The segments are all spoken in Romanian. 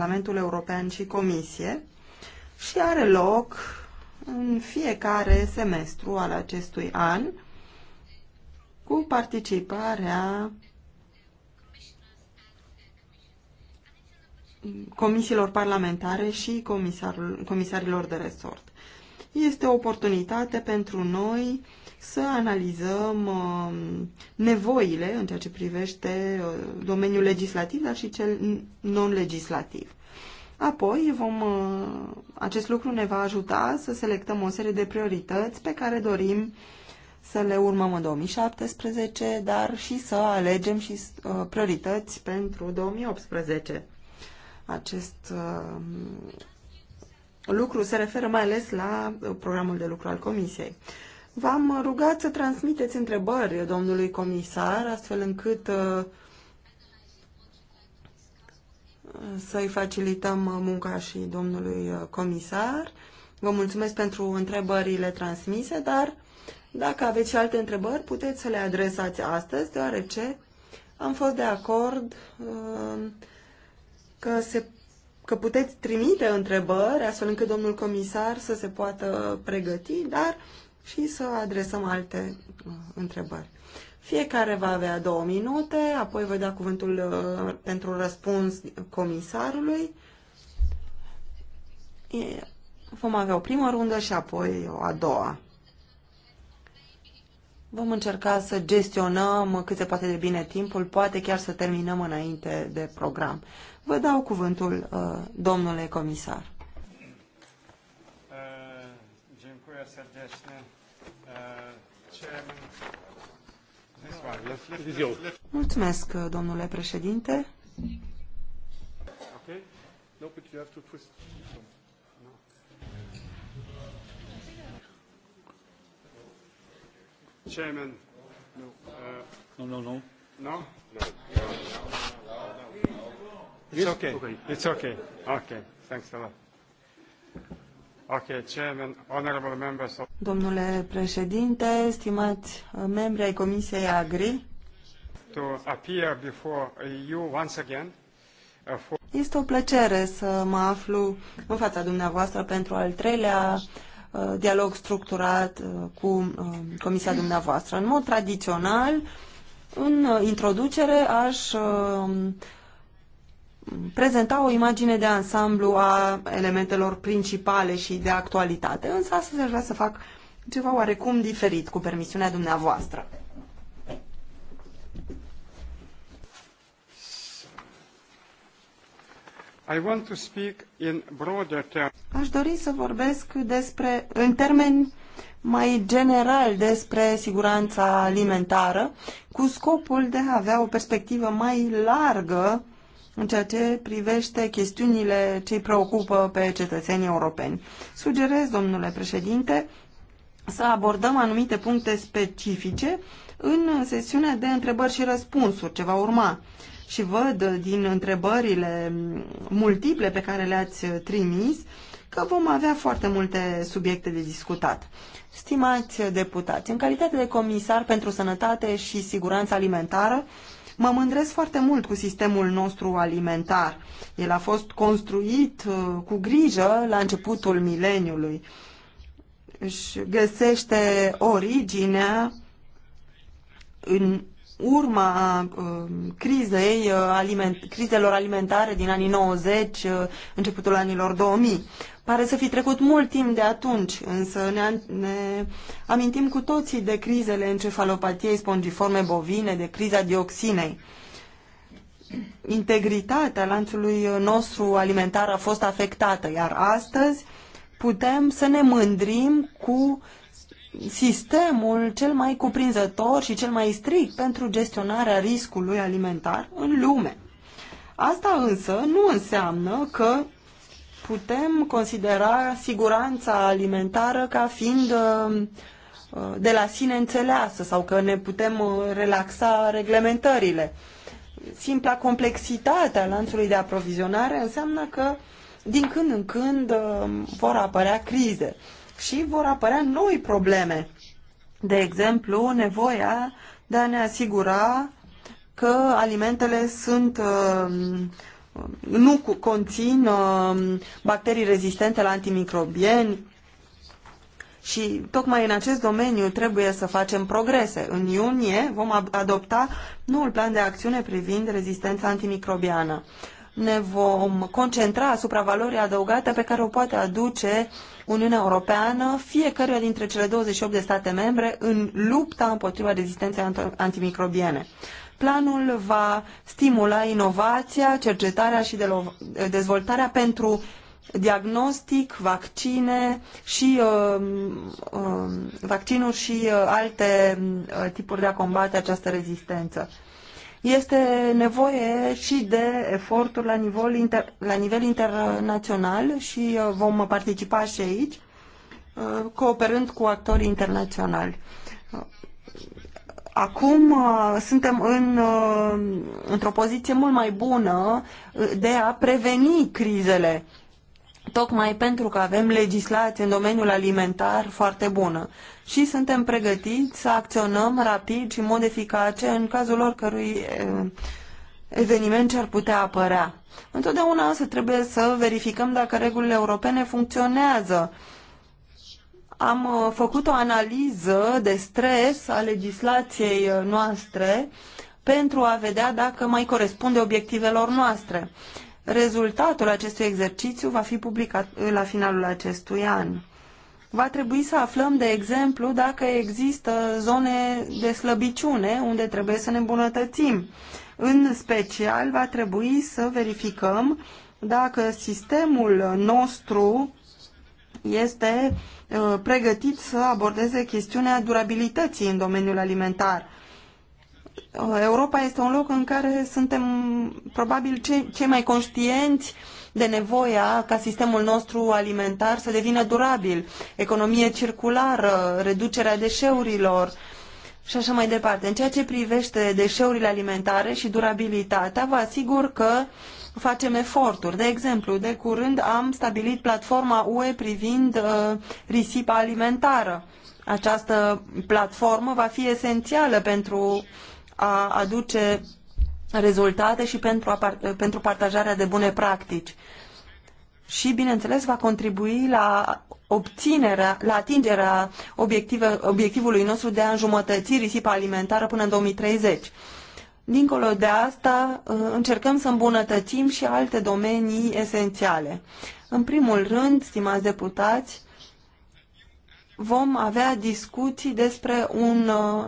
Parlamentul European și Comisie și are loc în fiecare semestru al acestui an cu participarea comisiilor parlamentare și comisarilor de resort. Este o oportunitate pentru noi să analizăm um, nevoile în ceea ce privește uh, domeniul legislativ, dar și cel non-legislativ. Apoi vom, uh, acest lucru ne va ajuta să selectăm o serie de priorități pe care dorim să le urmăm în 2017, dar și să alegem și uh, priorități pentru 2018. Acest um, lucru se referă mai ales la programul de lucru al Comisiei. V-am rugat să transmiteți întrebări domnului comisar, astfel încât uh, să-i facilităm munca și domnului uh, comisar. Vă mulțumesc pentru întrebările transmise, dar dacă aveți și alte întrebări, puteți să le adresați astăzi, deoarece am fost de acord uh, că, se, că puteți trimite întrebări, astfel încât domnul comisar să se poată pregăti, dar și să adresăm alte uh, întrebări. Fiecare va avea două minute, apoi voi da cuvântul uh, pentru răspuns comisarului. E, vom avea o primă rundă și apoi o a doua. Vom încerca să gestionăm cât se poate de bine timpul, poate chiar să terminăm înainte de program. Vă dau cuvântul, uh, domnule comisar. Uh, Mulțumesc, domnule președinte. Chairman, no. Uh, no, no, no. No? No. It's okay. It's okay. Okay. Thanks a lot. Domnule președinte, stimați uh, membri ai Comisiei Agri, uh, este o plăcere să mă aflu în fața dumneavoastră pentru al treilea uh, dialog structurat cu Comisia dumneavoastră. În mod tradițional, în introducere aș prezenta o imagine de ansamblu a elementelor principale și de actualitate, însă astăzi aș vrea să fac ceva oarecum diferit, cu permisiunea dumneavoastră. I want to speak in broader Aș dori să vorbesc despre, în termeni mai general despre siguranța alimentară, cu scopul de a avea o perspectivă mai largă în ceea ce privește chestiunile ce îi preocupă pe cetățenii europeni. Sugerez, domnule președinte, să abordăm anumite puncte specifice în sesiunea de întrebări și răspunsuri ce va urma. Și văd din întrebările multiple pe care le-ați trimis că vom avea foarte multe subiecte de discutat. Stimați deputați, în calitate de comisar pentru sănătate și siguranță alimentară, Mă mândresc foarte mult cu sistemul nostru alimentar. El a fost construit uh, cu grijă la începutul mileniului. Își găsește originea în urma uh, crizei, uh, aliment, crizelor alimentare din anii 90, uh, începutul anilor 2000. Pare să fi trecut mult timp de atunci, însă ne, ne amintim cu toții de crizele encefalopatiei spongiforme bovine, de criza dioxinei. Integritatea lanțului nostru alimentar a fost afectată, iar astăzi putem să ne mândrim cu uh, sistemul cel mai cuprinzător și cel mai strict pentru gestionarea riscului alimentar în lume. Asta însă nu înseamnă că putem considera siguranța alimentară ca fiind uh, uh, de la sine înțeleasă sau că ne putem uh, relaxa reglementările. Simpla complexitate a lanțului de aprovizionare înseamnă că din când în când vor apărea crize și vor apărea noi probleme. De exemplu, nevoia de a ne asigura că alimentele sunt uh, nu conțin uh, bacterii rezistente la antimicrobieni și tocmai în acest domeniu trebuie să facem progrese. În iunie vom adopta noul plan de acțiune privind rezistența antimicrobiană ne vom concentra asupra valorii adăugate pe care o poate aduce Uniunea Europeană fiecăruia dintre cele 28 de state membre în lupta împotriva rezistenței antimicrobiene. Planul va stimula inovația, cercetarea și dezvoltarea pentru diagnostic, vaccine și uh, um, uh, vaccinuri și uh, alte uh, tipuri de a combate această rezistență. Este nevoie și de eforturi la nivel, inter, la nivel internațional și uh, vom participa și aici, uh, cooperând cu actorii internaționali. Uh, acum suntem în, într-o poziție mult mai bună de a preveni crizele tocmai pentru că avem legislație în domeniul alimentar foarte bună și suntem pregătiți să acționăm rapid și mod eficace în cazul oricărui eh, eveniment ce ar putea apărea. Întotdeauna să trebuie să verificăm dacă regulile europene funcționează. Am eh, făcut o analiză de stres a legislației eh, noastre pentru a vedea dacă mai corespunde obiectivelor noastre. Rezultatul acestui exercițiu va fi publicat la finalul acestui an. Va trebui să aflăm, de exemplu, dacă există zone de slăbiciune unde trebuie să ne îmbunătățim. În special, va trebui să verificăm dacă sistemul nostru este uh, pregătit să abordeze chestiunea durabilității în domeniul alimentar. Uh, Europa este un loc în care suntem probabil cei, mai conștienți de nevoia ca sistemul nostru alimentar să devină durabil, economie circulară, reducerea deșeurilor și așa mai departe. În ceea ce privește deșeurile alimentare și durabilitatea, vă asigur că facem eforturi. De exemplu, de curând am stabilit platforma UE privind uh, risipa alimentară. Această platformă va fi esențială pentru a aduce rezultate și pentru, a, pentru partajarea de bune practici. Și, bineînțeles, va contribui la obținerea, la atingerea obiective, obiectivului nostru de a înjumătăți risipa alimentară până în 2030. Dincolo de asta, uh, încercăm să îmbunătățim și alte domenii esențiale. În primul rând, stimați deputați, vom avea discuții despre un uh,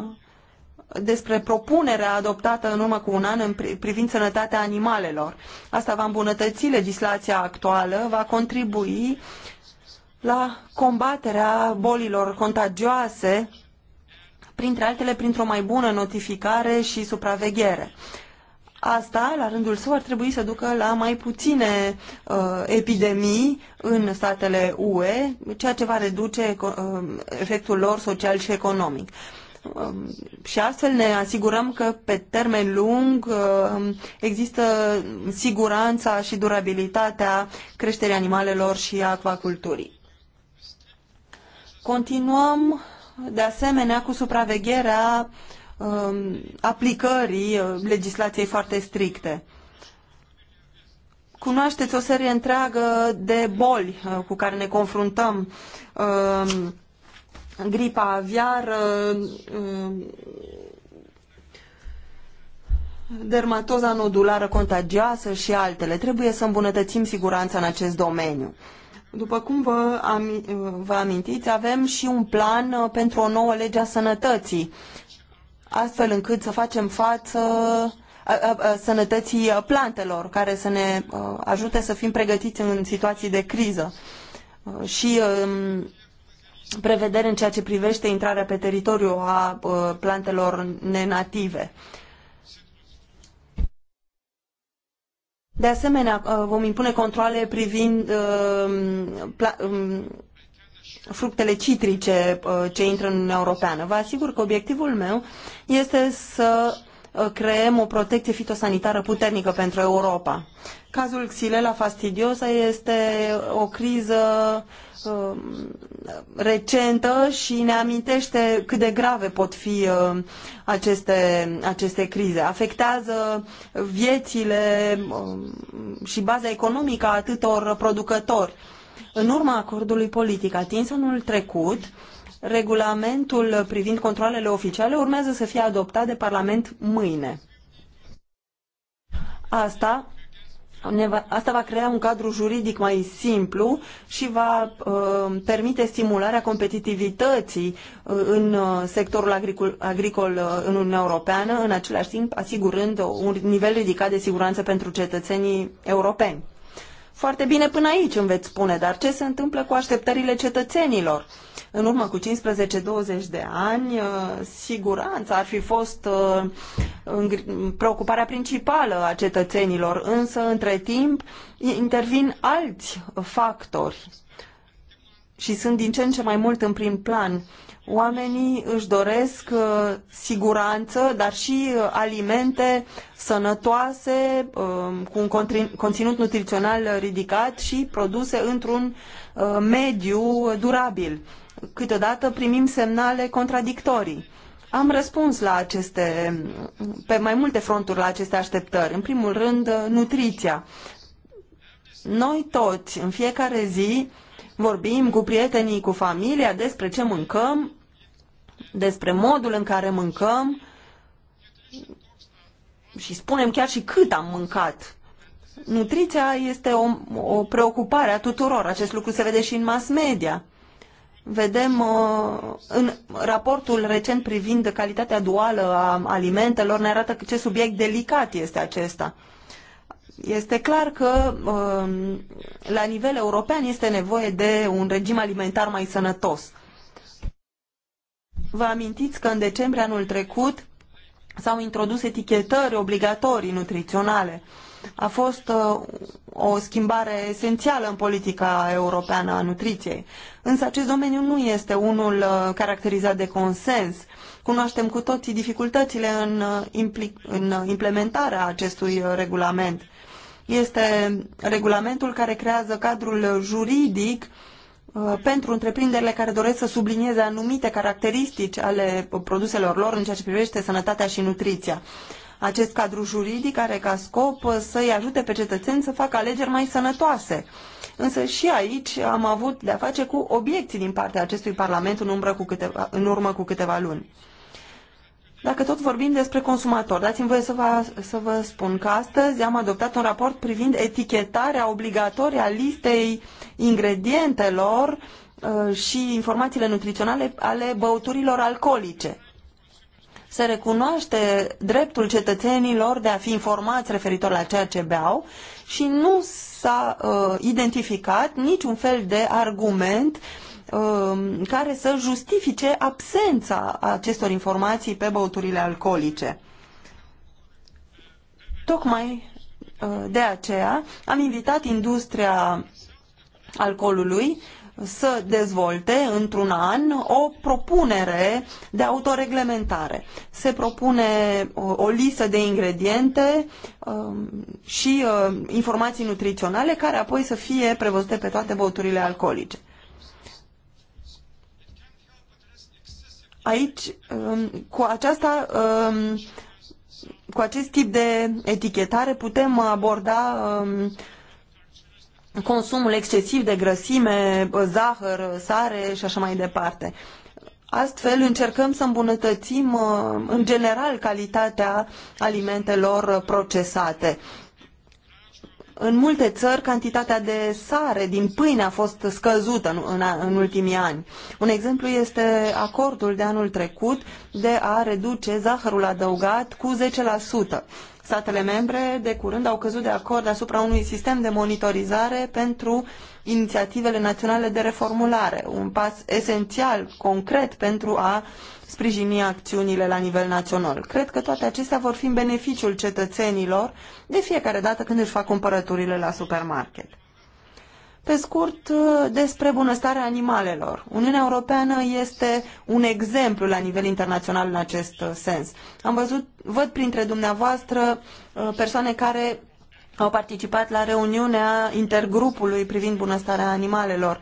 despre propunerea adoptată în urmă cu un an în privind sănătatea animalelor. Asta va îmbunătăți legislația actuală, va contribui la combaterea bolilor contagioase, printre altele printr-o mai bună notificare și supraveghere. Asta, la rândul său, ar trebui să ducă la mai puține uh, epidemii în statele UE, ceea ce va reduce uh, efectul lor social și economic. Uh, Um, și astfel ne asigurăm că pe termen lung um, există siguranța și durabilitatea creșterii animalelor și a acvaculturii. Continuăm de asemenea cu supravegherea um, aplicării uh, legislației foarte stricte cunoașteți o serie întreagă de boli uh, cu care ne confruntăm gripa aviară, um, dermatoza nodulară contagioasă și altele. Trebuie să îmbunătățim siguranța în acest domeniu. După cum vă, am, vă amintiți, avem și un plan uh, pentru o nouă lege a sănătății, astfel încât să facem față sănătății uh, plantelor, care să ne uh, ajute să fim pregătiți în situații de criză. Și um, prevederi în ceea ce privește intrarea pe teritoriu a uh, plantelor nenative. De asemenea, uh, vom impune controle privind uh, um, fructele citrice ce intră în Uniunea Europeană. Vă asigur că obiectivul meu este să creăm o protecție fitosanitară puternică pentru Europa. Cazul Xilela fastidiosa este o criză um, recentă și ne amintește cât de grave pot fi um, aceste, aceste crize. Afectează viețile um, și baza economică a atâtor producători. În urma acordului politic atins anul trecut, regulamentul privind controlele oficiale urmează să fie adoptat de Parlament mâine. Asta asta va crea un cadru juridic mai simplu și va uh, permite stimularea competitivității uh, în uh, sectorul agricol, agricol uh, în Uniunea Europeană, în același timp asigurând un nivel ridicat de siguranță pentru cetățenii europeni. Foarte bine până aici îmi veți spune, dar ce se întâmplă cu așteptările cetățenilor? Uh, în urmă cu 15-20 de ani, uh, siguranța ar fi fost uh, preocuparea principală a cetățenilor, însă între timp intervin alți factori și sunt din ce în ce mai mult în prim plan. Oamenii își doresc uh, siguranță, dar și alimente sănătoase, um, cu un conținut nutrițional ridicat și produse într-un mediu durabil. Câteodată primim semnale contradictorii. Am răspuns la aceste, pe mai multe fronturi la aceste așteptări. În primul rând, nutriția. Noi toți, în fiecare zi, vorbim cu prietenii, cu familia despre ce mâncăm, despre modul în care mâncăm și spunem chiar și cât am mâncat. Nutriția este o, o preocupare a tuturor. Acest lucru se vede și în mass media vedem uh, în raportul recent privind calitatea duală a alimentelor, ne arată ce subiect delicat este acesta. Este clar că uh, la nivel european este nevoie de un regim alimentar mai sănătos. Vă amintiți că în decembrie anul trecut s-au introdus etichetări obligatorii nutriționale. Uh, a fost uh, o schimbare esențială în politica europeană a nutriției. Însă acest domeniu nu este unul uh, caracterizat de consens. Cunoaștem cu toții dificultățile în, uh, în implementarea acestui regulament. Este regulamentul care creează cadrul juridic pentru întreprinderile care doresc să sublinieze anumite caracteristici ale produselor lor în ceea ce privește sănătatea și nutriția acest cadru juridic are ca scop uh, să-i ajute pe cetățeni să facă alegeri mai sănătoase. Însă și aici am avut de-a face cu obiecții din partea acestui Parlament în, umbră cu câteva, în urmă cu câteva luni. Dacă tot vorbim despre consumator, dați-mi voie să vă, să vă spun că astăzi am adoptat un raport privind etichetarea obligatorie a listei ingredientelor uh, și informațiile nutriționale ale băuturilor alcoolice se recunoaște dreptul cetățenilor de a fi informați referitor la ceea ce beau și nu s-a uh, identificat niciun fel de argument um, care să justifice absența acestor informații pe băuturile alcoolice. Tocmai uh, de aceea am invitat industria alcoolului să dezvolte într-un an o propunere de autoreglementare. Se propune o, o listă de ingrediente um, și uh, informații nutriționale care apoi să fie prevăzute pe toate băuturile alcoolice. Aici, um, cu aceasta, um, cu acest tip de etichetare putem aborda um, consumul excesiv de grăsime, zahăr, sare și așa mai departe. Astfel încercăm să îmbunătățim uh, în general calitatea alimentelor procesate. În multe țări, cantitatea de sare din pâine a fost scăzută în, în, în ultimii ani. Un exemplu este acordul de anul trecut de a reduce zahărul adăugat cu 10%. Statele membre de curând au căzut de acord asupra unui sistem de monitorizare pentru inițiativele naționale de reformulare, un pas esențial, concret, pentru a sprijini acțiunile la nivel național. Cred că toate acestea vor fi în beneficiul cetățenilor de fiecare dată când își fac cumpărăturile la supermarket. Pe scurt, uh, despre bunăstarea animalelor. Uniunea Europeană este un exemplu la nivel internațional în acest uh, sens. Am văzut, văd printre dumneavoastră uh, persoane care au participat la reuniunea intergrupului privind bunăstarea animalelor.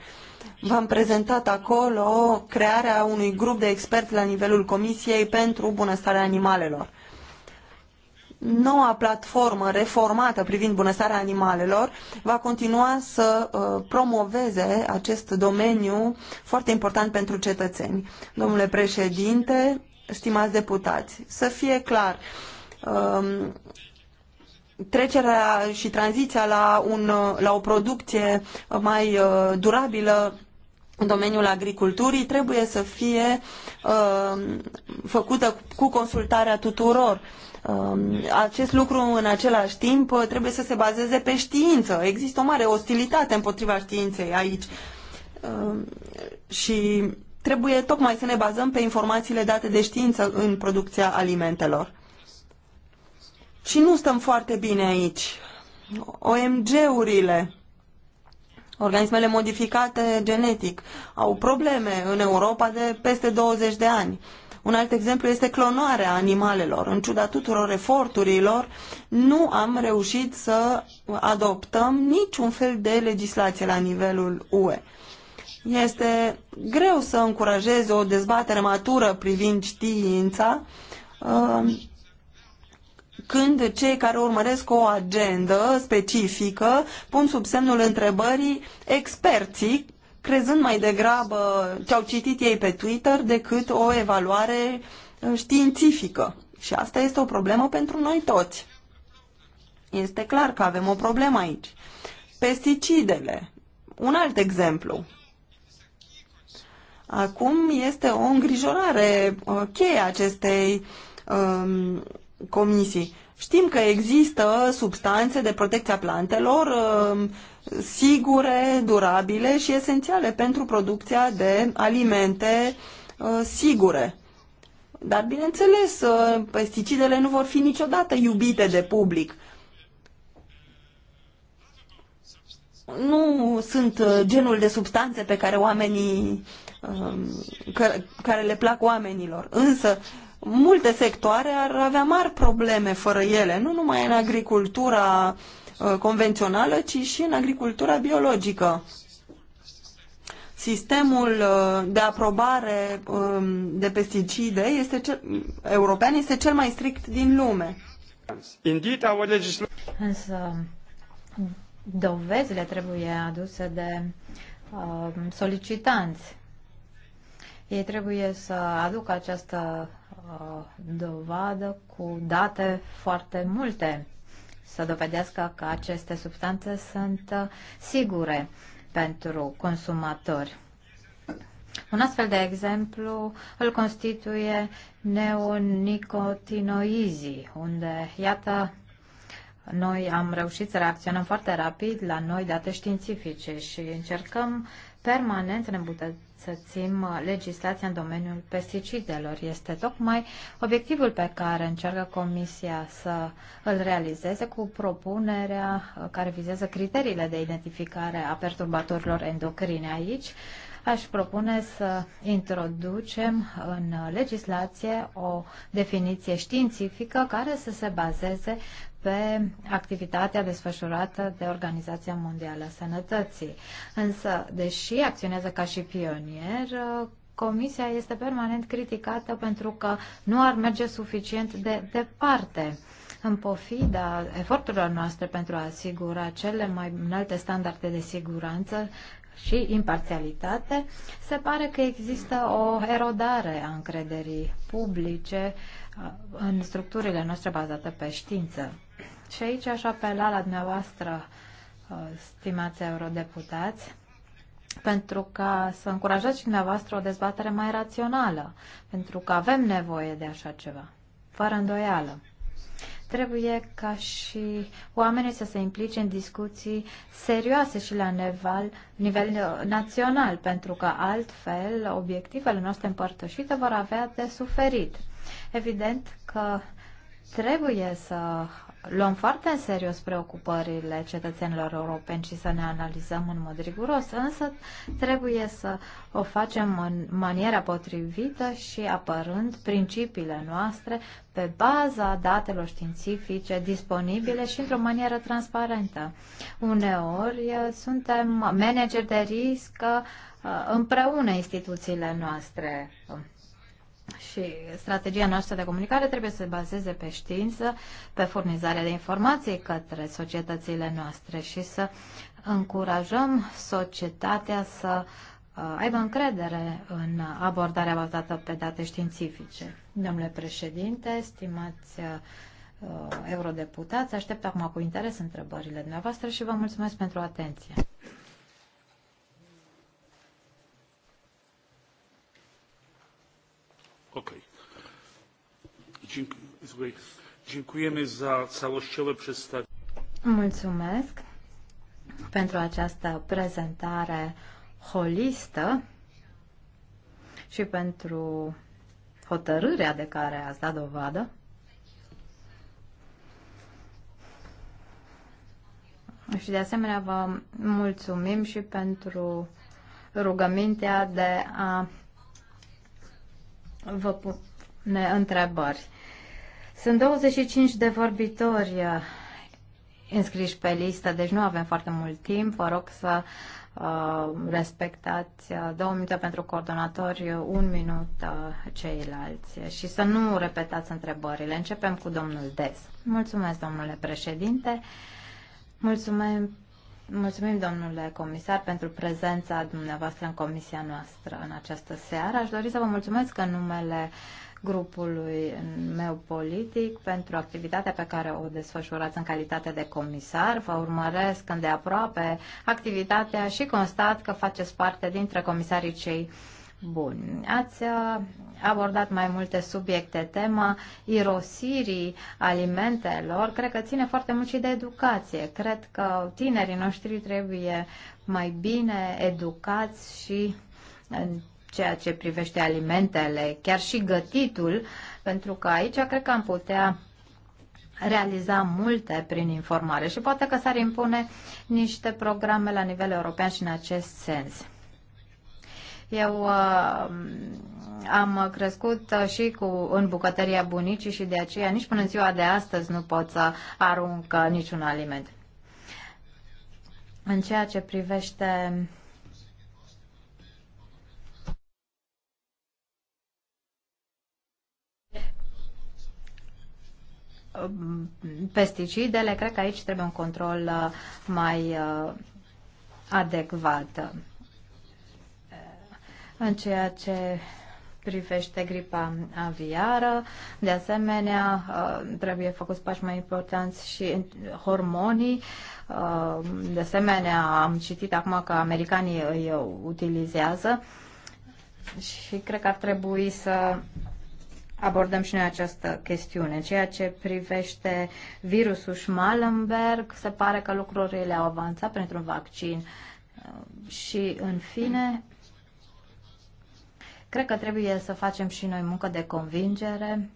V-am prezentat acolo crearea unui grup de experți la nivelul Comisiei pentru bunăstarea animalelor noua platformă reformată privind bunăstarea animalelor va continua să uh, promoveze acest domeniu foarte important pentru cetățeni. Domnule președinte, stimați deputați, să fie clar, um, trecerea și tranziția la, un, la o producție mai uh, durabilă în domeniul agriculturii trebuie să fie uh, făcută cu consultarea tuturor. Uh, acest lucru în același timp uh, trebuie să se bazeze pe știință. Există o mare ostilitate împotriva științei aici uh, și trebuie tocmai să ne bazăm pe informațiile date de știință în producția alimentelor. Și nu stăm foarte bine aici. OMG-urile organismele modificate genetic au probleme în Europa de peste 20 de ani. Un alt exemplu este clonarea animalelor. În ciuda tuturor eforturilor, nu am reușit să adoptăm niciun fel de legislație la nivelul UE. Este greu să încurajeze o dezbatere matură privind știința uh, când cei care urmăresc o agendă specifică pun sub semnul întrebării experții, crezând mai degrabă ce au citit ei pe Twitter decât o evaluare uh, științifică. Și asta este o problemă pentru noi toți. Este clar că avem o problemă aici. Pesticidele. Un alt exemplu. Acum este o îngrijorare uh, cheie acestei um, comisii. Știm că există substanțe de protecție a plantelor uh, sigure, durabile și esențiale pentru producția de alimente uh, sigure. Dar, bineînțeles, uh, pesticidele nu vor fi niciodată iubite de public. Nu sunt genul de substanțe pe care oamenii care le plac oamenilor. Însă, multe sectoare ar avea mari probleme fără ele, nu numai în agricultura uh, convențională, ci și în agricultura biologică. Sistemul uh, de aprobare um, de pesticide este cel, european este cel mai strict din lume. Însă, dovezile trebuie aduse de uh, solicitanți. Ei trebuie să aducă această Uh, dovadă cu date foarte multe să dovedească că aceste substanțe sunt uh, sigure pentru consumatori. Un astfel de exemplu îl constituie neonicotinoizii, unde, iată, noi am reușit să reacționăm foarte rapid la noi date științifice și încercăm permanent să ne să țim uh, legislația în domeniul pesticidelor. Este tocmai obiectivul pe care încearcă Comisia să îl realizeze cu propunerea uh, care vizează criteriile de identificare a perturbatorilor endocrine aici. Aș propune să introducem în legislație o definiție științifică care să se bazeze pe activitatea desfășurată de Organizația Mondială a Sănătății. Însă, deși acționează ca și pionier, Comisia este permanent criticată pentru că nu ar merge suficient de departe. În pofida eforturilor noastre pentru a asigura cele mai înalte standarde de siguranță și imparțialitate, se pare că există o erodare a încrederii publice uh, în structurile noastre bazate pe știință. Și aici aș apela la dumneavoastră, uh, stimați eurodeputați, pentru ca să încurajați și dumneavoastră o dezbatere mai rațională, pentru că avem nevoie de așa ceva, fără îndoială. Trebuie ca și oamenii să se implice în discuții serioase și la nivel, nivel uh, național, pentru că altfel obiectivele noastre împărtășite vor avea de suferit. Evident că trebuie să luăm foarte în serios preocupările cetățenilor europeni și să ne analizăm în mod riguros, însă trebuie să o facem în maniera potrivită și apărând principiile noastre pe baza datelor științifice disponibile și într-o manieră transparentă. Uneori eh, suntem manageri de risc eh, împreună instituțiile noastre și strategia noastră de comunicare trebuie să se bazeze pe știință, pe furnizarea de informații către societățile noastre și să încurajăm societatea să uh, aibă încredere în abordarea bazată pe date științifice. Domnule președinte, stimați uh, eurodeputați, aștept acum cu interes întrebările dumneavoastră și vă mulțumesc pentru atenție. Dziękujemy za całościowe przedstawienie. Mulțumesc pentru această prezentare holistă și pentru hotărârea de care ați dat dovadă. Și de asemenea vă mulțumim și pentru rugămintea de a vă pune întrebări. Sunt 25 de vorbitori uh, înscriși pe listă, deci nu avem foarte mult timp. Vă rog să uh, respectați uh, două minute pentru coordonatori, un minut uh, ceilalți și să nu repetați întrebările. Începem cu domnul Dez. Mulțumesc, domnule președinte. Mulțumim Mulțumim, domnule comisar, pentru prezența dumneavoastră în comisia noastră în această seară. Aș dori să vă mulțumesc în numele grupului meu politic pentru activitatea pe care o desfășurați în calitate de comisar. Vă urmăresc îndeaproape activitatea și constat că faceți parte dintre comisarii cei Bun, ați uh, abordat mai multe subiecte. Tema irosirii alimentelor, cred că ține foarte mult și de educație. Cred că tinerii noștri trebuie mai bine educați și în ceea ce privește alimentele, chiar și gătitul, pentru că aici cred că am putea realiza multe prin informare și poate că s-ar impune niște programe la nivel european și în acest sens. Eu uh, am crescut și cu, în bucătăria bunicii și de aceea nici până în ziua de astăzi nu pot să arunc niciun aliment. În ceea ce privește pesticidele, cred că aici trebuie un control uh, mai uh, adecvat în ceea ce privește gripa aviară. De asemenea, uh, trebuie făcut pași mai importanți și hormonii. Uh, de asemenea, am citit acum că americanii îi utilizează și cred că ar trebui să abordăm și noi această chestiune. Ceea ce privește virusul Schmallenberg, se pare că lucrurile au avansat printr-un vaccin uh, și, în fine, Cred că trebuie să facem și noi muncă de convingere,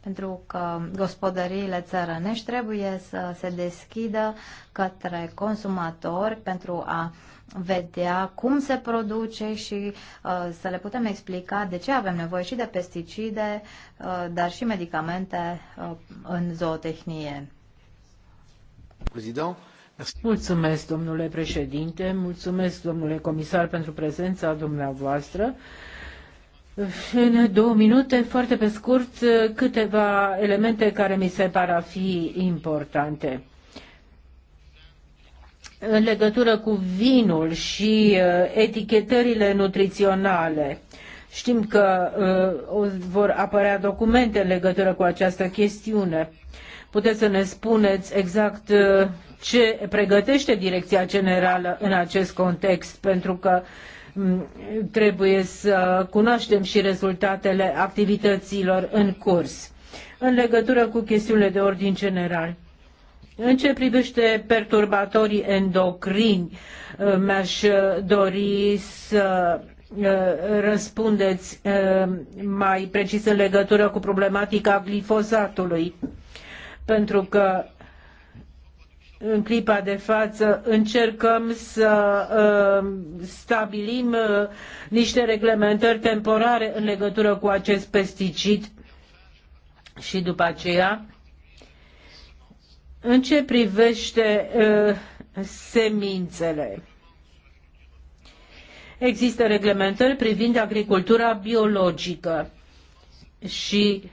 pentru că gospodăriile țărănești trebuie să se deschidă către consumatori pentru a vedea cum se produce și uh, să le putem explica de ce avem nevoie și de pesticide, uh, dar și medicamente uh, în zootehnie. Prezident. Mulțumesc, domnule președinte, mulțumesc, domnule comisar, pentru prezența dumneavoastră. În două minute, foarte pe scurt, câteva elemente care mi se par a fi importante. În legătură cu vinul și uh, etichetările nutriționale, știm că uh, vor apărea documente în legătură cu această chestiune. Puteți să ne spuneți exact uh, ce pregătește Direcția Generală în acest context, pentru că uh, Mm, trebuie să cunoaștem și rezultatele activităților în curs. În legătură cu chestiunile de ordin general, în ce privește perturbatorii endocrini, uh, mi-aș uh, dori să uh, răspundeți mai precis în legătură cu problematica glifosatului, pentru că în clipa de față încercăm să uh, stabilim uh, niște reglementări temporare în legătură cu acest pesticid și după aceea în ce privește uh, semințele. Există reglementări privind agricultura biologică și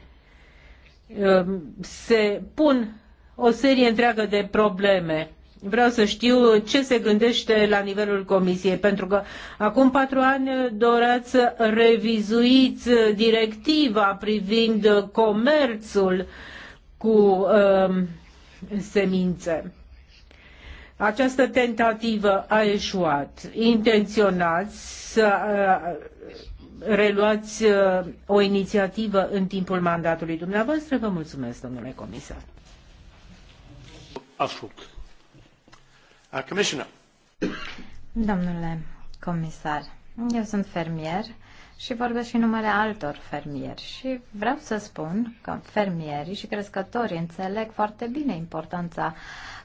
uh, se pun o serie întreagă de probleme. Vreau să știu ce se gândește la nivelul Comisiei, pentru că acum patru ani doreați să revizuiți directiva privind comerțul cu uh, semințe. Această tentativă a eșuat. Intenționați să uh, reluați uh, o inițiativă în timpul mandatului dumneavoastră. Vă mulțumesc, domnule comisar. Uh, domnule comisar, eu sunt fermier și vorbesc în numele altor fermieri și vreau să spun că fermierii și crescătorii înțeleg foarte bine importanța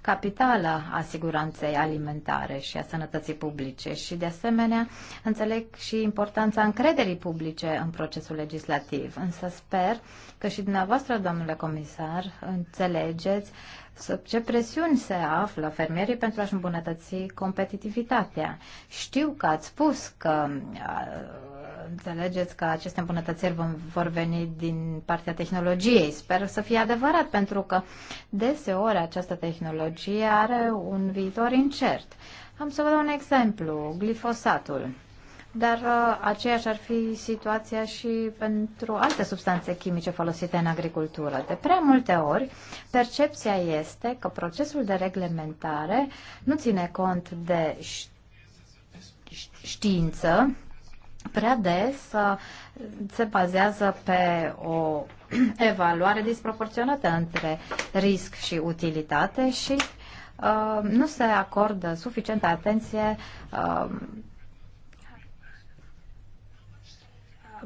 capitală a siguranței alimentare și a sănătății publice și de asemenea înțeleg și importanța încrederii publice în procesul legislativ. Însă sper că și dumneavoastră, domnule comisar, înțelegeți sub ce presiuni se află fermierii pentru a-și îmbunătăți competitivitatea. Știu că ați spus că înțelegeți că aceste îmbunătățiri vor veni din partea tehnologiei. Sper să fie adevărat, pentru că deseori această tehnologie are un viitor incert. Am să vă dau un exemplu, glifosatul dar uh, aceeași ar fi situația și pentru alte substanțe chimice folosite în agricultură. De prea multe ori, percepția este că procesul de reglementare nu ține cont de știință, prea des uh, se bazează pe o evaluare disproporționată între risc și utilitate și uh, nu se acordă suficientă atenție uh,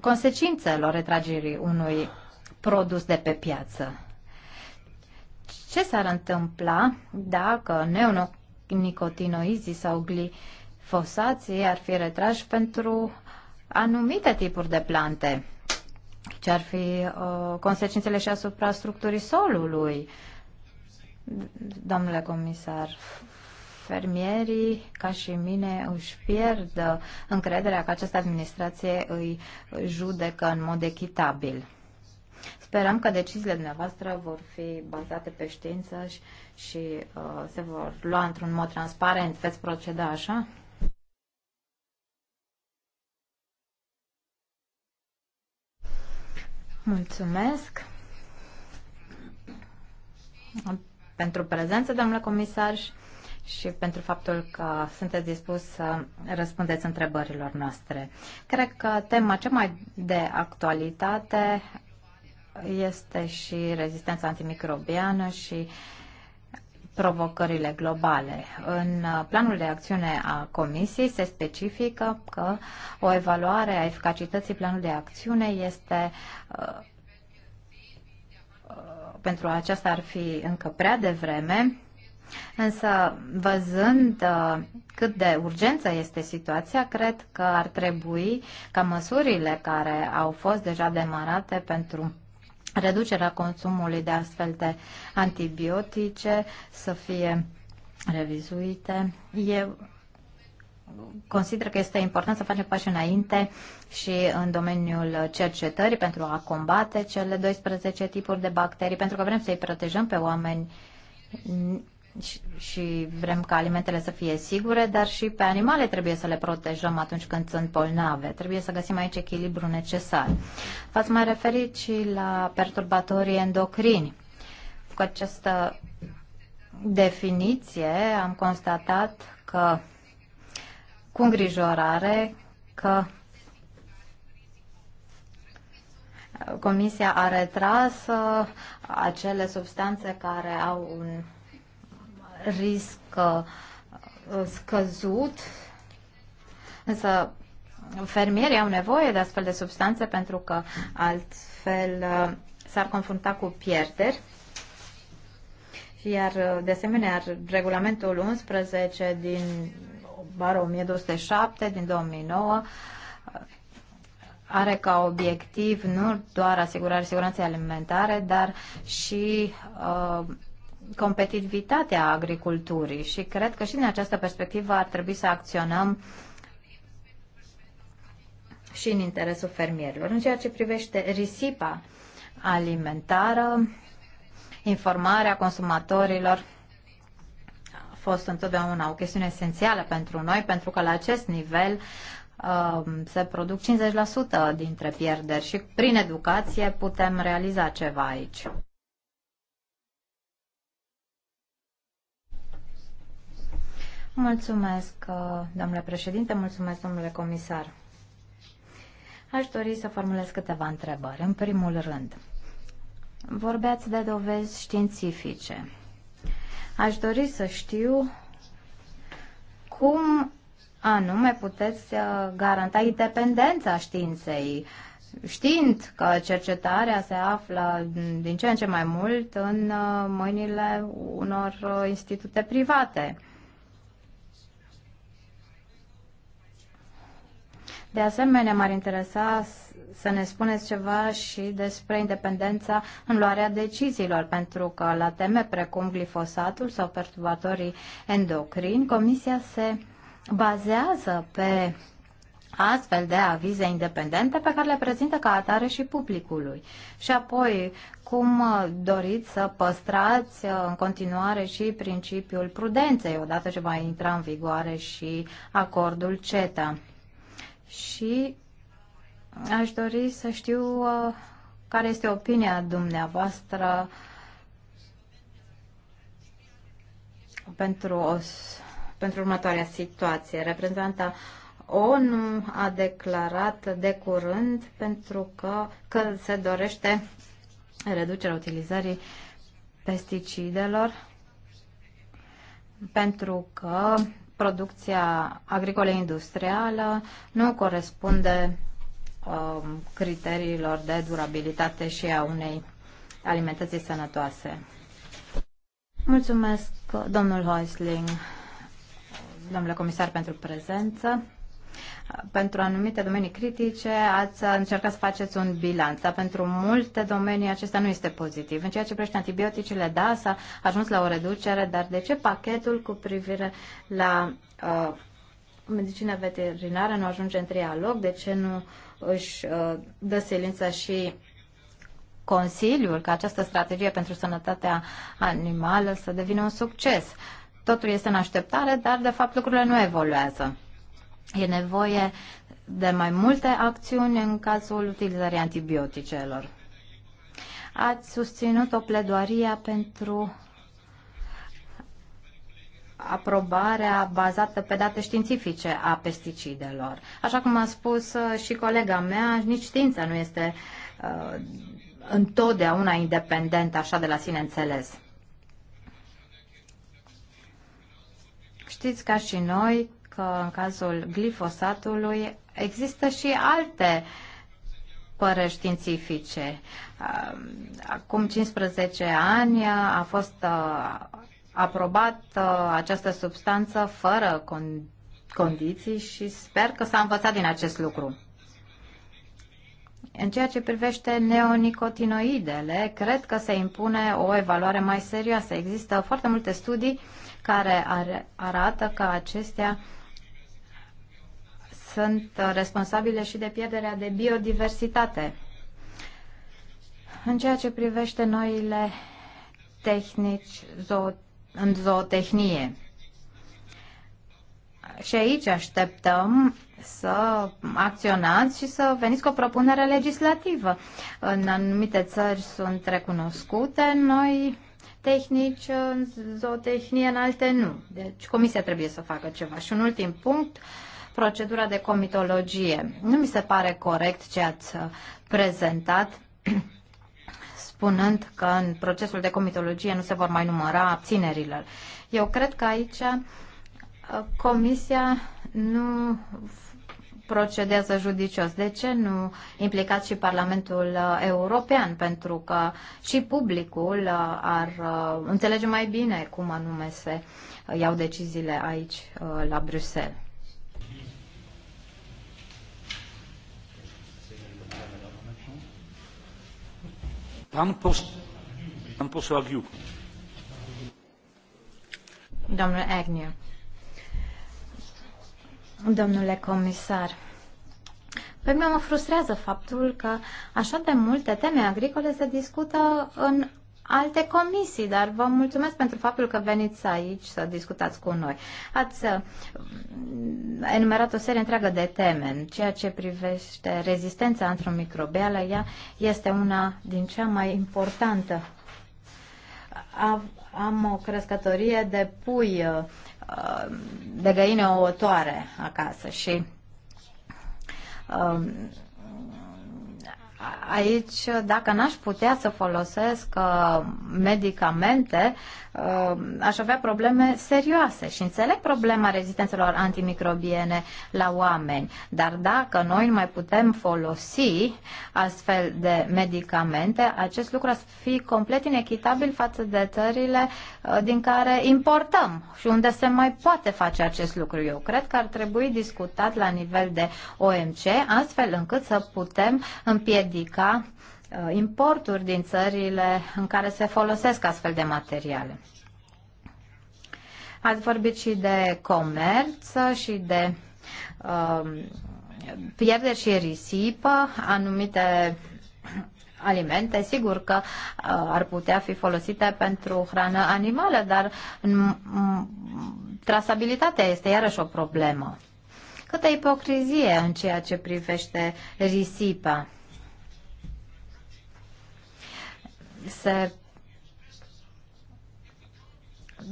consecințelor retragerii unui produs de pe piață. Ce s-ar întâmpla dacă neonicotinoizii sau glifosații ar fi retrași pentru anumite tipuri de plante? Ce ar fi uh, consecințele și asupra structurii solului? Domnule comisar, fermierii, ca și mine, își pierd încrederea că această administrație îi judecă în mod echitabil. Sperăm că deciziile dumneavoastră vor fi bazate pe știință și, și uh, se vor lua într-un mod transparent. Veți proceda așa? Mulțumesc pentru prezență, domnule comisar și pentru faptul că sunteți dispus să răspundeți întrebărilor noastre. Cred că tema cea mai de actualitate este și rezistența antimicrobiană și provocările globale. În planul de acțiune a Comisiei se specifică că o evaluare a eficacității planului de acțiune este uh, uh, pentru aceasta ar fi încă prea devreme, Însă, văzând uh, cât de urgență este situația, cred că ar trebui ca măsurile care au fost deja demarate pentru reducerea consumului de astfel de antibiotice să fie revizuite. Eu consider că este important să facem pași înainte și în domeniul cercetării pentru a combate cele 12 tipuri de bacterii, pentru că vrem să-i protejăm pe oameni și, vrem ca alimentele să fie sigure, dar și pe animale trebuie să le protejăm atunci când sunt bolnave. Trebuie să găsim aici echilibru necesar. V-ați mai referit și la perturbatorii endocrini. Cu această definiție am constatat că cu îngrijorare că Comisia a retras uh, acele substanțe care au un risc uh, scăzut, însă fermierii au nevoie de astfel de substanțe pentru că altfel uh, s-ar confrunta cu pierderi. Iar, uh, de asemenea, regulamentul 11 din bară 1207 din 2009 are ca obiectiv nu doar asigurarea siguranței alimentare, dar și uh, competitivitatea agriculturii și cred că și în această perspectivă ar trebui să acționăm și în interesul fermierilor. În ceea ce privește risipa alimentară, informarea consumatorilor a fost întotdeauna o chestiune esențială pentru noi, pentru că la acest nivel um, se produc 50% dintre pierderi și prin educație putem realiza ceva aici. Mulțumesc, uh, domnule președinte, mulțumesc, domnule comisar. Aș dori să formulez câteva întrebări. În primul rând, vorbeați de dovezi științifice. Aș dori să știu cum anume puteți uh, garanta independența științei, știind că cercetarea se află din ce în ce mai mult în uh, mâinile unor institute private. De asemenea, m-ar interesa să ne spuneți ceva și despre independența în luarea deciziilor, pentru că la teme precum glifosatul sau perturbatorii endocrini, Comisia se bazează pe astfel de avize independente pe care le prezintă ca atare și publicului. Și apoi, cum uh, doriți să păstrați uh, în continuare și principiul prudenței, odată ce va intra în vigoare și acordul CETA și aș dori să știu uh, care este opinia dumneavoastră pentru, o, pentru următoarea situație. Reprezentanta ONU a declarat de curând pentru că, că se dorește reducerea utilizării pesticidelor pentru că producția agricolă industrială nu corespunde um, criteriilor de durabilitate și a unei alimentații sănătoase. Mulțumesc, domnul Heusling, domnule comisar, pentru prezență. Pentru anumite domenii critice ați încercat să faceți un bilanț, dar pentru multe domenii acesta nu este pozitiv. În ceea ce privește antibioticele, da, s-a ajuns la o reducere, dar de ce pachetul cu privire la uh, medicina veterinară nu ajunge în trialog? De ce nu își uh, dă silință și Consiliul ca această strategie pentru sănătatea animală să devină un succes? Totul este în așteptare, dar de fapt lucrurile nu evoluează. E nevoie de mai multe acțiuni în cazul utilizării antibioticelor. Ați susținut o pledoarie pentru aprobarea bazată pe date științifice a pesticidelor. Așa cum a spus uh, și colega mea, nici știința nu este uh, întotdeauna independentă așa de la sine înțeles. Știți ca și noi că în cazul glifosatului există și alte păreri științifice. Acum 15 ani a fost uh, aprobat uh, această substanță fără condiții condiții și sper că s-a învățat din acest lucru. În ceea ce privește neonicotinoidele, cred că se impune o evaluare mai serioasă. Există foarte multe studii care ar, arată că acestea uh, sunt uh, responsabile și de pierderea de biodiversitate. În ceea ce privește noile tehnici zoo, în zootehnie. Și aici așteptăm să acționați și să veniți cu o propunere legislativă. În anumite țări sunt recunoscute noi tehnici în zootehnie, în alte nu. Deci comisia trebuie să facă ceva. Și un ultim punct, uh, procedura de comitologie. Nu mi se pare corect ce ați uh, prezentat spunând că în procesul de comitologie nu se vor mai număra abținerile. Eu cred că aici uh, Comisia nu procedează judicios. De ce nu implicați și Parlamentul uh, European? Pentru că și publicul ar înțelege mai bine cum anume se iau deciziile aici la Bruxelles. Pan, pos pan poseł Agniu. Domnul Agnew, Domnule comisar, pe mine mă frustrează faptul că așa de multe teme agricole se discută în alte comisii, dar vă mulțumesc pentru faptul că veniți aici să discutați cu noi. Ați uh, enumerat o serie întreagă de teme. În ceea ce privește rezistența antimicrobială, ea este una din cea mai importantă. Am o crescătorie de pui uh, uh, de găine ouătoare acasă și um, aici, dacă n-aș putea să folosesc uh, medicamente, Uh, aș avea probleme serioase și înțeleg problema rezistențelor antimicrobiene la oameni, dar dacă noi nu mai putem folosi astfel de medicamente, acest lucru ar fi complet inechitabil față de țările uh, din care importăm și unde se mai poate face acest lucru. Eu cred că ar trebui discutat la nivel de OMC, astfel încât să putem împiedica Uh, importuri din țările în care se folosesc astfel de materiale. Ați vorbit și de comerț și de um, pierderi și risipă, anumite alimente, sigur că uh, ar putea fi folosite pentru hrană animală, dar trasabilitatea este iarăși o problemă. Câtă ipocrizie în ceea ce privește risipa. se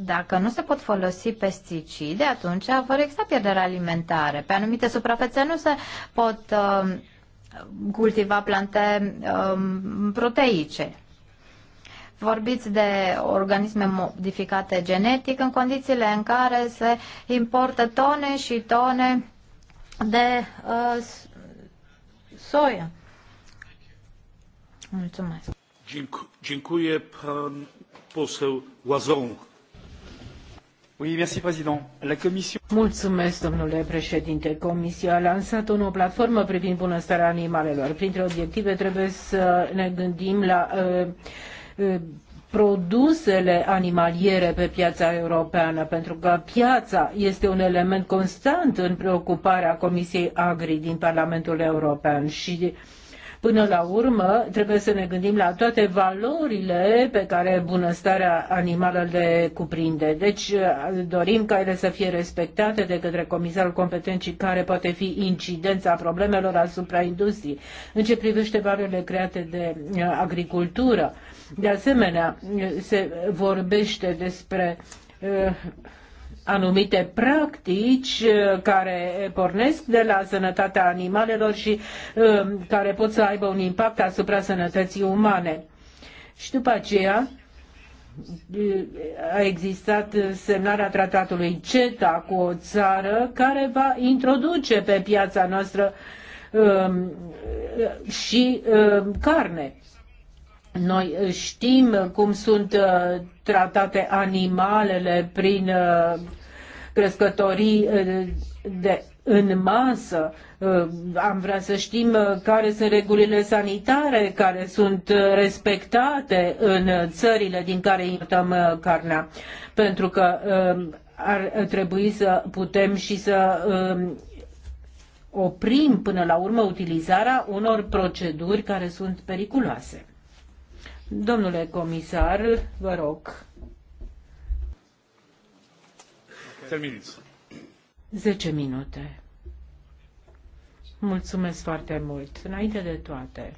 dacă nu se pot folosi pesticide, atunci vor exista pierderi alimentare. Pe anumite suprafețe nu se pot uh, cultiva plante uh, proteice. Vorbiți de organisme modificate genetic în condițiile în care se importă tone și tone de uh, soia. Mulțumesc. Mulțumesc, domnule președinte. Comisia a lansat o nouă platformă privind bunăstarea animalelor. Printre obiective trebuie să ne gândim la ă, ă, produsele animaliere pe piața europeană, pentru că piața este un element constant în preocuparea Comisiei Agri din Parlamentul European și uh, Până la urmă, trebuie să ne gândim la toate valorile pe care bunăstarea animală le cuprinde. Deci dorim ca ele să fie respectate de către comisarul competenții care poate fi incidența problemelor asupra industriei. În ce privește valorile create de uh, agricultură, de asemenea, uh, se vorbește despre uh, anumite practici uh, care pornesc de la sănătatea animalelor și um, care pot să aibă un impact asupra sănătății umane. Și după aceea, uh, a existat semnarea tratatului CETA cu o țară care va introduce pe piața noastră um, și um, carne. Noi știm cum sunt uh, tratate animalele prin uh, crescătorii uh, de în masă. Am vrea să știm care sunt regulile sanitare care sunt respectate în țările din care importăm carnea. Pentru că um, ar trebui să putem și să um, oprim până la urmă utilizarea unor proceduri care sunt periculoase. Domnule comisar, vă rog. Terminiți. 10 minute. Mulțumesc foarte mult. Înainte de toate,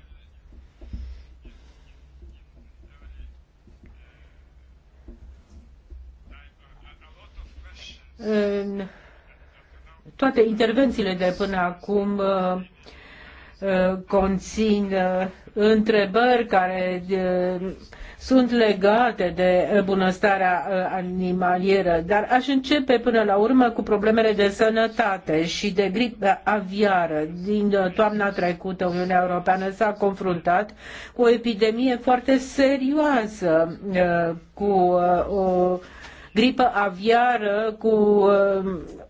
în toate intervențiile de până acum uh, uh, conțin uh, întrebări care sunt legate de bunăstarea animalieră, dar aș începe până la urmă cu problemele de sănătate și de gripă aviară. Din toamna trecută, Uniunea Europeană s-a confruntat cu o epidemie foarte serioasă, cu o gripă aviară cu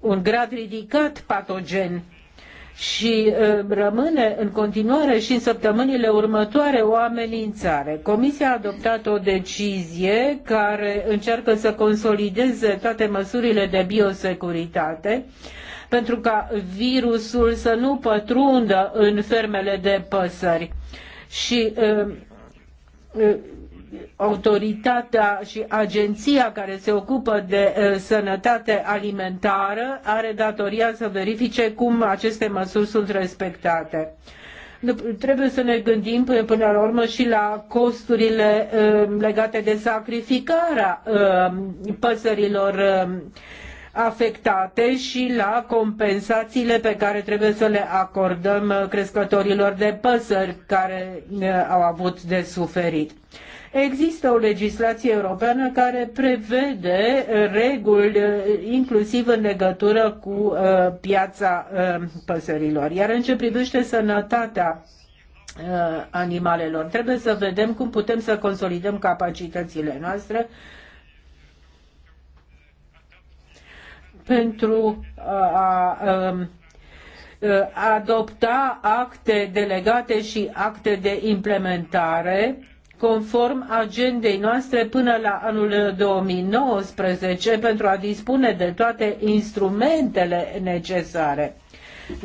un grad ridicat patogen și rămâne în continuare și în săptămânile următoare o amenințare. Comisia a adoptat o decizie care încearcă să consolideze toate măsurile de biosecuritate pentru ca virusul să nu pătrundă în fermele de păsări. Și autoritatea și agenția care se ocupă de eh, sănătate alimentară are datoria să verifice cum aceste măsuri sunt respectate. Trebuie să ne gândim până la urmă și la costurile eh, legate de sacrificarea eh, păsărilor afectate și la compensațiile pe care trebuie să le acordăm crescătorilor de păsări care au avut de suferit. Există o legislație europeană care prevede eh, reguli eh, inclusiv în legătură cu eh, piața păsărilor. Iar în ce privește sănătatea animalelor, trebuie să vedem cum putem să consolidăm capacitățile noastre pentru a, adopta acte delegate și acte de implementare conform agendei noastre până la anul 2019 pentru a dispune de toate instrumentele necesare.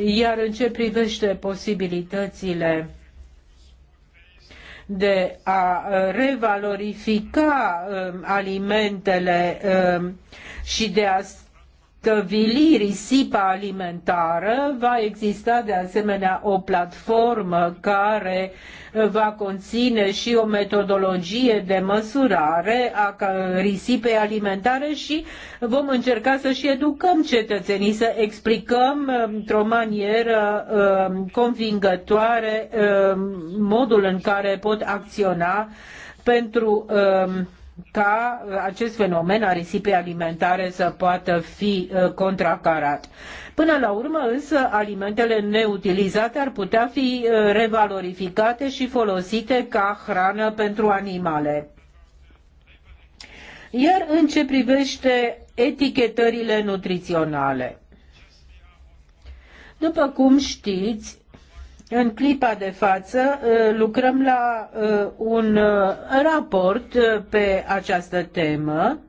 Iar în ce privește posibilitățile de a revalorifica um, alimentele um, și de a stăvili risipa alimentară. Va exista de asemenea o platformă care uh, va conține și o metodologie de măsurare a risipei alimentare și vom încerca să și educăm cetățenii, să explicăm uh, într-o manieră uh, convingătoare modul în care pot acționa pentru ca uh, acest fenomen a risipei alimentare să poată fi uh, contracarat. Până la urmă, însă, alimentele neutilizate ar putea fi uh, revalorificate și folosite ca hrană pentru animale. Iar în ce privește etichetările nutriționale, după cum știți, în clipa de față uh, lucrăm la uh, un uh, raport pe această temă.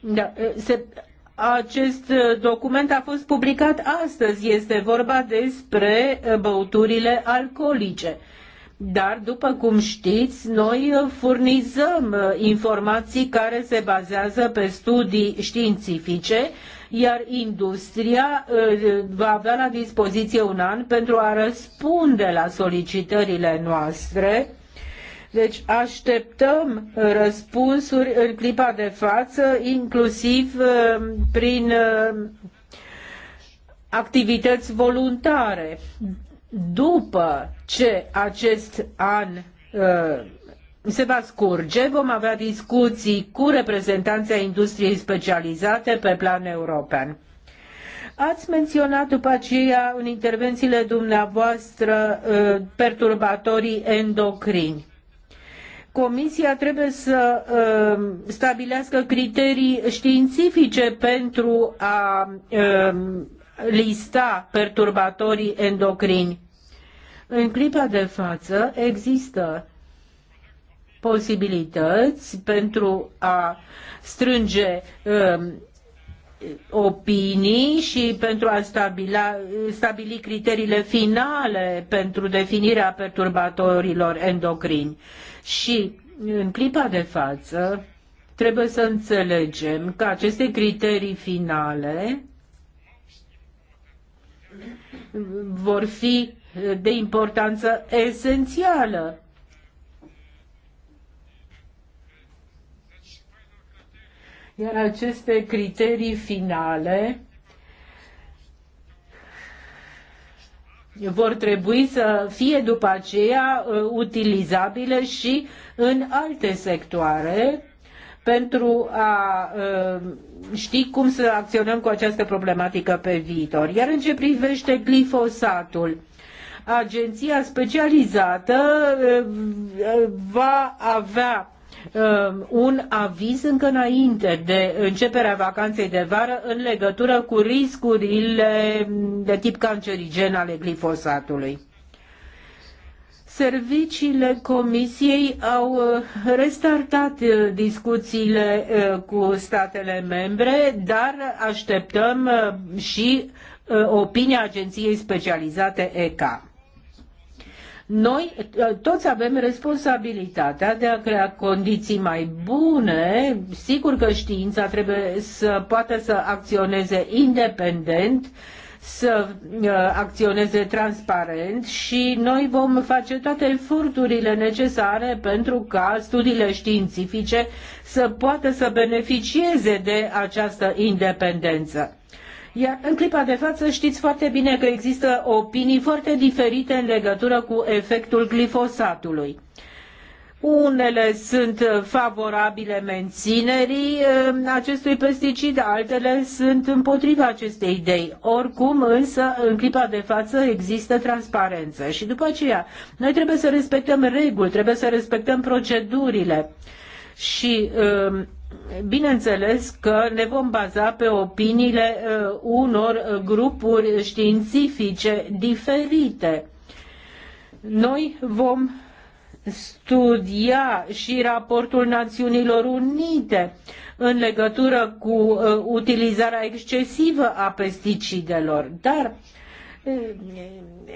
Da, se, acest document a fost publicat astăzi. Este vorba despre băuturile alcoolice. Dar, după cum știți, noi furnizăm informații care se bazează pe studii științifice iar industria uh, va avea la dispoziție un an pentru a răspunde la solicitările noastre. Deci așteptăm răspunsuri în clipa de față, inclusiv uh, prin uh, activități voluntare. După ce acest an se va scurge, vom avea discuții cu reprezentanții industriei specializate pe plan european. Ați menționat după aceea în intervențiile dumneavoastră uh, perturbatorii endocrini. Comisia trebuie să uh, stabilească criterii științifice pentru a uh, lista perturbatorii endocrini. În clipa de față există posibilități pentru a strânge uh, opinii și pentru a stabila, stabili criteriile finale pentru definirea perturbatorilor endocrini. Și în clipa de față trebuie să înțelegem că aceste criterii finale vor fi de importanță esențială Iar aceste criterii finale vor trebui să fie după aceea uh, utilizabile și în alte sectoare pentru a uh, ști cum să acționăm cu această problematică pe viitor. Iar în ce privește glifosatul, agenția specializată uh, va avea Um, un aviz încă înainte de începerea vacanței de vară în legătură cu riscurile de tip cancerigen ale glifosatului. Serviciile Comisiei au uh, restartat uh, discuțiile uh, cu statele membre, dar așteptăm și opinia agenției specializate ECA. Noi eh, toți avem responsabilitatea de a crea condiții mai bune. Sigur că știința trebuie să poată să acționeze independent, să eh, acționeze transparent și noi vom face toate eforturile necesare pentru ca studiile științifice să poată să beneficieze de această independență. Iar în clipa de față știți foarte bine că există opinii foarte diferite în legătură cu efectul glifosatului. Unele sunt favorabile menținerii um, acestui pesticid, altele sunt împotriva acestei idei. Oricum, însă, în clipa de față există transparență și după aceea noi trebuie să respectăm reguli, trebuie să respectăm procedurile și uh, Bineînțeles că ne vom baza pe opiniile uh, unor uh, grupuri științifice diferite. Noi vom studia și raportul Națiunilor Unite în legătură cu uh, utilizarea excesivă a pesticidelor, dar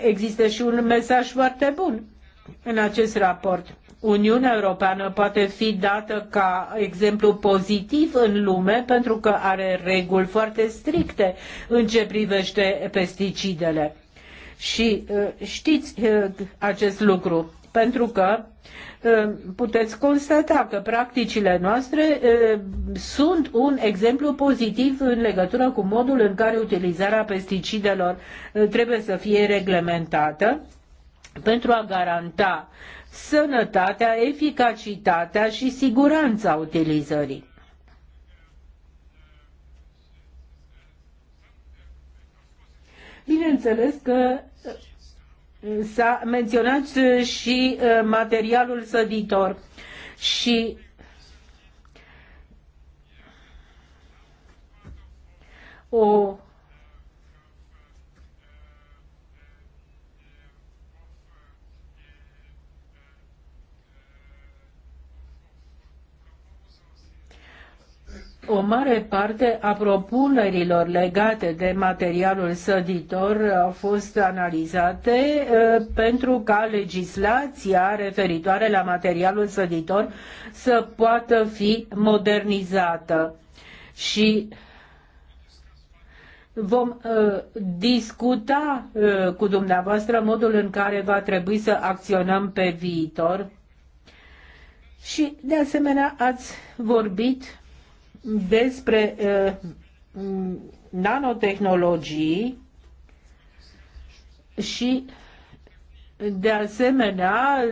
există și un mesaj foarte bun în acest raport Uniunea Europeană poate fi dată ca exemplu pozitiv în lume pentru că are reguli foarte stricte în ce privește pesticidele. Și uh, știți uh, acest lucru, pentru că uh, puteți constata că practicile noastre sunt un exemplu pozitiv în legătură cu modul în care utilizarea pesticidelor trebuie să fie reglementată pentru a garanta sănătatea, eficacitatea și siguranța utilizării. Bineînțeles că uh, s-a menționat uh, și uh, materialul săditor și o o mare parte a propunerilor legate de materialul săditor au fost analizate uh, pentru ca legislația referitoare la materialul săditor să poată fi modernizată. Și vom uh, discuta uh, cu dumneavoastră modul în care va trebui să acționăm pe viitor. Și, de asemenea, ați vorbit despre nanotehnologii și de asemenea,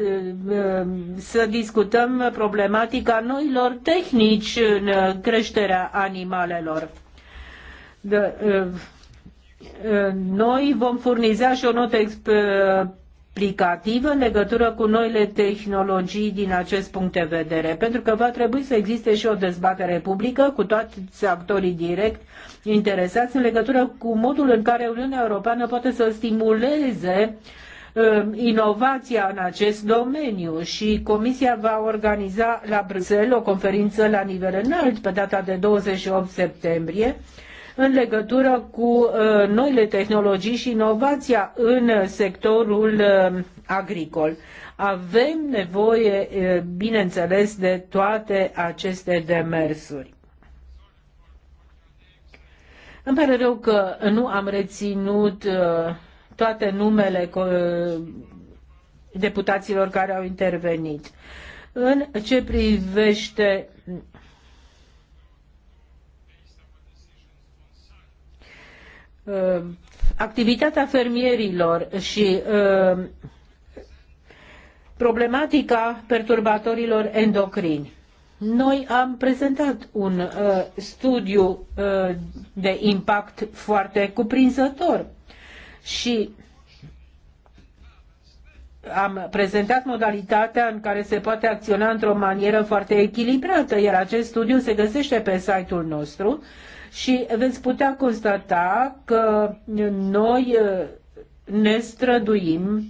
să discutăm problematica noilor tehnici în creșterea animalelor. Noi vom furniza și o notă explicativă în legătură cu noile tehnologii din acest punct de vedere, pentru că va trebui să existe și o dezbatere publică cu toți actorii direct interesați în legătură cu modul în care Uniunea Europeană poate să stimuleze ă, inovația în acest domeniu și Comisia va organiza la Bruxelles o conferință la nivel înalt pe data de 28 septembrie în legătură cu uh, noile tehnologii și inovația în sectorul uh, agricol. Avem nevoie, uh, bineînțeles, de toate aceste demersuri. Îmi pare rău că nu am reținut toate numele deputaților care au intervenit. În ce privește Uh, activitatea fermierilor și uh, problematica perturbatorilor endocrini. Noi am prezentat un uh, studiu uh, de impact foarte cuprinzător și am prezentat modalitatea în care se poate acționa într-o manieră foarte echilibrată, iar acest studiu se găsește pe site-ul nostru și veți putea constata că noi uh, ne străduim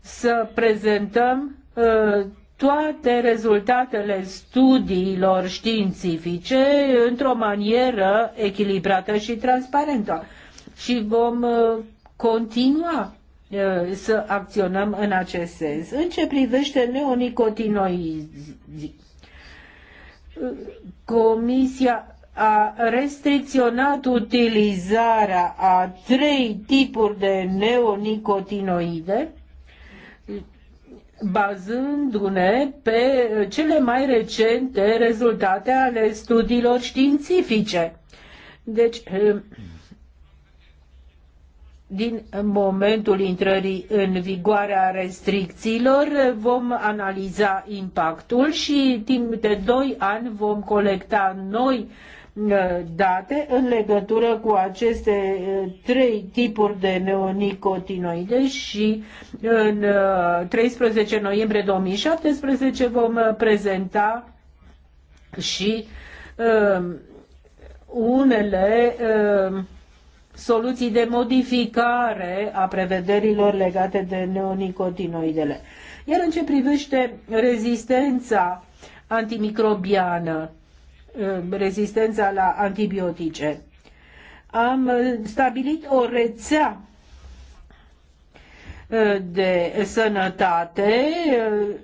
să prezentăm uh, toate rezultatele studiilor științifice într-o manieră echilibrată și transparentă. Și vom uh, continua să acționăm în acest sens. În ce privește neonicotinoizii, Comisia a restricționat utilizarea a trei tipuri de neonicotinoide, bazându-ne pe cele mai recente rezultate ale studiilor științifice. Deci, eh, din momentul intrării în vigoare a restricțiilor vom analiza impactul și timp de 2 ani vom colecta noi uh, date în legătură cu aceste trei tipuri de neonicotinoide și în 13 noiembrie 2017 vom prezenta și unele soluții de modificare a prevederilor legate de neonicotinoidele. Iar în ce privește rezistența antimicrobiană, Uh, rezistența la antibiotice. Am uh, stabilit o rețea uh, de sănătate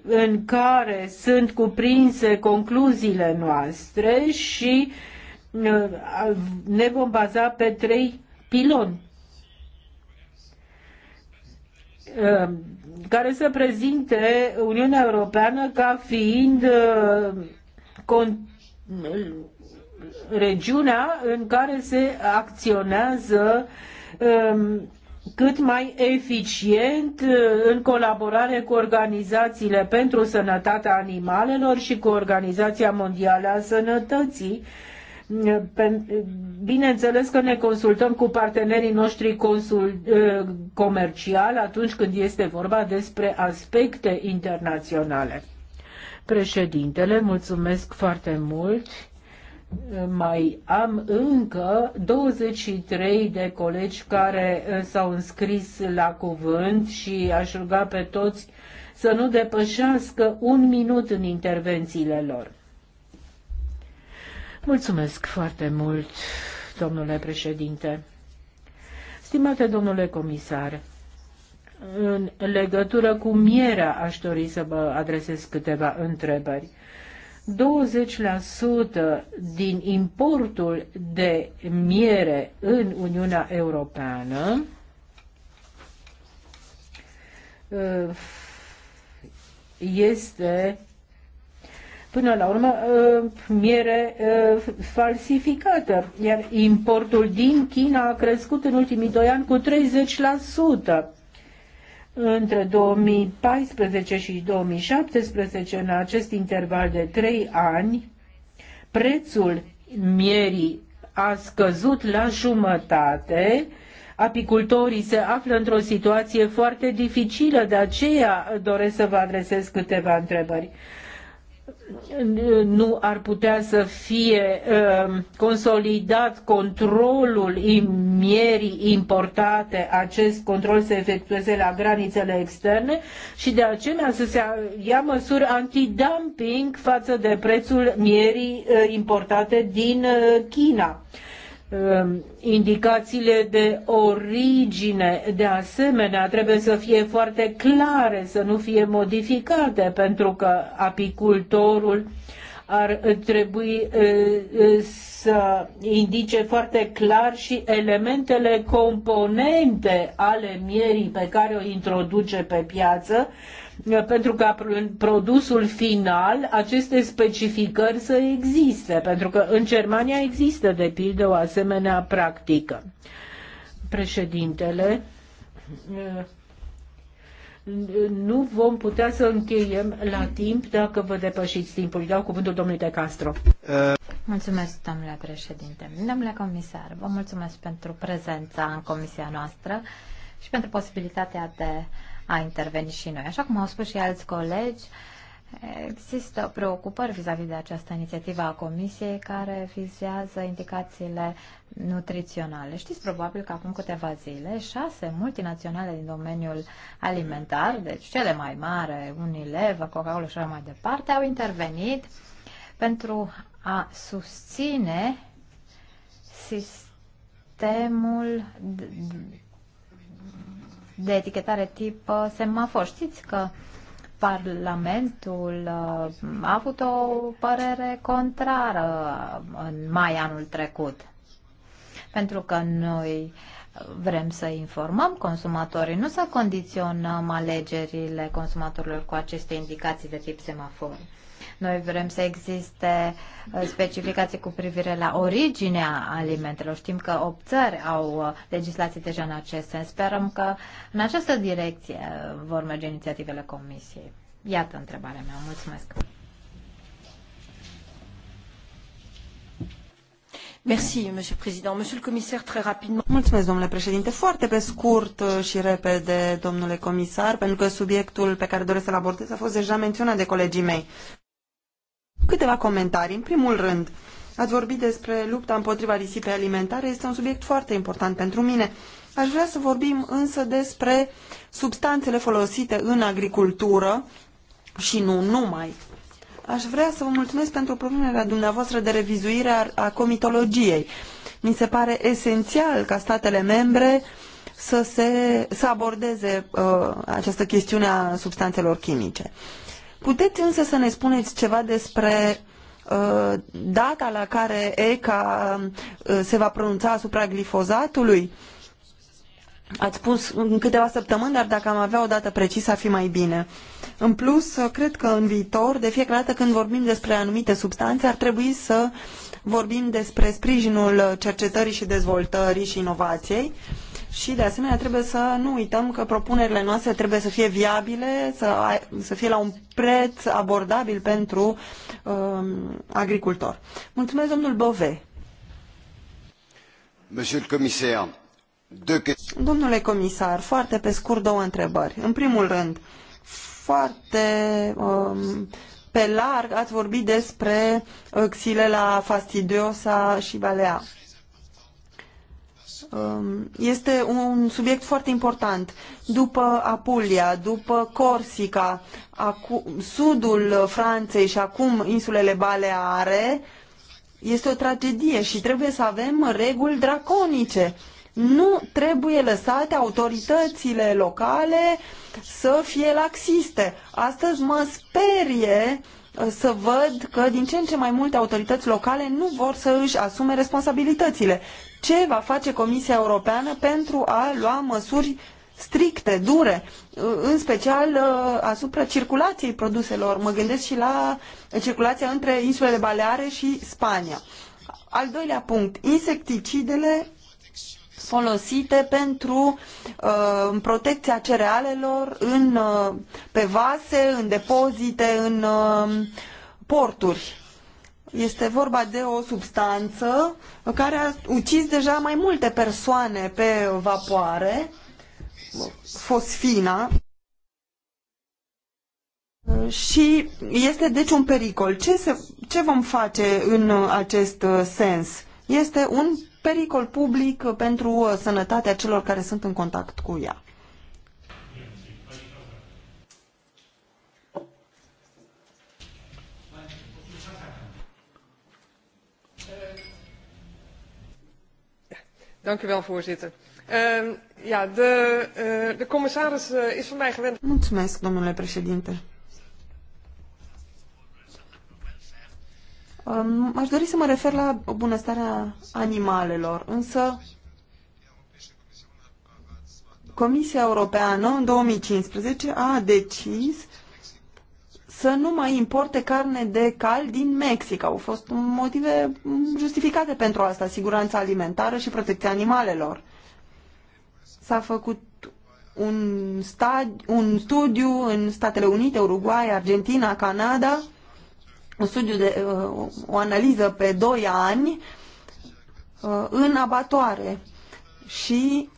în care sunt cuprinse concluziile noastre și ne vom baza pe trei piloni care să prezinte Uniunea Europeană ca fiind regiunea în care se acționează um, cât mai eficient uh, în colaborare cu organizațiile pentru sănătatea animalelor și cu Organizația Mondială a Sănătății. Uh, bineînțeles că ne consultăm cu partenerii noștri uh, comerciali atunci când este vorba despre aspecte internaționale. Președintele, mulțumesc foarte mult. Mai am încă 23 de colegi care uh, s-au înscris la cuvânt și aș ruga pe toți să nu depășească un minut în intervențiile lor. Mulțumesc foarte mult, domnule președinte. Stimate domnule comisar, în legătură cu mierea aș dori să vă adresez câteva întrebări. 20% din importul de miere în Uniunea Europeană uh, este până la urmă uh, miere uh, falsificată, iar importul din China a crescut în ultimii doi ani cu 30% între 2014 și 2017, în acest interval de 3 ani, prețul mierii a scăzut la jumătate, apicultorii se află într-o situație foarte dificilă, de aceea doresc să vă adresez câteva întrebări nu ar putea să fie uh, consolidat controlul mierii importate, acest control se efectueze la granițele externe și de aceea să se ia măsuri antidumping față de prețul mierii uh, importate din uh, China. Uh, Um, indicațiile de origine, de asemenea, trebuie să fie foarte clare, să nu fie modificate, pentru că apicultorul ar trebui uh, uh, să indice foarte clar și elementele componente ale mierii pe care o introduce pe piață pentru ca în produsul final aceste specificări să existe, pentru că în Germania există de pildă o asemenea practică. Președintele, nu vom putea să încheiem la timp dacă vă depășiți timpul. Dau cuvântul domnului De Castro. Mulțumesc, domnule președinte. Domnule comisar, vă mulțumesc pentru prezența în comisia noastră și pentru posibilitatea de a interveni și noi. Așa cum au spus și alți colegi, există preocupări vis-a-vis -vis de această inițiativă a Comisiei care vizează indicațiile nutriționale. Știți probabil că acum câteva zile șase multinaționale din domeniul alimentar, deci cele mai mare, Unilever, Coca-Cola și așa mai departe, au intervenit pentru a susține sistemul de etichetare tip uh, semafor. Știți că Parlamentul uh, a avut o părere contrară uh, în mai anul trecut. Pentru că noi vrem să informăm consumatorii, nu să condiționăm alegerile consumatorilor cu aceste indicații de tip semafor. Noi vrem să existe uh, specificații cu privire la originea alimentelor. Știm că 8 țări au uh, legislații deja în acest sens. Sperăm că în această direcție uh, vor merge inițiativele Comisiei. Iată întrebarea mea. Mulțumesc. Mulțumesc, domnule președinte. Foarte pe scurt și repede, domnule comisar, pentru că subiectul pe care doresc să-l abordez a fost deja menționat de colegii mei. Câteva comentarii. În primul rând, ați vorbit despre lupta împotriva risipei alimentare. Este un subiect foarte important pentru mine. Aș vrea să vorbim însă despre substanțele folosite în agricultură și nu numai. Aș vrea să vă mulțumesc pentru propunerea dumneavoastră de revizuire a, a comitologiei. Mi se pare esențial ca statele membre să, se, să abordeze uh, această chestiune a substanțelor chimice. Uh, Puteți însă să ne spuneți ceva despre uh, data la care ECA uh, se va pronunța asupra glifozatului? Ați spus în câteva săptămâni, dar dacă am avea o dată precisă ar fi mai bine. În plus, uh, cred că în viitor, de fiecare dată când vorbim despre anumite substanțe, ar trebui să vorbim despre sprijinul cercetării și dezvoltării și inovației. Uh, și, de asemenea, trebuie să nu uităm că propunerile noastre trebuie să fie viabile, să, să fie la un preț abordabil pentru um, agricultor. Mulțumesc, domnul Bove. Domnule comisar, foarte pe scurt două întrebări. În primul rând, foarte um, pe larg ați vorbit despre xilela fastidiosa și balea. Um, este un subiect foarte important. După Apulia, după Corsica, acu, sudul Franței și acum insulele Baleare, este o tragedie și trebuie să avem reguli draconice. Nu trebuie lăsate autoritățile locale să fie laxiste. Astăzi mă sperie uh, să văd că din ce în ce mai multe autorități locale nu vor să își asume responsabilitățile. Ce va face Comisia Europeană pentru a lua măsuri stricte, dure, în special uh, asupra circulației produselor? Mă gândesc și la circulația între insulele Baleare și Spania. Al doilea punct, insecticidele folosite pentru uh, protecția cerealelor în, uh, pe vase, în depozite, în uh, porturi. Este vorba de o substanță care a ucis deja mai multe persoane pe vapoare, fosfina, și este deci un pericol. Ce, se, ce vom face în acest uh, sens? Este un pericol public pentru uh, sănătatea celor care sunt în contact cu ea. Dank u wel, voorzitter ehm, ja, de eh, commissaris eh, is van mij gewend. Mulțumesc, domnule președinte. Um, aș dori să mă refer la bunăstarea animalelor, însă Comisia Europeană în 2015 a decis să nu mai importe carne de cal din Mexic. Au fost motive justificate pentru asta, siguranța alimentară și protecția animalelor. S-a făcut un, stadi, un studiu în Statele Unite, Uruguay, Argentina, Canada un studiu de uh, o analiză pe 2 ani uh, în abatoare și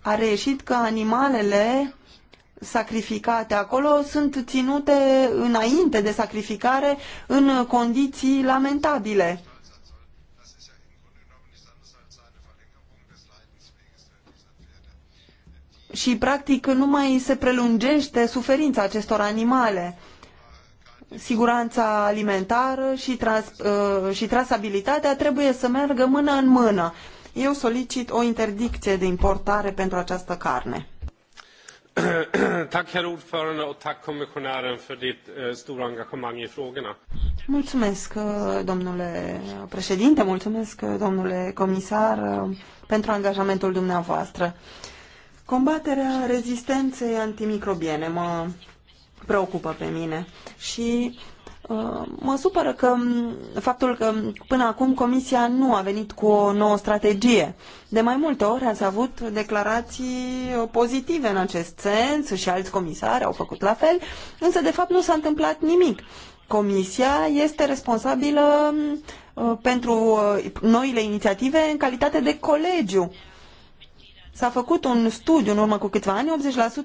a reieșit că animalele sacrificate acolo sunt ținute înainte de sacrificare în condiții lamentabile. Și practic nu mai se prelungește suferința acestor animale siguranța alimentară și, trans, uh, și trasabilitatea trebuie să meargă mână în mână. Eu solicit o interdicție de importare pentru această carne. Eh, mulțumesc, eh, domnule președinte, mulțumesc, eh, domnule comisar, pentru angajamentul dumneavoastră. Combaterea rezistenței antimicrobiene mă preocupă pe mine. Și uh, mă supără că faptul că până acum Comisia nu a venit cu o nouă strategie. De mai multe ori ați avut declarații uh, pozitive în acest sens și alți comisari au făcut la fel, însă de fapt nu s-a întâmplat nimic. Comisia este responsabilă uh, pentru noile inițiative în calitate de colegiu S-a făcut un studiu în urmă cu câțiva ani,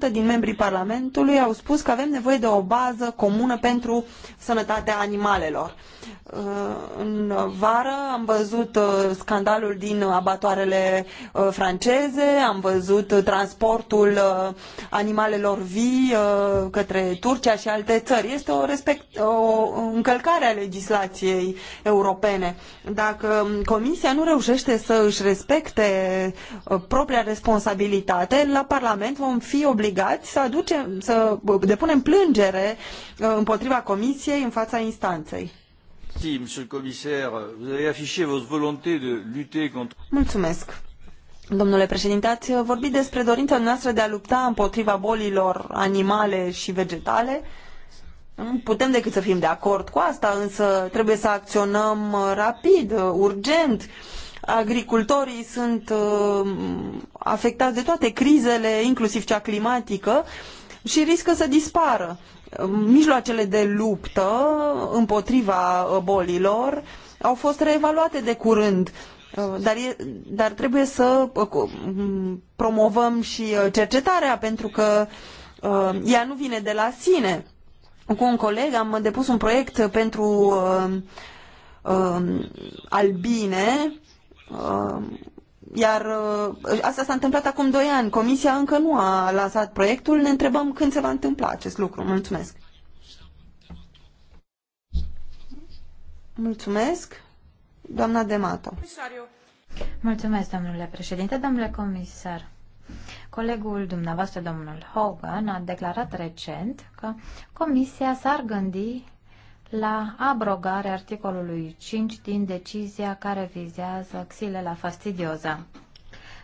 80% din membrii Parlamentului au spus că avem nevoie de o bază comună pentru sănătatea animalelor. Uh, în vară am văzut uh, scandalul din abatoarele uh, franceze, am văzut transportul animalelor vii către Turcia și alte țări. Este o, respect, o încălcare a legislației europene. Dacă um, Comisia nu reușește să își respecte propria responsabilitate, la Parlament vom fi obligați să aducem, să depunem plângere uh, împotriva Comisiei în fața instanței. de Mulțumesc. Domnule președinte, ați vorbit despre dorința noastră de a lupta împotriva bolilor animale și vegetale. Nu putem decât să fim de acord cu asta, însă trebuie să acționăm uh, rapid, uh, urgent. Uh, agricultorii sunt uh, afectați de toate crizele, inclusiv cea climatică, și riscă să dispară. Mijloacele de luptă împotriva bolilor au fost reevaluate de curând, uh, dar, e, dar trebuie să uh, mm, promovăm și uh, cercetarea, pentru că uh, ea nu vine de la sine. Cu un coleg am depus un proiect pentru uh, albine Um, iar uh, asta s-a întâmplat acum 2 ani. Comisia încă nu a lansat proiectul. Ne întrebăm când se va întâmpla acest lucru. Mulțumesc. Mulțumesc. Doamna Demato. Mulțumesc, domnule președinte, domnule comisar. Colegul dumneavoastră, domnul Hogan, a declarat recent că Comisia s-ar gândi la abrogarea articolului 5 din decizia care vizează xilela fastidioza.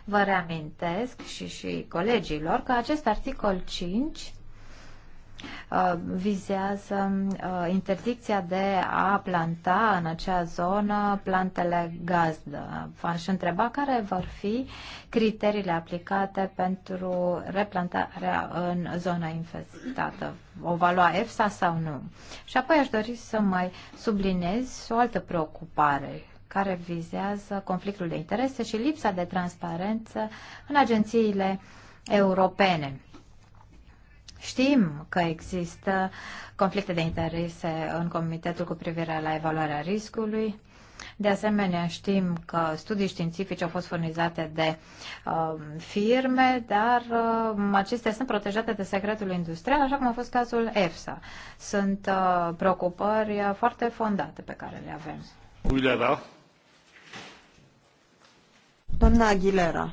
Vă reamintesc și, și colegilor că acest articol 5 Uh, vizează uh, interdicția de a planta în acea zonă plantele gazdă. V-aș întreba care vor fi criteriile aplicate pentru replantarea în zona infestată. O va lua EFSA sau nu? Și apoi aș dori să mai subliniez o altă preocupare care vizează conflictul de interese și lipsa de transparență în agențiile europene. Știm că există conflicte de interese în comitetul cu privire la evaluarea riscului. De asemenea, știm că studii științifice au fost furnizate de uh, firme, dar uh, acestea sunt protejate de secretul industrial, așa cum a fost cazul EFSA. Sunt uh, preocupări uh, foarte fondate pe care le avem. Aguilera. Doamna Aguilera.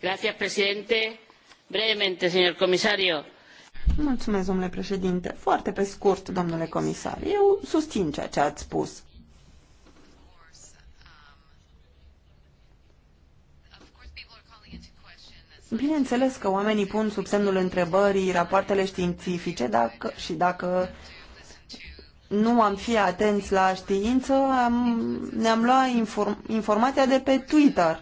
Gracias, presidente. Brevemente, señor comisario. Mulțumesc, domnule președinte. Foarte pe scurt, domnule comisar. Eu susțin ceea ce ați spus. Bineînțeles că oamenii pun sub semnul întrebării rapoartele științifice dacă, și dacă nu am fi atenți la știință, ne-am luat inform, informația de pe Twitter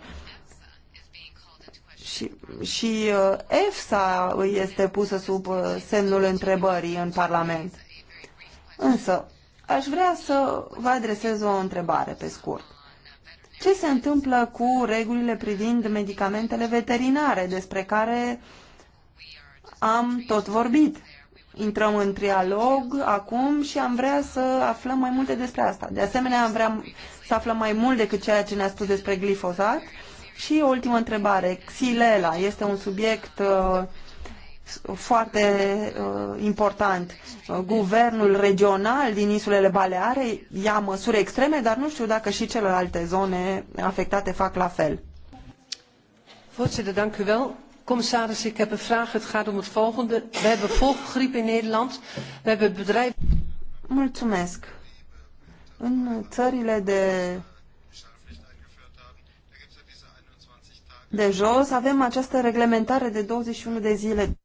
și, și uh, EFSA este pusă sub uh, semnul întrebării în Parlament. Însă, aș vrea să vă adresez o întrebare pe scurt. Ce se întâmplă cu regulile privind medicamentele veterinare despre care am tot vorbit? Intrăm în trialog acum și am vrea să aflăm mai multe despre asta. De asemenea, am vrea să aflăm mai mult decât ceea ce ne-a spus despre glifozat și o ultimă întrebare. Xilela este un subiect uh, foarte uh, important. Uh, guvernul regional din insulele Baleare ia măsuri extreme, dar nu știu dacă și celelalte zone afectate fac la fel. Voorzitter, dank u wel. Commissaris, ik heb een vraag. Het gaat om het volgende. We hebben volgriep in Nederland. We hebben bedrijven... Mulțumesc. În țările de de jos, avem această reglementare de 21 de zile.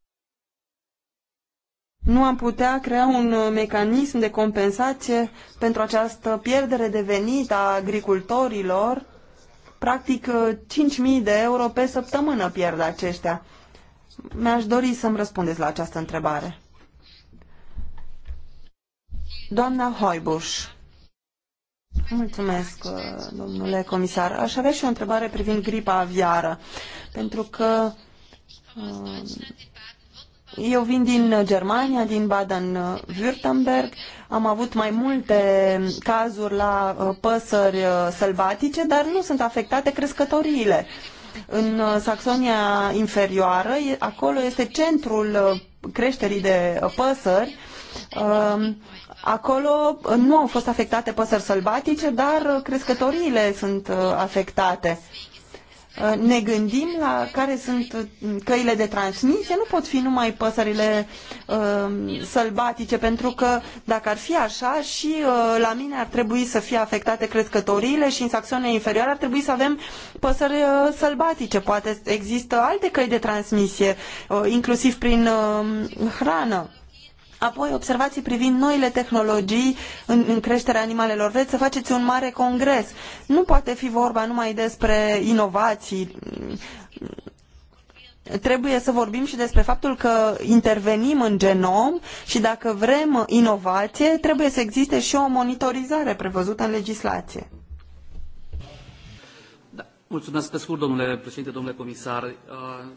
Nu am putea crea un mecanism de compensație pentru această pierdere de venit a agricultorilor. Practic 5.000 de euro pe săptămână pierd aceștia. Mi-aș dori să-mi răspundeți la această întrebare. Doamna Hoibuș. Mulțumesc, uh, domnule comisar. Aș avea și o întrebare privind gripa aviară, pentru că uh, eu vin din Germania, din Baden-Württemberg. Am avut mai multe cazuri la uh, păsări sălbatice, dar nu sunt afectate crescătoriile. În Saxonia inferioară, acolo este centrul creșterii de păsări um, Acolo uh, nu au fost afectate păsări sălbatice, dar uh, crescătoriile sunt uh, afectate. Ne gândim la care sunt căile de transmisie, nu pot fi numai păsările uh, sălbatice, pentru că dacă ar fi așa și uh, la mine ar trebui să fie afectate crescătoriile și în Saxonia inferioară ar trebui să avem păsări uh, sălbatice. Poate există alte căi de transmisie, uh, inclusiv prin uh, hrană Apoi, observații privind noile tehnologii în, în creșterea animalelor. Vreți să faceți un mare congres. Nu poate fi vorba numai despre inovații. Trebuie să vorbim și despre faptul că intervenim în genom și dacă vrem inovație, trebuie să existe și o monitorizare prevăzută în legislație. Da. Mulțumesc pe scurt, domnule președinte, domnule comisar. Uh...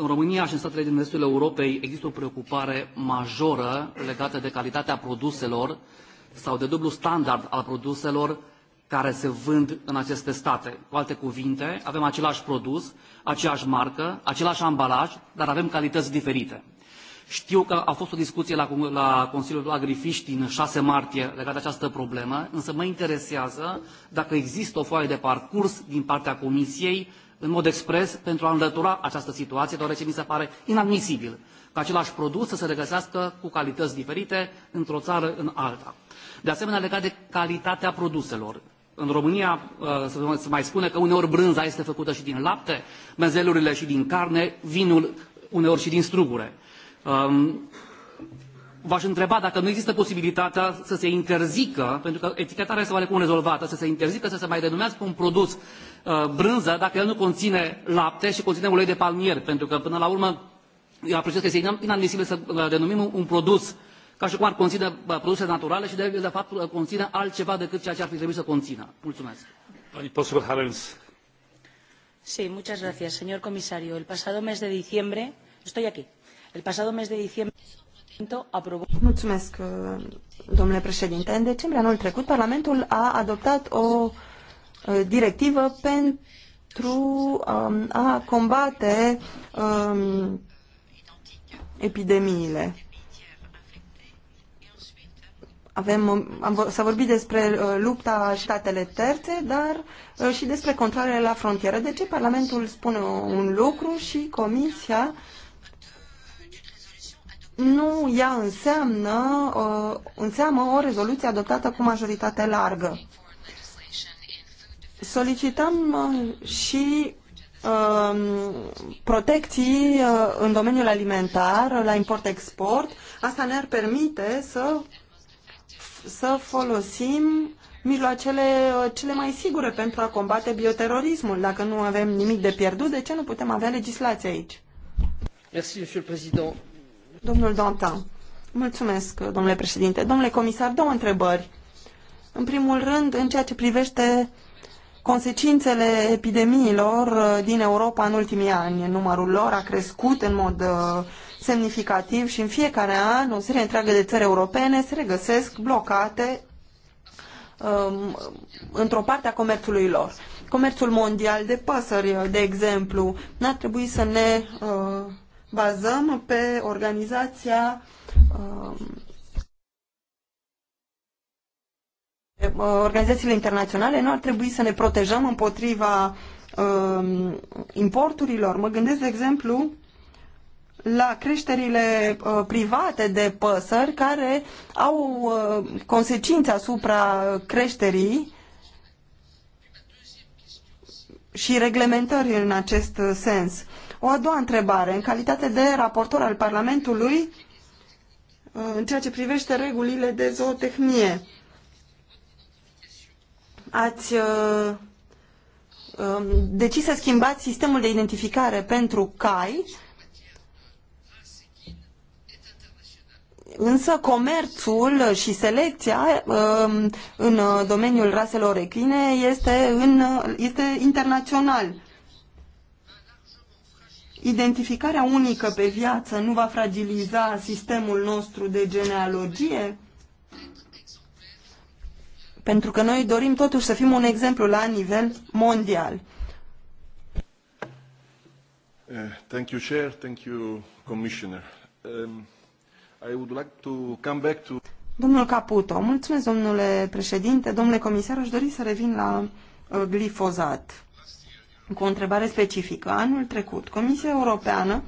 În România și în statele din vestul Europei există o preocupare majoră legată de calitatea produselor sau de dublu standard al produselor care se vând în aceste state. Cu alte cuvinte, avem același produs, aceeași marcă, același ambalaj, dar avem calități diferite. Știu că a fost o discuție la, la Consiliul Agrifiști din 6 martie legată de această problemă, însă mă interesează dacă există o foaie de parcurs din partea Comisiei în mod expres pentru a înlătura această situație, deoarece mi se pare inadmisibil ca același produs să se regăsească cu calități diferite într-o țară în alta. De asemenea, legat de calitatea produselor. În România uh, se mai spune că uneori brânza este făcută și din lapte, mezelurile și din carne, vinul uneori și din strugure. Um, v-aș întreba dacă nu există posibilitatea să se interzică, pentru că etichetarea este oarecum rezolvată, să se interzică să se mai denumească un produs uh, brânză dacă el nu conține lapte și conține ulei de palmier, pentru că până la urmă eu apreciez că este inadmisibil să uh, denumim un produs ca și cum ar conține uh, produse naturale și de, de fapt conține altceva decât ceea ce ar fi trebuit să conțină. Mulțumesc. Sí, muchas gracias, señor comisario. El pasado mes de diciembre, estoy aquí. El pasado mes de diciembre. Mulțumesc, domnule președinte. În decembrie anul trecut, Parlamentul a adoptat o directivă pentru um, a combate um, epidemiile. Avem, am, s-a vorbit despre lupta statele terțe, dar și despre controlele la frontieră. De ce Parlamentul spune un lucru și Comisia uh, nu ea înseamnă, uh, înseamnă o rezoluție adoptată cu majoritate largă. Solicităm uh, și um, protecții uh, în domeniul alimentar, la import-export. Asta ne-ar permite să, să folosim mijloacele cele mai sigure pentru a combate bioterorismul. Dacă nu avem nimic de pierdut, de ce nu putem avea legislație aici? Merci, monsieur le président. Domnul Dantan. Mulțumesc, domnule președinte. Domnule comisar, două întrebări. În primul rând, în ceea ce privește consecințele epidemiilor uh, din Europa în ultimii ani. Numărul lor a crescut în mod uh, semnificativ și în fiecare an o serie întreagă de țări europene se regăsesc blocate um, într-o parte a comerțului lor. Comerțul mondial de păsări, uh, de exemplu, n-ar trebui să ne uh, bazăm pe organizația um, organizațiile internaționale, nu ar trebui să ne protejăm împotriva uh, importurilor. Mă gândesc, de exemplu, la creșterile uh, private de păsări care au uh, consecințe asupra creșterii și reglementări în acest sens. O a doua întrebare, în calitate de raportor al Parlamentului, uh, în ceea ce privește regulile de zootehnie, ați uh, um, decis să schimbați sistemul de identificare pentru cai, însă comerțul și selecția um, uh, în domeniul raselor echine este, în, uh, este internațional identificarea unică pe viață nu va fragiliza sistemul nostru de genealogie? Pentru că noi dorim totuși să fim un exemplu la nivel mondial. Eh, thank you, Chair. Thank you, Commissioner. Um, I would like to come back to... Domnul Caputo, mulțumesc, domnule președinte. Domnule comisar, aș dori să revin la uh, glifozat cu o întrebare specifică. Anul trecut, Comisia Europeană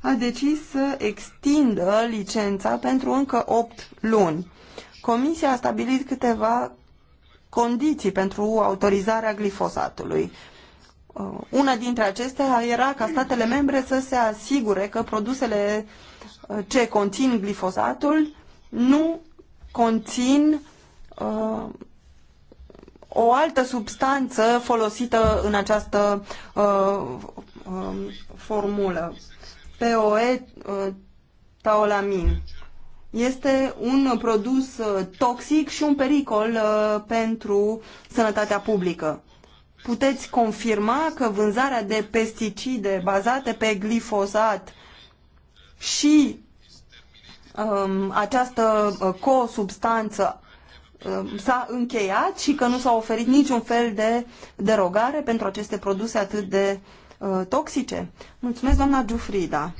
a decis să extindă licența pentru încă 8 luni. Comisia a stabilit câteva condiții pentru autorizarea glifosatului. Uh, una dintre acestea era ca statele membre să se asigure că produsele uh, ce conțin glifosatul nu conțin uh, o altă substanță folosită în această uh, uh, formulă. POE uh, taolamin. Este un produs uh, toxic și un pericol uh, pentru sănătatea publică. Puteți confirma că vânzarea de pesticide bazate pe glifosat și um, această uh, co-substanță Uh, s-a încheiat și că nu s-a oferit niciun fel de derogare pentru aceste produse atât de uh, toxice. Mulțumesc, doamna Giufrida.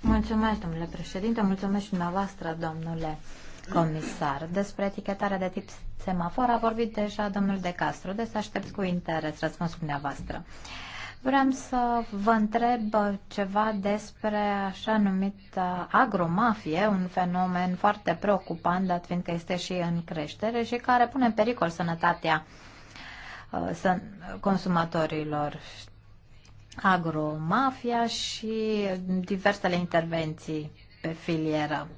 Mulțumesc, domnule președinte, mulțumesc și dumneavoastră, domnule comisar. Despre etichetarea de tip semafor a vorbit deja domnul De Castro, deci aștept cu interes răspunsul dumneavoastră. Uh, Vreau să vă întreb ceva despre așa numit uh, agromafie, un fenomen foarte preocupant, dat fiindcă este și în creștere și care pune în pericol sănătatea uh, consumatorilor agromafia și diversele intervenții pe filieră.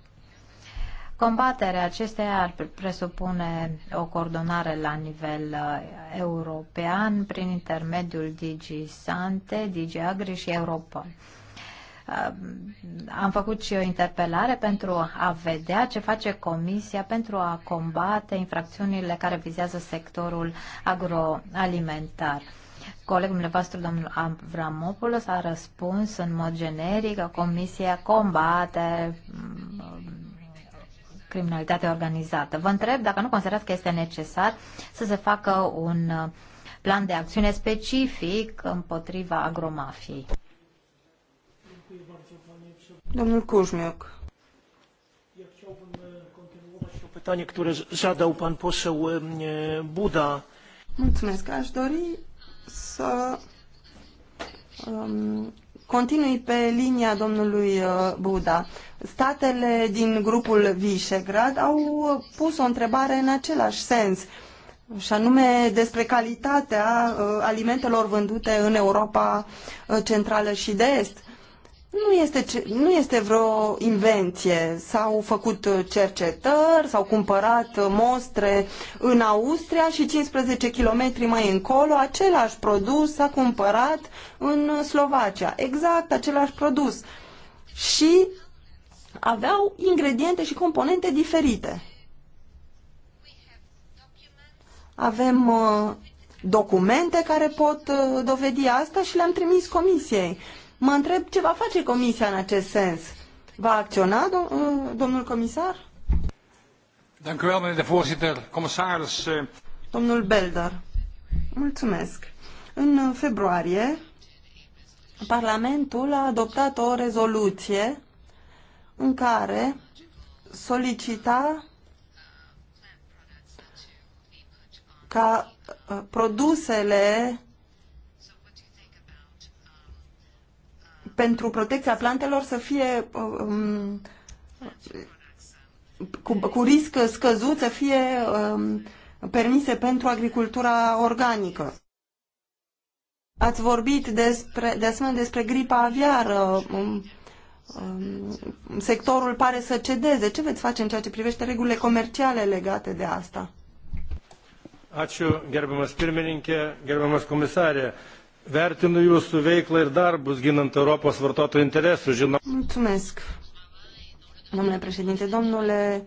Combaterea acesteia ar presupune o coordonare la nivel uh, european prin intermediul Digi Sante, Digi Agri și Europa. Uh, am făcut și o interpelare pentru a vedea ce face Comisia pentru a combate infracțiunile care vizează sectorul agroalimentar. Colegul vostru, domnul Avramopoulos, a răspuns în mod generic că Comisia combate mm, criminalitate organizată. Vă întreb dacă nu considerați că este necesar să se facă un uh, plan de acțiune specific împotriva agromafiei. Domnul Cușmiuc. Pytanie, które zadał pan poseł Buda. Mulțumesc. Aș dori să um, Continui pe linia domnului uh, Buda. Statele din grupul Visegrad au pus o întrebare în același sens, și anume despre calitatea uh, alimentelor vândute în Europa uh, Centrală și de Est nu este, nu este vreo invenție. S-au făcut uh, cercetări, s-au cumpărat uh, mostre în Austria și 15 km mai încolo același produs s-a cumpărat în uh, Slovacia. Exact același produs. Și aveau ingrediente și componente diferite. Avem documente care pot dovedi asta și le-am trimis comisiei. Mă întreb ce va face Comisia în acest sens. Va acționa, uh, domnul comisar? Dank u wel, meneer de voorzitter. Commissaris. Eh, domnul Belder. Mulțumesc. În februarie, Parlamentul a adoptat o rezoluție în care solicita ca uh, produsele pentru protecția plantelor să fie um, cu, cu risc scăzut să fie um, permise pentru agricultura organică. Ați vorbit despre, de asemenea despre gripa aviară. Um, um, sectorul pare să cedeze. Ce veți face în ceea ce privește regulile comerciale legate de asta? Ačiū, gerbiamas pirmininkė, gerbiamas komisarė. Vertinu jūsų veiklą ir darbus ginant Europos vartotojų interesus. Žinau. Mulțumesc, domnule președinte. Domnule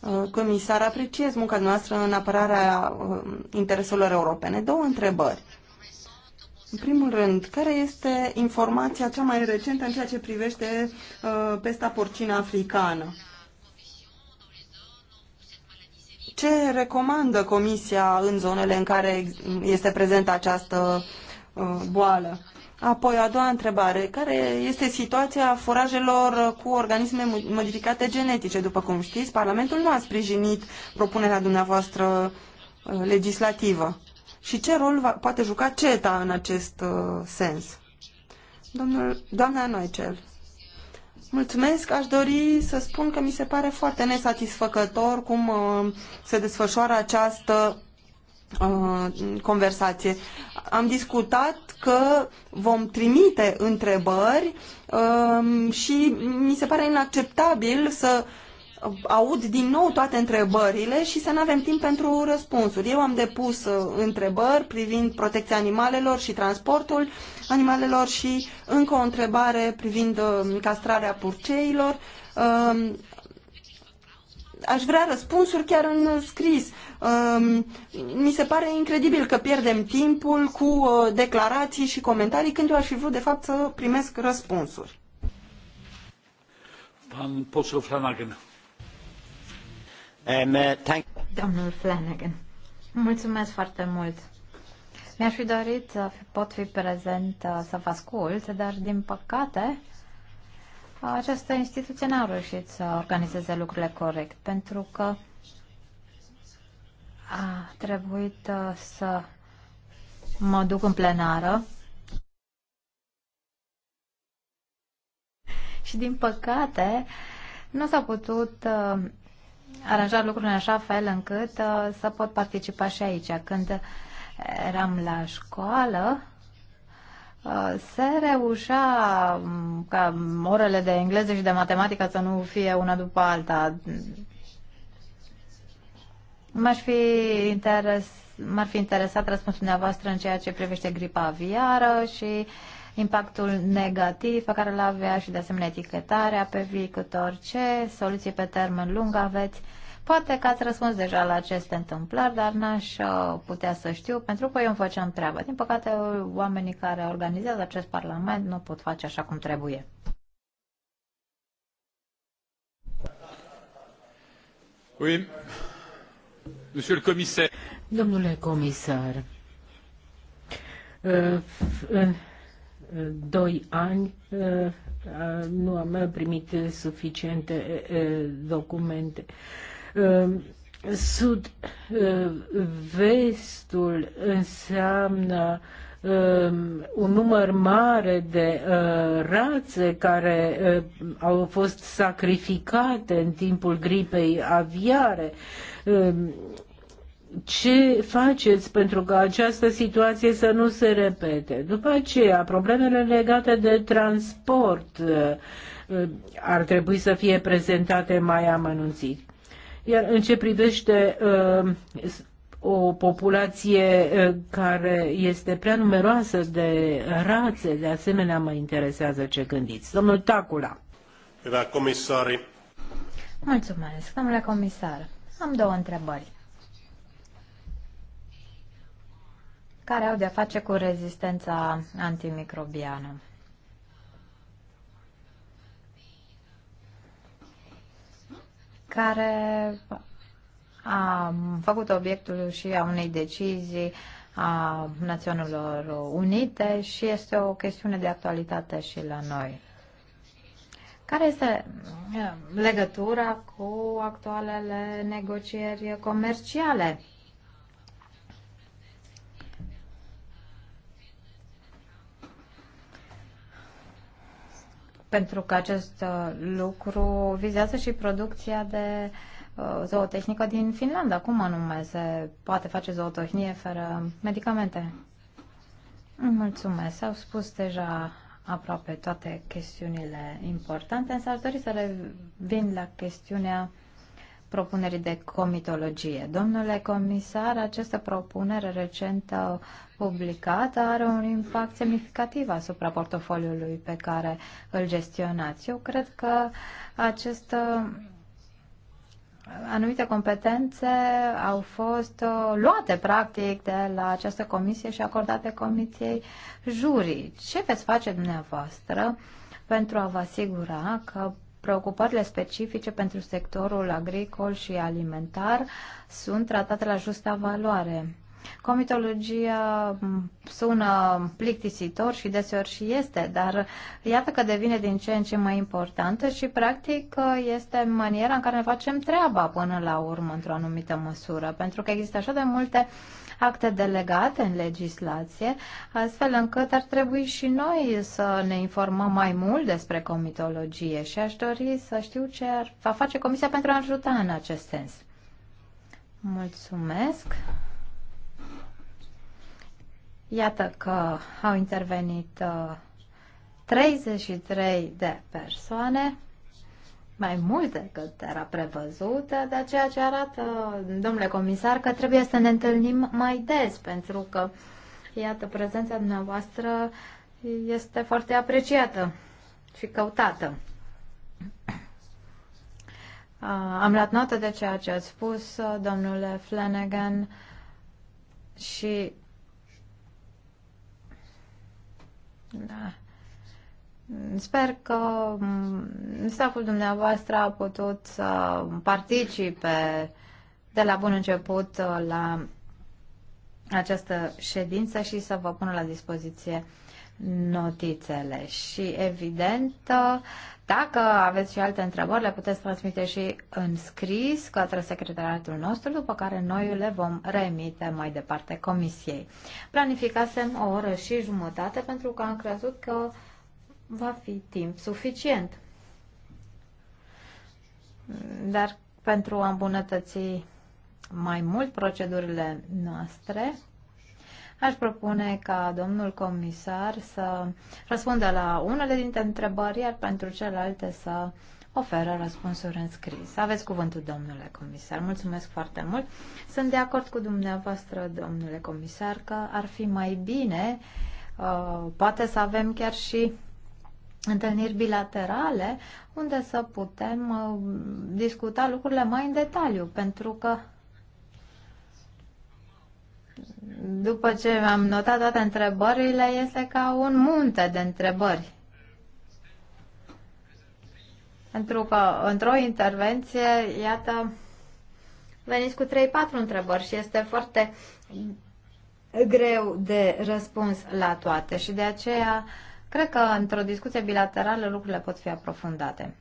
uh, comisar, apreciez munca noastră în apărarea uh, intereselor europene. Două întrebări. În primul rând, care este informația cea mai recentă în ceea ce privește uh, pesta porcină africană? Ce recomandă Comisia în zonele în care este prezentă această uh, Uh, boală. Apoi, a doua întrebare. Care este situația forajelor cu organisme modificate genetice? După cum știți, Parlamentul nu a sprijinit propunerea dumneavoastră uh, legislativă. Și ce rol va, poate juca CETA în acest uh, sens? Domnul, doamna Noicel, mulțumesc. Aș dori să spun că mi se pare foarte nesatisfăcător cum uh, se desfășoară această Uh, conversație. Am discutat că vom trimite întrebări um, și mi se pare inacceptabil să aud din nou toate întrebările și să nu avem timp pentru răspunsuri. Eu am depus uh, întrebări privind protecția animalelor și transportul animalelor și încă o întrebare privind uh, castrarea purceilor. Um, aș vrea răspunsuri chiar în scris. Um, mi se pare incredibil că pierdem timpul cu uh, declarații și comentarii când eu aș fi vrut, de fapt, să primesc răspunsuri. Pan Flanagan. Um, uh, Domnul Flanagan, mulțumesc foarte mult. Mi-aș fi dorit să pot fi prezent, uh, să vă ascult, dar din păcate această instituție n-a reușit să organizeze lucrurile corect, pentru că a trebuit uh, să mă duc în plenară și, din păcate, nu s-a putut uh, aranja lucrurile în așa fel încât uh, să pot participa și aici. Când eram la școală, Uh, se reușea um, ca orele de engleză și de matematică să nu fie una după alta. M-aș fi interes, m-ar fi interesat răspunsul dumneavoastră în ceea ce privește gripa aviară și impactul negativ pe care l avea și de asemenea etichetarea pe viitor. Ce soluții pe termen lung aveți? Poate că ați răspuns deja la aceste întâmplări, dar n-aș uh, putea să știu, pentru că eu îmi făceam treaba. Din păcate, oamenii care organizează acest parlament nu pot face așa cum trebuie. Oui. Monsieur le commissaire. Domnule comisar, uh, în uh, doi ani nu am primit suficiente documente. Ehm, sud-vestul înseamnă ehm, un număr mare de eh, rațe care eh, au fost sacrificate în timpul gripei aviare. Ehm, ce faceți pentru ca această situație să nu se repete? După aceea, problemele legate de transport eh, ar trebui să fie prezentate mai amănunțit. Iar în ce privește uh, o populație uh, care este prea numeroasă de rațe, de asemenea mă interesează ce gândiți. Domnul Tacula. Da, comisari. Mulțumesc, domnule comisar. Am două întrebări. Care au de-a face cu rezistența antimicrobiană? care a făcut obiectul și a unei decizii a Națiunilor Unite și este o chestiune de actualitate și la noi. Care este eh, legătura cu actualele negocieri comerciale pentru că acest uh, lucru vizează și producția de uh, zootehnică din Finlanda. Cum anume se poate face zootehnie fără medicamente? Mulțumesc. S-au spus deja aproape toate chestiunile importante, însă aș dori să revin la chestiunea propunerii de comitologie. Domnule comisar, această propunere recentă publicată are un impact semnificativ asupra portofoliului pe care îl gestionați. Eu cred că acest uh, anumite competențe au fost uh, luate practic de la această comisie și acordate comisiei jurii. Ce veți face dumneavoastră pentru a vă asigura că preocupările specifice pentru sectorul agricol și alimentar sunt tratate la justa valoare. Comitologia sună plictisitor și deseori și este, dar iată că devine din ce în ce mai importantă și practic este maniera în care ne facem treaba până la urmă într-o anumită măsură, pentru că există așa de multe acte delegate în legislație, astfel încât ar trebui și noi să ne informăm mai mult despre comitologie și aș dori să știu ce ar, va face Comisia pentru a ajuta în acest sens. Mulțumesc! Iată că au intervenit 33 uh, de persoane mai mult decât era prevăzut, dar ceea ce arată, domnule comisar, că trebuie să ne întâlnim mai des, pentru că, iată, prezența dumneavoastră este foarte apreciată și căutată. Am luat notă de ceea ce ați spus, domnule Flanagan, și da. Sper că mm, staful dumneavoastră a putut să participe de la bun început uh, la această ședință și să vă pună la dispoziție notițele. Și evident, uh, dacă aveți și alte întrebări, le puteți transmite și în scris către secretariatul nostru, după care noi le vom remite mai departe comisiei. Planificasem o oră și jumătate pentru că am crezut că va fi timp suficient. Dar pentru a îmbunătăți mai mult procedurile noastre, aș propune ca domnul comisar să răspundă la unele dintre întrebări, iar pentru celelalte să oferă răspunsuri în scris. Aveți cuvântul, domnule comisar. Mulțumesc foarte mult. Sunt de acord cu dumneavoastră, domnule comisar, că ar fi mai bine, uh, poate să avem chiar și întâlniri bilaterale unde să putem uh, discuta lucrurile mai în detaliu, pentru că după ce am notat toate întrebările, este ca un munte de întrebări. Pentru că într-o intervenție, iată, veniți cu 3-4 întrebări și este foarte greu de răspuns la toate și de aceea uh, Cred că într-o discuție bilaterală lucrurile pot fi aprofundate.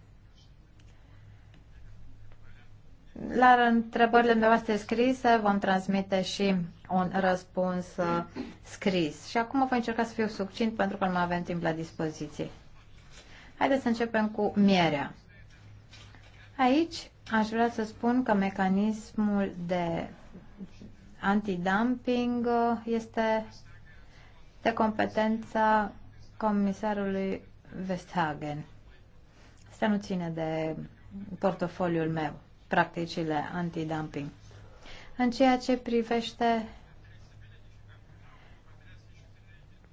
La întrebările noastre scrise vom transmite și un răspuns uh, scris. Și acum voi încerca să fiu succint pentru că nu mai avem timp la dispoziție. Haideți să începem cu mierea. Aici aș vrea să spun că mecanismul de antidumping uh, este de competența comisarului Westhagen. Asta nu ține de portofoliul meu, practicile antidumping. În ceea ce privește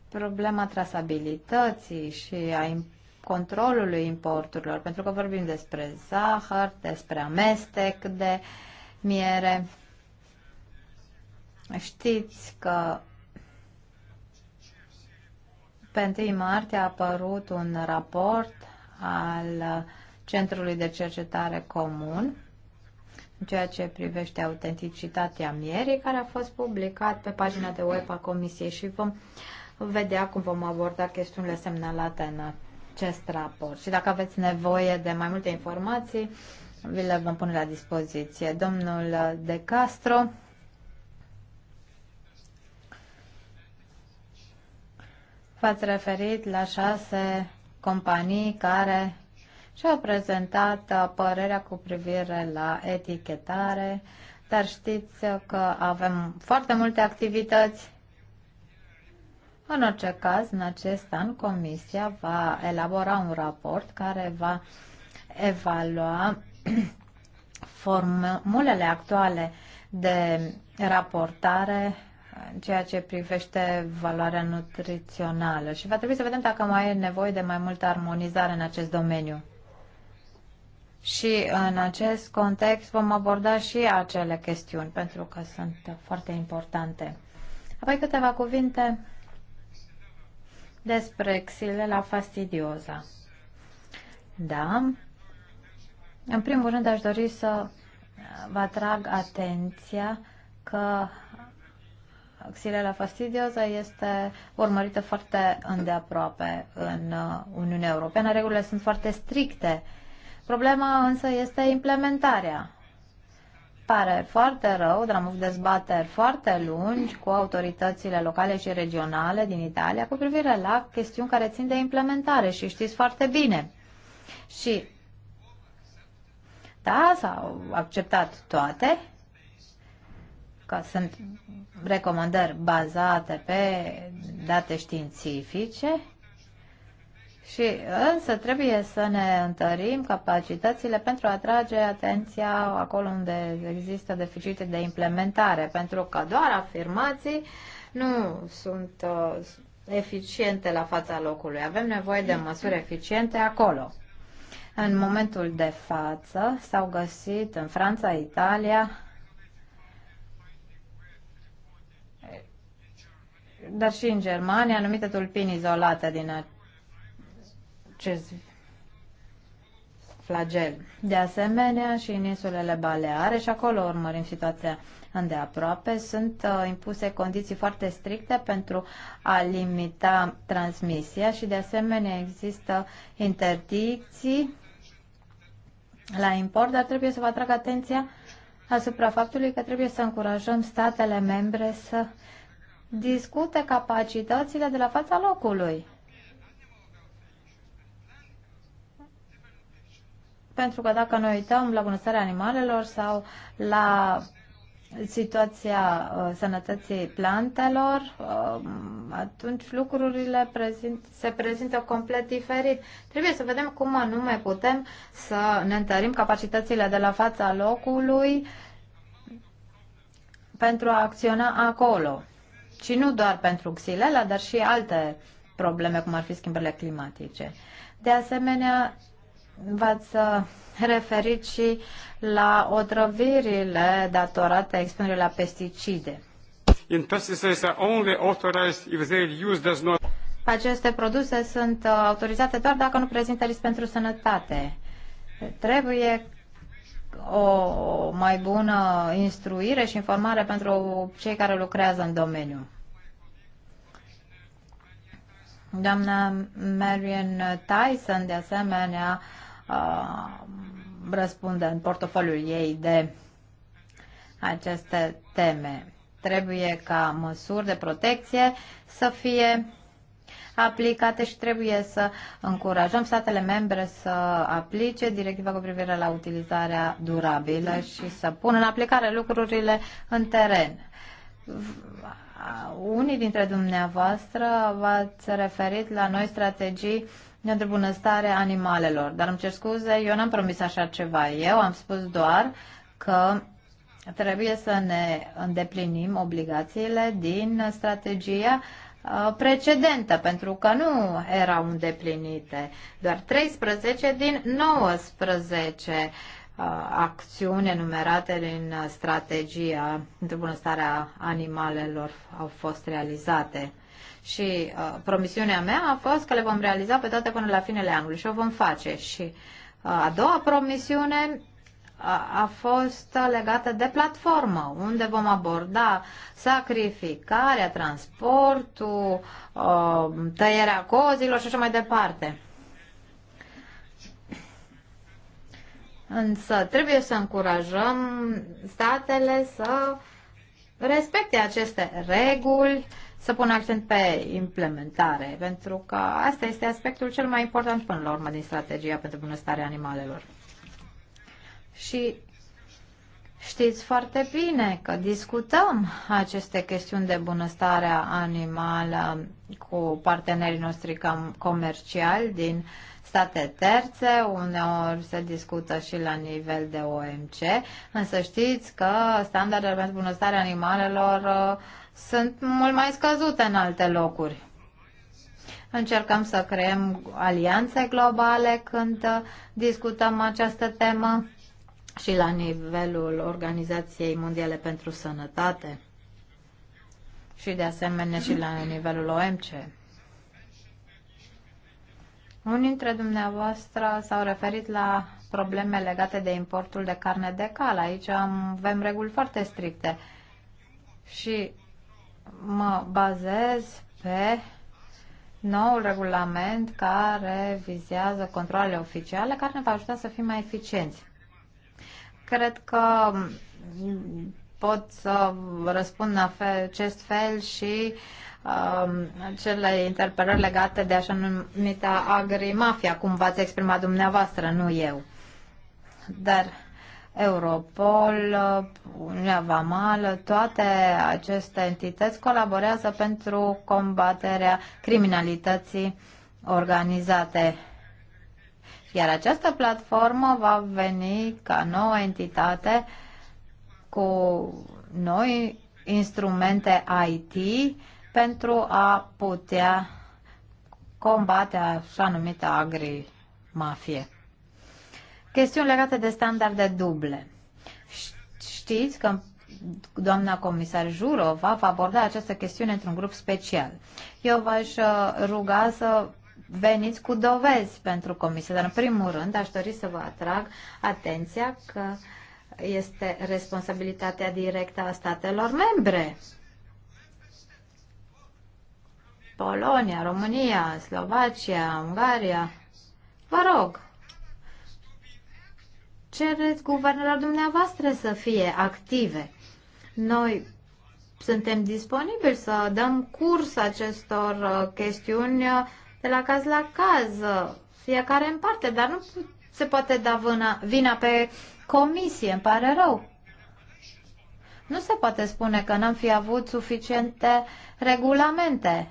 problema trasabilității și a controlului importurilor, pentru că vorbim despre zahăr, despre amestec de miere. Știți că pe 1 martie a apărut un raport al Centrului de Cercetare Comun în ceea ce privește autenticitatea mierii, care a fost publicat pe pagina de web a Comisiei și vom vedea cum vom aborda chestiunile semnalate în acest raport. Și dacă aveți nevoie de mai multe informații, vi le vom pune la dispoziție. Domnul De Castro, v-ați referit la șase companii care și-au prezentat părerea cu privire la etichetare, dar știți că avem foarte multe activități. În orice caz, în acest an, Comisia va elabora un raport care va evalua formulele actuale de raportare în ceea ce privește valoarea nutrițională și va trebui să vedem dacă mai e nevoie de mai multă armonizare în acest domeniu. Și în acest context vom aborda și acele chestiuni, pentru că sunt foarte importante. Apoi câteva cuvinte despre la fastidioza. Da. În primul rând aș dori să vă atrag atenția că Xilela fastidioza este urmărită foarte îndeaproape în uh, Uniunea Europeană. Regulile sunt foarte stricte. Problema însă este implementarea. Pare foarte rău, dar am avut dezbateri foarte lungi cu autoritățile locale și regionale din Italia cu privire la chestiuni care țin de implementare și știți foarte bine. Și da, s-au acceptat toate, că sunt recomandări bazate pe date științifice și însă trebuie să ne întărim capacitățile pentru a atrage atenția acolo unde există deficite de implementare, pentru că doar afirmații nu sunt uh, eficiente la fața locului. Avem nevoie de măsuri eficiente acolo. În momentul de față s-au găsit în Franța, Italia, dar și în Germania, anumite tulpini izolate din acest flagel. De asemenea, și în insulele Baleare, și acolo urmărim situația îndeaproape, sunt uh, impuse condiții foarte stricte pentru a limita transmisia și, de asemenea, există interdicții la import, dar trebuie să vă atrag atenția asupra faptului că trebuie să încurajăm statele membre să discute capacitățile de la fața locului. Pentru că dacă noi uităm la bunăstarea animalelor sau la situația uh, sănătății plantelor, uh, atunci lucrurile prezint, se prezintă complet diferit. Trebuie să vedem cum anume putem să ne întărim capacitățile de la fața locului pentru a acționa acolo și nu doar pentru xilela, dar și alte probleme, cum ar fi schimbările climatice. De asemenea, v-ați uh, referit și la otrăvirile datorate expunerii la pesticide. In pesticides are only authorized if their use does not... Aceste produse sunt uh, autorizate doar dacă nu prezintă risc pentru sănătate. Trebuie o mai bună instruire și informare pentru cei care lucrează în domeniu. Doamna Marion Tyson, de asemenea, uh, răspunde în portofoliul ei de aceste teme. Trebuie ca măsuri de protecție să fie aplicate și trebuie să încurajăm statele membre să aplice directiva cu privire la utilizarea durabilă și să pună în aplicare lucrurile în teren. Unii dintre dumneavoastră v-ați referit la noi strategii pentru bunăstare animalelor, dar îmi cer scuze, eu n-am promis așa ceva. Eu am spus doar că trebuie să ne îndeplinim obligațiile din strategia uh, Uh, precedentă, pentru că nu erau îndeplinite. Doar 13 din 19 uh, acțiuni enumerate în strategia pentru bunăstarea animalelor au fost realizate. Și uh, promisiunea mea a fost că le vom realiza pe toate până la finele anului și o vom face. Și uh, a doua promisiune a fost legată de platformă, unde vom aborda sacrificarea, transportul, uh, tăierea cozilor și așa mai departe. Însă trebuie să încurajăm statele să respecte aceste reguli, să pună accent pe implementare, pentru că asta este aspectul cel mai important până la urmă din strategia pentru bunăstarea animalelor. Și știți foarte bine că discutăm aceste chestiuni de bunăstare animală cu partenerii noștri comerciali din state terțe, uneori se discută și la nivel de OMC, însă știți că standardele pentru bunăstare animalelor uh, sunt mult mai scăzute în alte locuri. Încercăm să creăm alianțe globale când uh, discutăm această temă și la nivelul Organizației Mondiale pentru Sănătate și de asemenea și la nivelul OMC. Unii dintre dumneavoastră s-au referit la probleme legate de importul de carne de cal. Aici avem reguli foarte stricte și mă bazez pe noul regulament care vizează controlele oficiale, care ne va ajuta să fim mai eficienți. Cred că mm, pot să răspund în acest fel și um, acele uh, interpelări legate de așa numita agrimafia, cum v-ați exprimat dumneavoastră, nu eu. Dar Europol, Uniunea Vamală, toate aceste entități colaborează pentru combaterea criminalității organizate iar această platformă va veni ca nouă entitate cu noi instrumente IT pentru a putea combate așa numită agri-mafie. Chestiuni legate de standarde duble. Știți că doamna comisar Jurova va aborda această chestiune într-un grup special. Eu v-aș uh, ruga să veniți cu dovezi pentru comisie. Dar, în primul rând, aș dori să vă atrag atenția că este responsabilitatea directă a statelor membre. Polonia, România, Slovacia, Ungaria. Vă rog, cereți guvernelor dumneavoastră să fie active. Noi suntem disponibili să dăm curs acestor uh, chestiuni uh, de la caz la caz, fiecare în parte, dar nu se poate da vina, vina pe comisie, îmi pare rău. Nu se poate spune că n-am fi avut suficiente regulamente.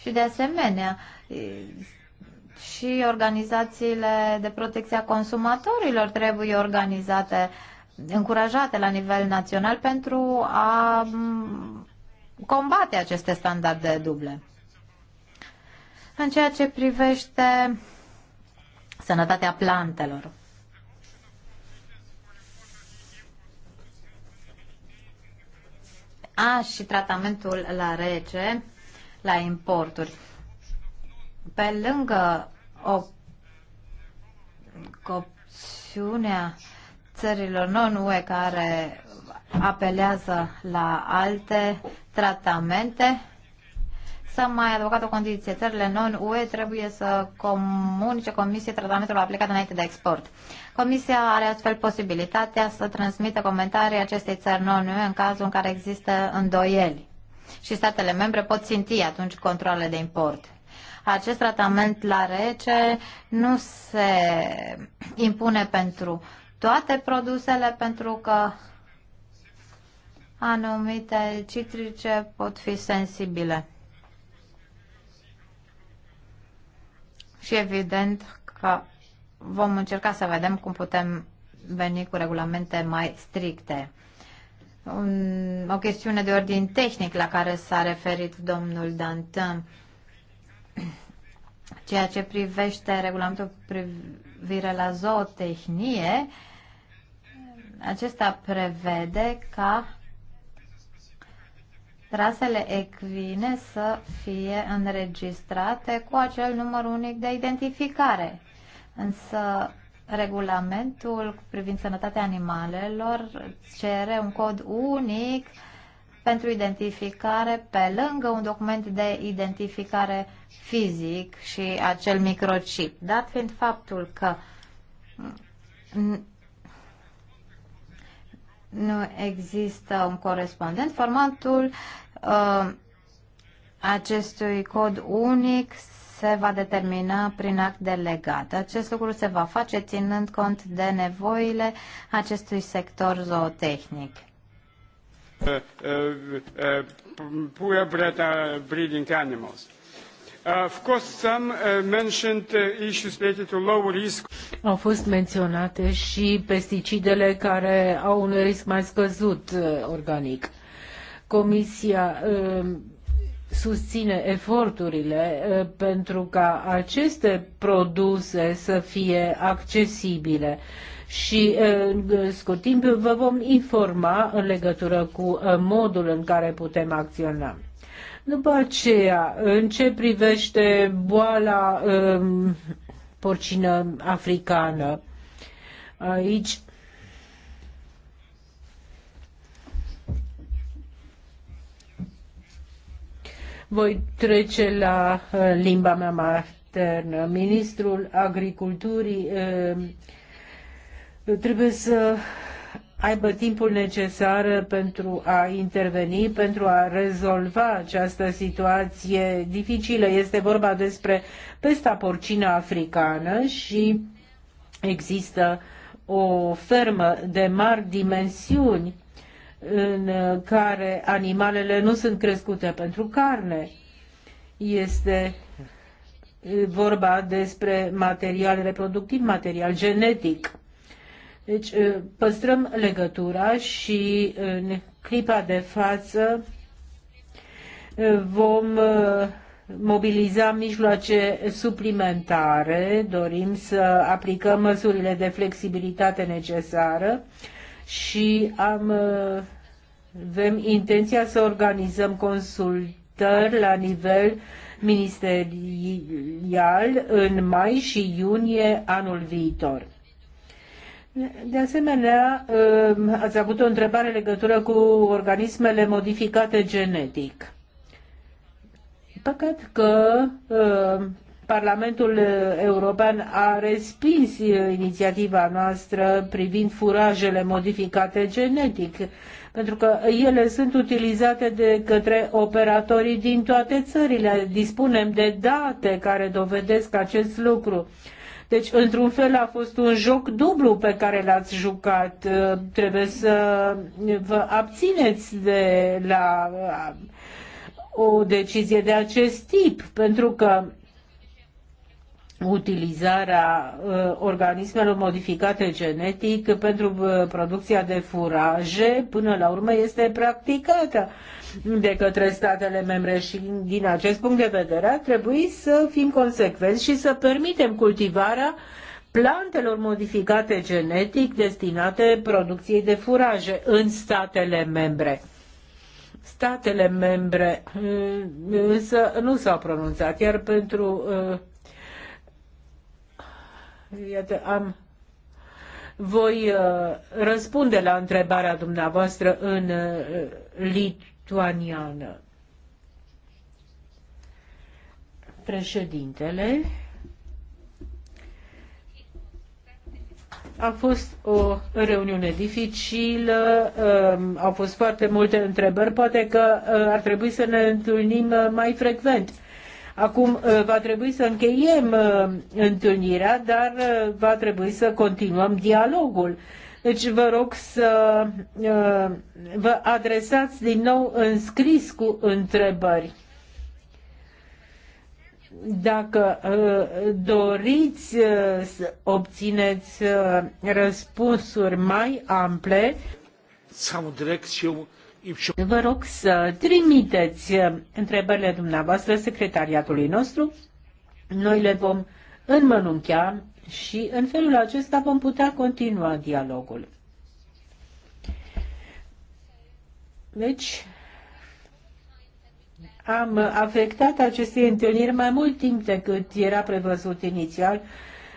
Și de asemenea, și organizațiile de protecție a consumatorilor trebuie organizate, încurajate la nivel național pentru a combate aceste standarde duble în ceea ce privește sănătatea plantelor. A, și tratamentul la rece, la importuri. Pe lângă o opțiunea țărilor non-UE care apelează la alte tratamente, să mai adăugat o condiție. Țările non-UE trebuie să comunice Comisiei tratamentul aplicat înainte de export. Comisia are astfel posibilitatea să transmită comentarii acestei țări non-UE în cazul în care există îndoieli. Și statele membre pot ținti atunci controlele de import. Acest tratament la rece nu se impune pentru toate produsele, pentru că anumite citrice pot fi sensibile. și evident că vom încerca să vedem cum putem veni cu regulamente mai stricte. Un, o chestiune de ordin tehnic la care s-a referit domnul Dantin, ceea ce privește regulamentul privire la zootehnie, acesta prevede ca rasele ecvine să fie înregistrate cu acel număr unic de identificare. Însă regulamentul privind sănătatea animalelor cere un cod unic pentru identificare pe lângă un document de identificare fizic și acel microchip. Dat fiind faptul că nu există un corespondent, formatul Uh, acestui cod unic se va determina prin act delegat. Acest lucru se va face ținând cont de nevoile acestui sector zootehnic. Uh, uh, uh poor breeding animals. Uh, of course, some mentioned issues related to low risk. Au fost menționate și pesticidele care au un risc mai scăzut organic. Comisia ă, susține eforturile ă, pentru ca aceste produse să fie accesibile și ă, în scurt timp vă vom informa în legătură cu modul în care putem acționa. După aceea, în ce privește boala porcină africană, aici Voi trece la uh, limba mea maternă. Ministrul Agriculturii uh, trebuie să aibă timpul necesar pentru a interveni, pentru a rezolva această situație dificilă. Este vorba despre pesta porcină africană și există o fermă de mari dimensiuni în care animalele nu sunt crescute pentru carne. Este vorba despre material reproductiv, material genetic. Deci păstrăm legătura și în clipa de față vom mobiliza mijloace suplimentare, dorim să aplicăm măsurile de flexibilitate necesară și am avem intenția să organizăm consultări la nivel ministerial în mai și iunie anul viitor. De asemenea, um, ați avut o întrebare legătură cu organismele modificate genetic. Păcat că um, Parlamentul European a respins inițiativa noastră privind furajele modificate genetic pentru că ele sunt utilizate de către operatorii din toate țările. Dispunem de date care dovedesc acest lucru. Deci, într-un fel, a fost un joc dublu pe care l-ați jucat. Uh, trebuie să vă abțineți de la uh, o decizie de acest tip, pentru că utilizarea uh, organismelor modificate genetic pentru uh, producția de furaje, până la urmă, este practicată de către statele membre și din acest punct de vedere ar trebui să fim consecvenți și să permitem cultivarea plantelor modificate genetic destinate producției de furaje în statele membre. Statele membre uh, însă nu s-au pronunțat, iar pentru Iată, am voi uh, răspunde la întrebarea dumneavoastră în uh, lituaniană. Președintele A fost o reuniune dificilă, um, au fost foarte multe întrebări, poate că uh, ar trebui să ne întâlnim mai frecvent. Acum uh, va trebui să încheiem uh, întâlnirea, dar uh, va trebui să continuăm dialogul. Deci vă rog să vă adresați din nou în scris cu întrebări. Dacă doriți să obțineți răspunsuri mai ample, sau direcție Vă rog să trimiteți întrebările dumneavoastră secretariatului nostru. Noi le vom înmănunchea și în felul acesta vom putea continua dialogul. Deci, am afectat aceste întâlniri mai mult timp decât era prevăzut inițial.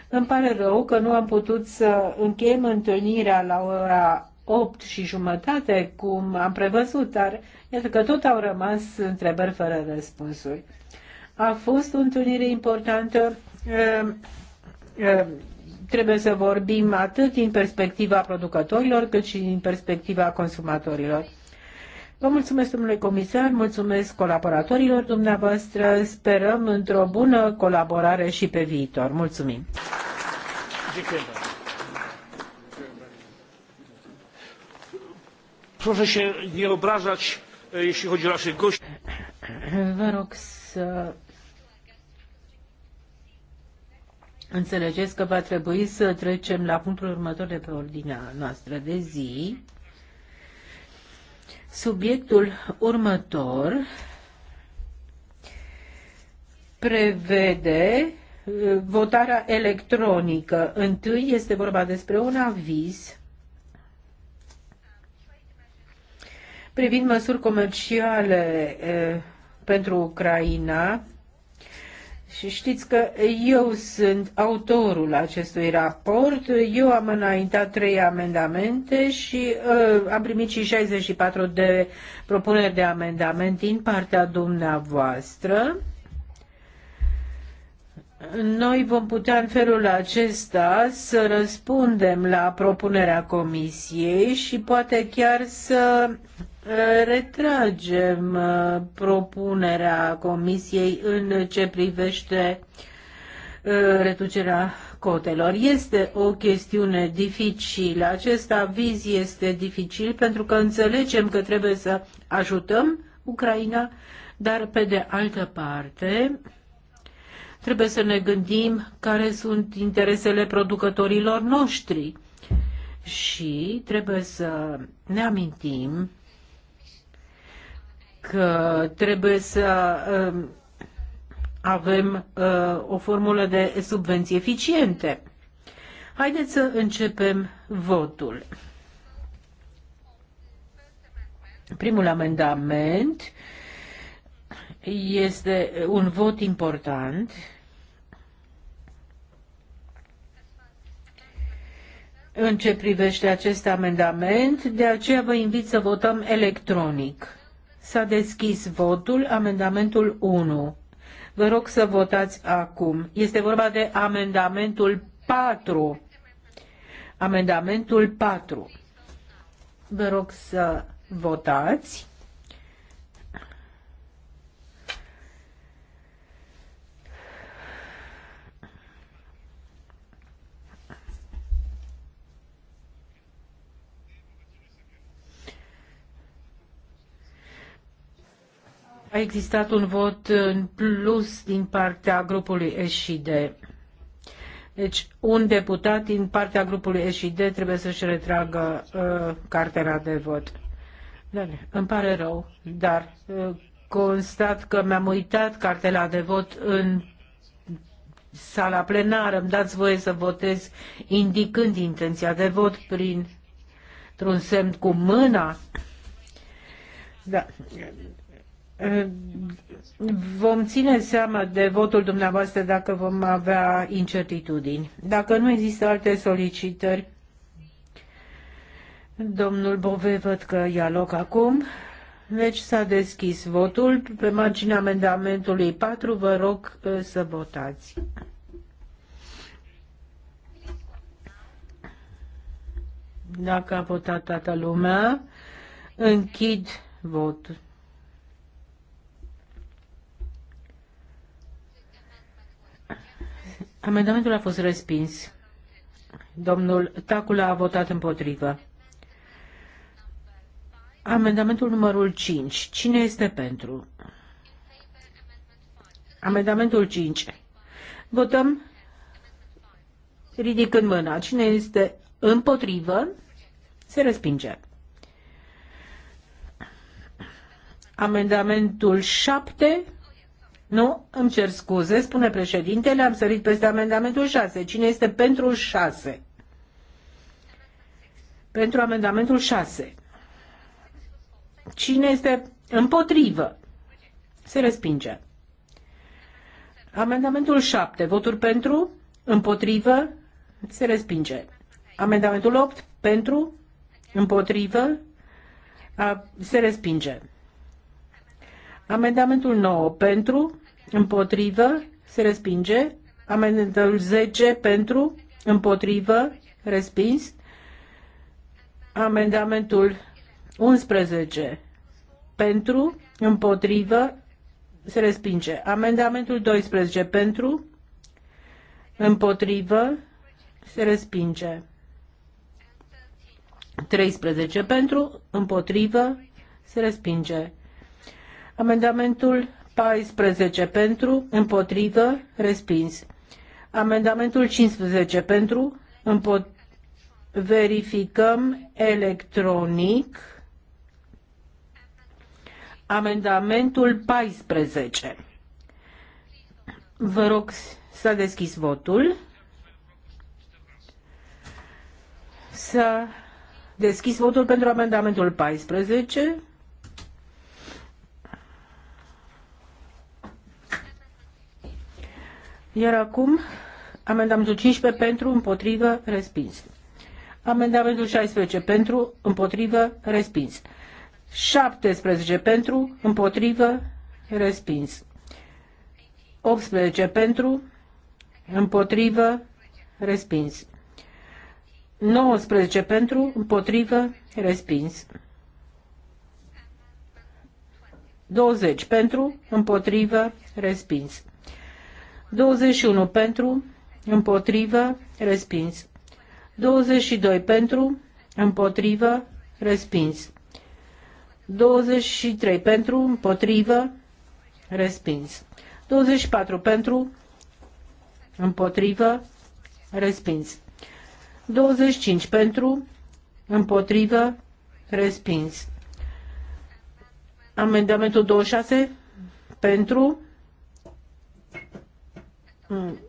Îmi pare rău că nu am putut să încheiem întâlnirea la ora 8 și jumătate, cum am prevăzut, dar iată că tot au rămas întrebări fără răspunsuri. A fost o întâlnire importantă. Ehm, ehm, trebuie să vorbim atât din perspectiva producătorilor, cât și din perspectiva consumatorilor. Vă mulțumesc, domnule comisar, mulțumesc colaboratorilor dumneavoastră. Sperăm într-o bună colaborare și pe viitor. Mulțumim! Dziękuję Proszę się nie obrażać, jeśli chodzi o naszych gości. Vă rog să înțelegeți că va trebui să trecem la punctul următor de pe ordinea noastră de zi. Subiectul următor prevede votarea electronică. Întâi este vorba despre un aviz privind măsuri comerciale pentru Ucraina. Și știți că eu sunt autorul acestui raport, eu am înaintat trei amendamente și uh, am primit și 64 de propuneri de amendament din partea dumneavoastră. Noi vom putea în felul acesta să răspundem la propunerea comisiei și poate chiar să retragem uh, propunerea Comisiei în ce privește uh, reducerea cotelor. Este o chestiune dificilă. Acest aviz este dificil pentru că înțelegem că trebuie să ajutăm Ucraina, dar pe de altă parte trebuie să ne gândim care sunt interesele producătorilor noștri și trebuie să ne amintim că trebuie să um, avem uh, o formulă de subvenții eficiente. Haideți să începem votul. Primul amendament este un vot important. În ce privește acest amendament, de aceea vă invit să votăm electronic. S-a deschis votul, amendamentul 1. Vă rog să votați acum. Este vorba de amendamentul 4. Amendamentul 4. Vă rog să votați. existat un vot în plus din partea grupului SID. Deci un deputat din partea grupului SID trebuie să-și retragă uh, cartera de vot. Dar, îmi pare rău, dar uh, constat că mi-am uitat cartela de vot în sala plenară. Îmi dați voie să votez indicând intenția de vot prin un semn cu mâna. Da. Vom ține seama de votul dumneavoastră dacă vom avea incertitudini. Dacă nu există alte solicitări, domnul Bove văd că ia loc acum. Deci s-a deschis votul. Pe marginea amendamentului 4 vă rog uh, să votați. Dacă a votat toată lumea, închid votul. Amendamentul a fost respins. Domnul Tacula a votat împotrivă. Amendamentul numărul 5. Cine este pentru? Amendamentul 5. Votăm ridicând mâna. Cine este împotrivă? Se respinge. Amendamentul 7 nu, îmi cer scuze, spune președintele, am sărit peste amendamentul 6. Cine este pentru 6? Pentru amendamentul 6. Cine este împotrivă? Se respinge. Amendamentul 7. Voturi pentru? Împotrivă? Se respinge. Amendamentul 8. Pentru? Împotrivă? A, se respinge. Amendamentul 9 pentru, împotrivă, se respinge. Amendamentul 10 pentru, împotrivă, respins. Amendamentul 11 pentru, împotrivă, se respinge. Amendamentul 12 pentru, împotrivă, se respinge. 13 pentru, împotrivă, se respinge. Amendamentul 14 pentru, împotrivă, respins. Amendamentul 15 pentru, împotrivă, verificăm electronic amendamentul 14. Vă rog să deschis votul. Să deschis votul pentru amendamentul 14. Iar acum, amendamentul 15 pentru, împotrivă, respins. Amendamentul 16 pentru, împotrivă, respins. 17 pentru, împotrivă, respins. 18 pentru, împotrivă, respins. 19 pentru, împotrivă, respins. 20 pentru, împotrivă, respins. 21 pentru, împotrivă, respins. 22 pentru, împotrivă, respins. 23 pentru, împotrivă, respins. 24 pentru, împotrivă, respins. 25 pentru, împotrivă, respins. Amendamentul 26 pentru,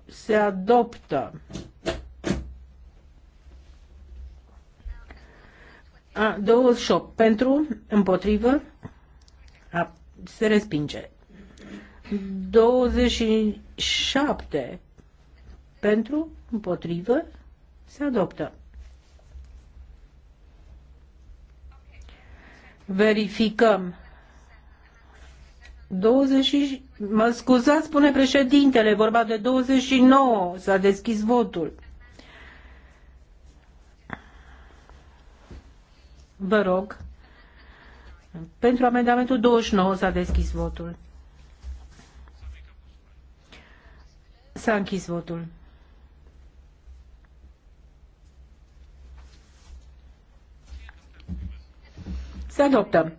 se adoptă. A, 28 pentru, împotrivă, a, se respinge. 27 pentru, împotrivă, se adoptă. Verificăm 20, mă scuzați, spune președintele, vorba de 29, s-a deschis votul. Vă rog. Pentru amendamentul 29 s-a deschis votul. S-a închis votul. Se adoptă.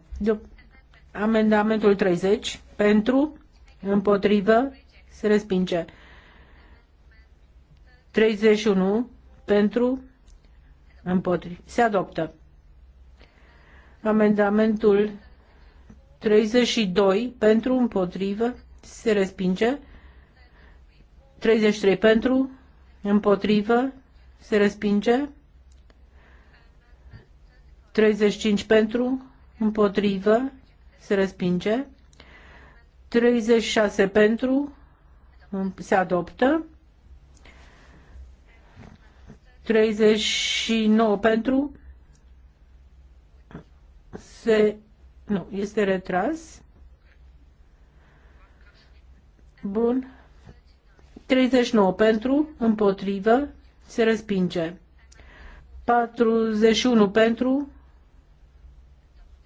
Amendamentul 30 pentru, împotrivă, se respinge. 31 pentru, împotrivă, se adoptă. Amendamentul 32 pentru, împotrivă, se respinge. 33 pentru, împotrivă, se respinge. 35 pentru, împotrivă, se respinge. 36 pentru, se adoptă. 39 pentru, se, nu, este retras. Bun. 39 pentru, împotrivă, se respinge. 41 pentru,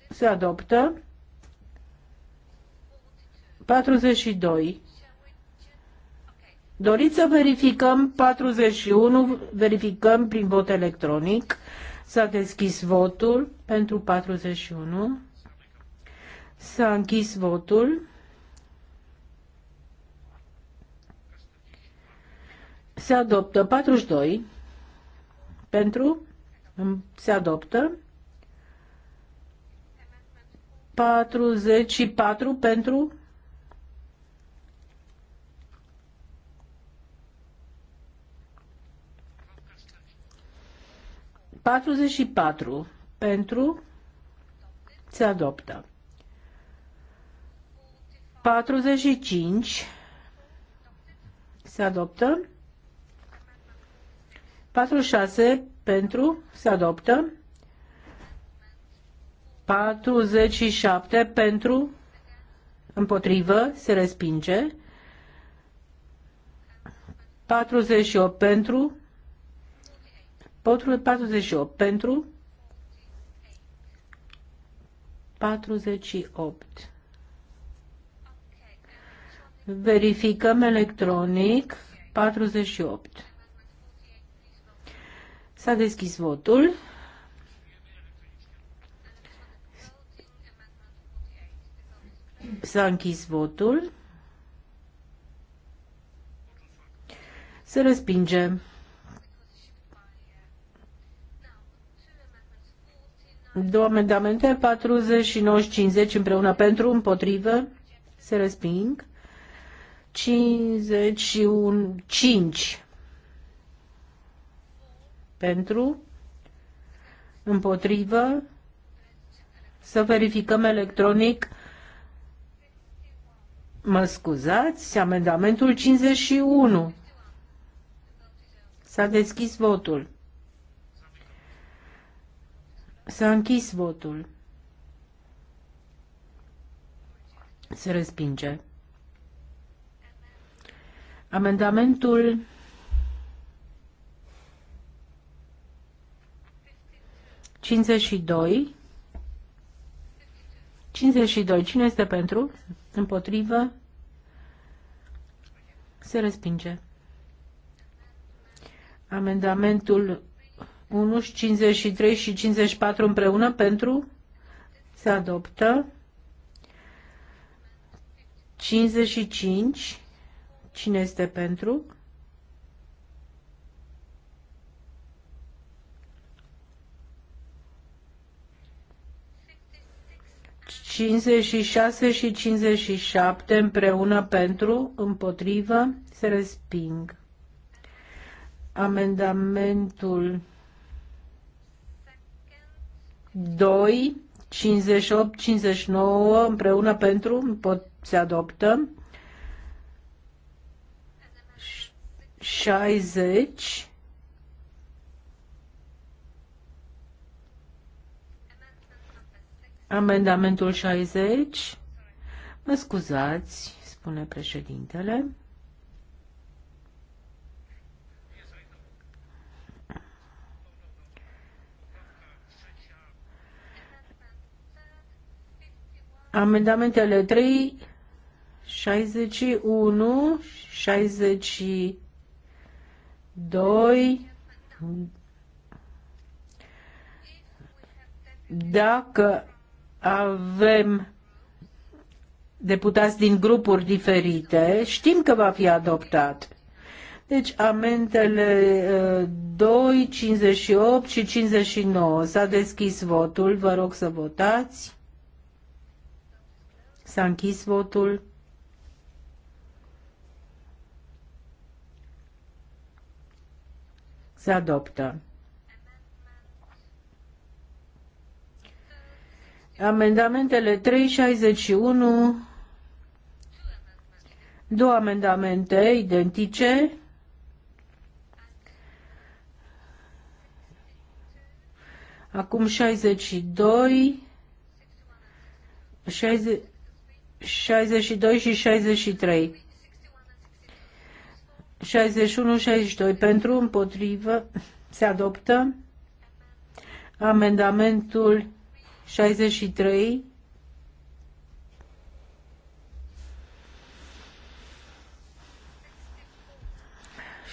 se adoptă. 42. Doriți să verificăm 41, verificăm prin vot electronic. S-a deschis votul pentru 41. S-a închis votul. Se adoptă 42 pentru se adoptă 44 pentru 44 pentru se adoptă. 45 se adoptă. 46 pentru se adoptă. 47 pentru împotrivă se respinge. 48 pentru 48 pentru 48. Verificăm electronic 48. S-a deschis votul. S-a închis votul. Se respinge. Două amendamente, 49 și 50 împreună pentru, împotrivă, se resping. 51, 5 pentru, împotrivă, să verificăm electronic. Mă scuzați, amendamentul 51. S-a deschis votul. S-a închis votul. Se respinge. Amendamentul 52. 52. Cine este pentru? Împotrivă? Se respinge. Amendamentul 1, și 53 și 54 împreună pentru se adoptă. 55 cine este pentru? Cincizeci și șase și cincizeci și șapte împreună pentru, împotrivă, se resping. Amendamentul 2, 58, 59 împreună pentru pot, se adoptă. 60 Amendamentul 60 Mă scuzați, spune președintele. Amendamentele 3, 61, 62, dacă avem deputați din grupuri diferite, știm că va fi adoptat. Deci amendele 2, uh, 58 și 59. S-a deschis votul, vă rog să votați. S-a închis votul. Se adoptă. Amendamentele 361, două amendamente identice, acum 62, 60, 62 și 63. 61-62 pentru, împotrivă, se adoptă amendamentul 63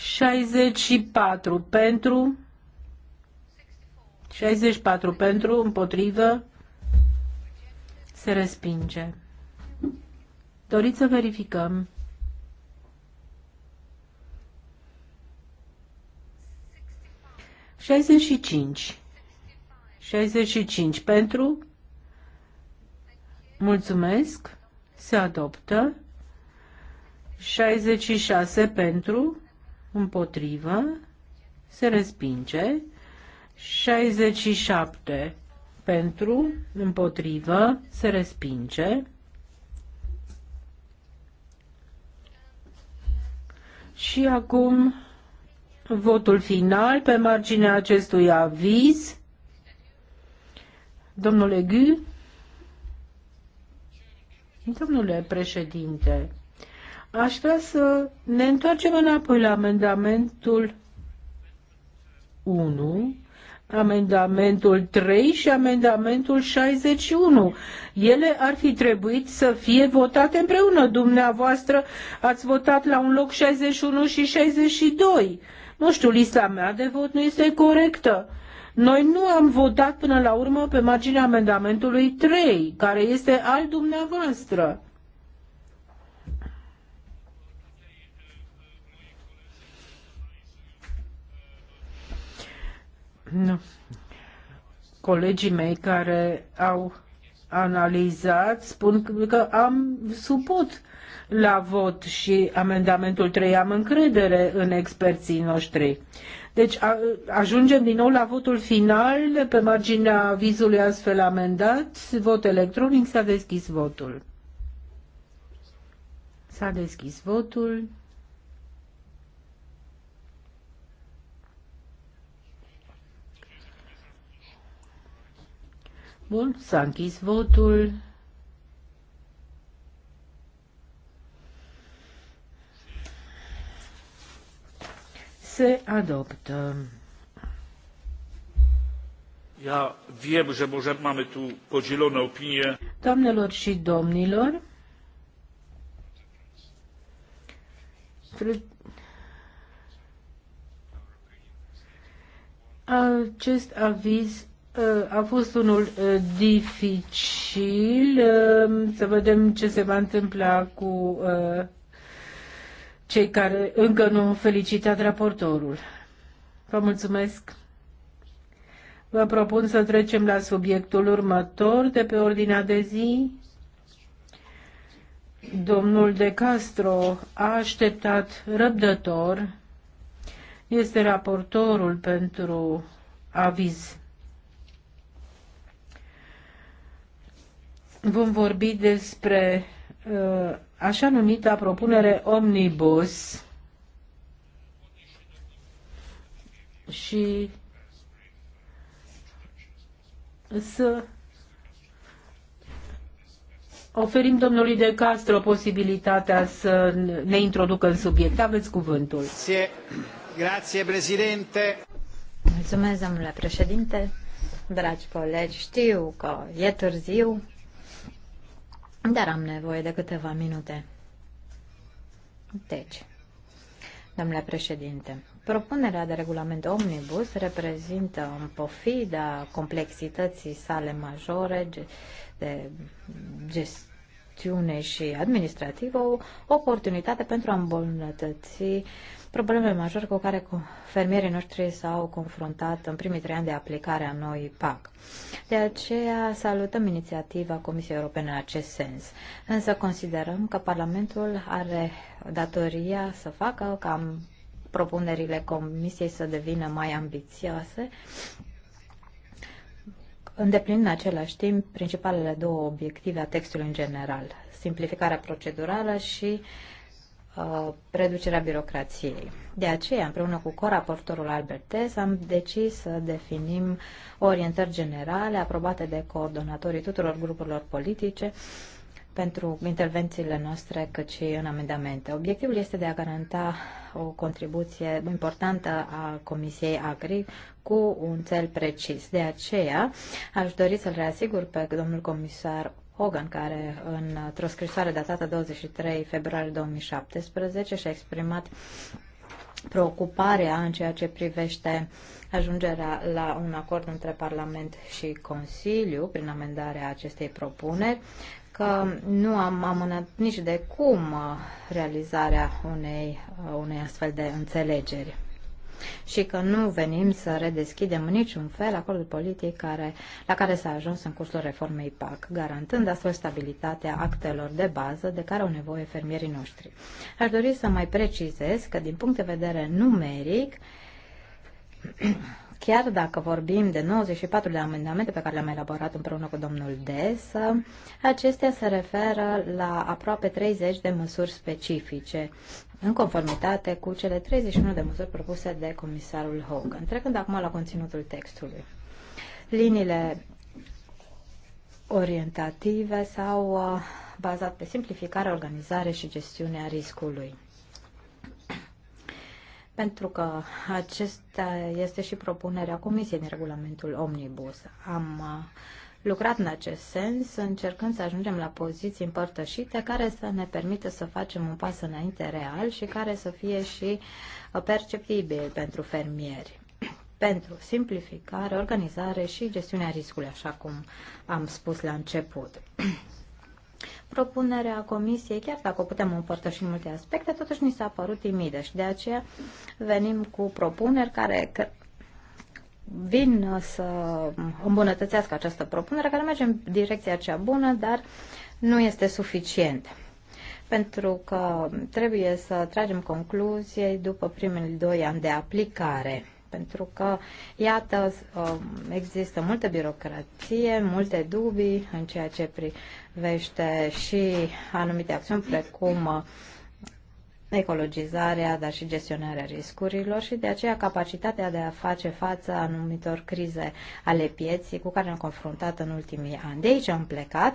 64 pentru 64 pentru împotrivă se respinge Doriți să verificăm? Șaizeci și cinci. 65 pentru. Mulțumesc. Se adoptă. 66 pentru. Împotrivă. Se respinge. 67 pentru. Împotrivă. Se respinge. Și acum votul final pe marginea acestui aviz. Domnule Gu. domnule președinte, aș vrea să ne întoarcem înapoi la amendamentul 1 amendamentul 3 și amendamentul 61. Ele ar fi trebuit să fie votate împreună. Dumneavoastră ați votat la un loc 61 și 62. Nu știu, lista mea de vot nu este corectă. Noi nu am votat până la urmă pe marginea amendamentului 3, care este al dumneavoastră. colegii mei care au analizat spun că am suput la vot și amendamentul 3 am încredere în experții noștri. Deci a, ajungem din nou la votul final pe marginea vizului astfel amendat. Vot electronic s-a deschis votul. S-a deschis votul. Bun, s-a închis votul. Se adoptă. Ja wiem, że może mamy tu podzielone opinie. Domnilor și domnilor, acest aviz a fost unul dificil. Să vedem ce se va întâmpla cu cei care încă nu au felicitat raportorul. Vă mulțumesc. Vă propun să trecem la subiectul următor de pe ordinea de zi. Domnul De Castro a așteptat răbdător. Este raportorul pentru aviz vom vorbi despre uh, așa numita propunere omnibus și să oferim domnului De Castro posibilitatea să ne introducă în subiect. Aveți cuvântul. Grazie, Grazie președinte. Mulțumesc, domnule președinte. Dragi colegi, știu că e târziu, dar am nevoie de câteva minute. Deci, domnule președinte, propunerea de regulament omnibus reprezintă, în pofida complexității sale majore de gestiune și administrativă, o oportunitate pentru a îmbunătăți problemele majore cu care fermierii noștri s-au confruntat în primii trei ani de aplicare a noi PAC. De aceea salutăm inițiativa Comisiei Europene în acest sens, însă considerăm că Parlamentul are datoria să facă ca propunerile Comisiei să devină mai ambițioase îndeplinind în același timp principalele două obiective a textului în general, simplificarea procedurală și Uh, reducerea birocrației. De aceea, împreună cu coraportorul Albert Tess, am decis să definim orientări generale aprobate de coordonatorii tuturor grupurilor politice pentru intervențiile noastre, cât și în amendamente. Obiectivul este de a garanta o contribuție importantă a Comisiei Agri cu un cel precis. De aceea, aș dori să-l reasigur pe domnul comisar Hogan, care într-o scrisoare datată 23 februarie 2017 și-a exprimat preocuparea în ceea ce privește ajungerea la un acord între Parlament și Consiliu prin amendarea acestei propuneri, că nu am amânat nici de cum realizarea unei, unei astfel de înțelegeri și că nu venim să redeschidem în niciun fel acordul politic care, la care s-a ajuns în cursul reformei PAC, garantând astfel stabilitatea actelor de bază de care au nevoie fermierii noștri. Aș dori să mai precizez că din punct de vedere numeric, chiar dacă vorbim de 94 de amendamente pe care le-am elaborat împreună cu domnul Des, acestea se referă la aproape 30 de măsuri specifice în conformitate cu cele 31 de măsuri propuse de comisarul Hogan. Trecând acum la conținutul textului. Liniile orientative s-au uh, bazat pe simplificare, organizare și gestiunea riscului. Pentru că acesta este și propunerea Comisiei din regulamentul Omnibus. Am uh, lucrat în acest sens, încercând să ajungem la poziții împărtășite care să ne permită să facem un pas înainte real și care să fie și uh, perceptibil pentru fermieri pentru simplificare, organizare și gestiunea riscului, așa cum am spus la început. Propunerea comisiei, chiar dacă o putem împărtăși în multe aspecte, totuși ni s-a părut timidă și de aceea venim cu propuneri care vin să îmbunătățească această propunere, care merge în direcția cea bună, dar nu este suficient. Pentru că trebuie să tragem concluzie după primele doi ani de aplicare. Pentru că, iată, um, există multă birocrație, multe dubii în ceea ce privește și anumite acțiuni, precum ecologizarea, dar și gestionarea riscurilor și de aceea capacitatea de a face față anumitor crize ale pieții cu care ne-am confruntat în ultimii ani. De aici am plecat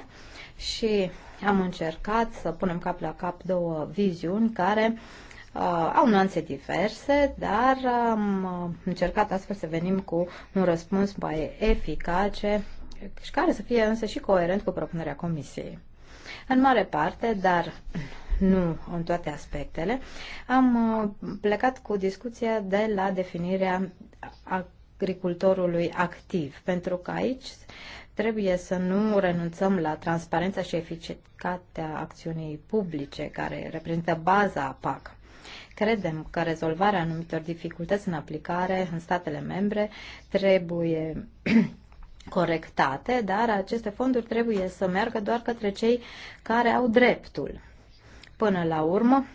și am încercat să punem cap la cap două viziuni care uh, au nuanțe diverse, dar am uh, încercat astfel să venim cu un răspuns mai eficace și care să fie însă și coerent cu propunerea Comisiei. În mare parte, dar nu în toate aspectele, am uh, plecat cu discuția de la definirea agricultorului activ, pentru că aici trebuie să nu renunțăm la transparența și eficacitatea acțiunii publice, care reprezintă baza PAC. Credem că rezolvarea anumitor dificultăți în aplicare în statele membre trebuie corectate, dar aceste fonduri trebuie să meargă doar către cei care au dreptul. Până la urmă,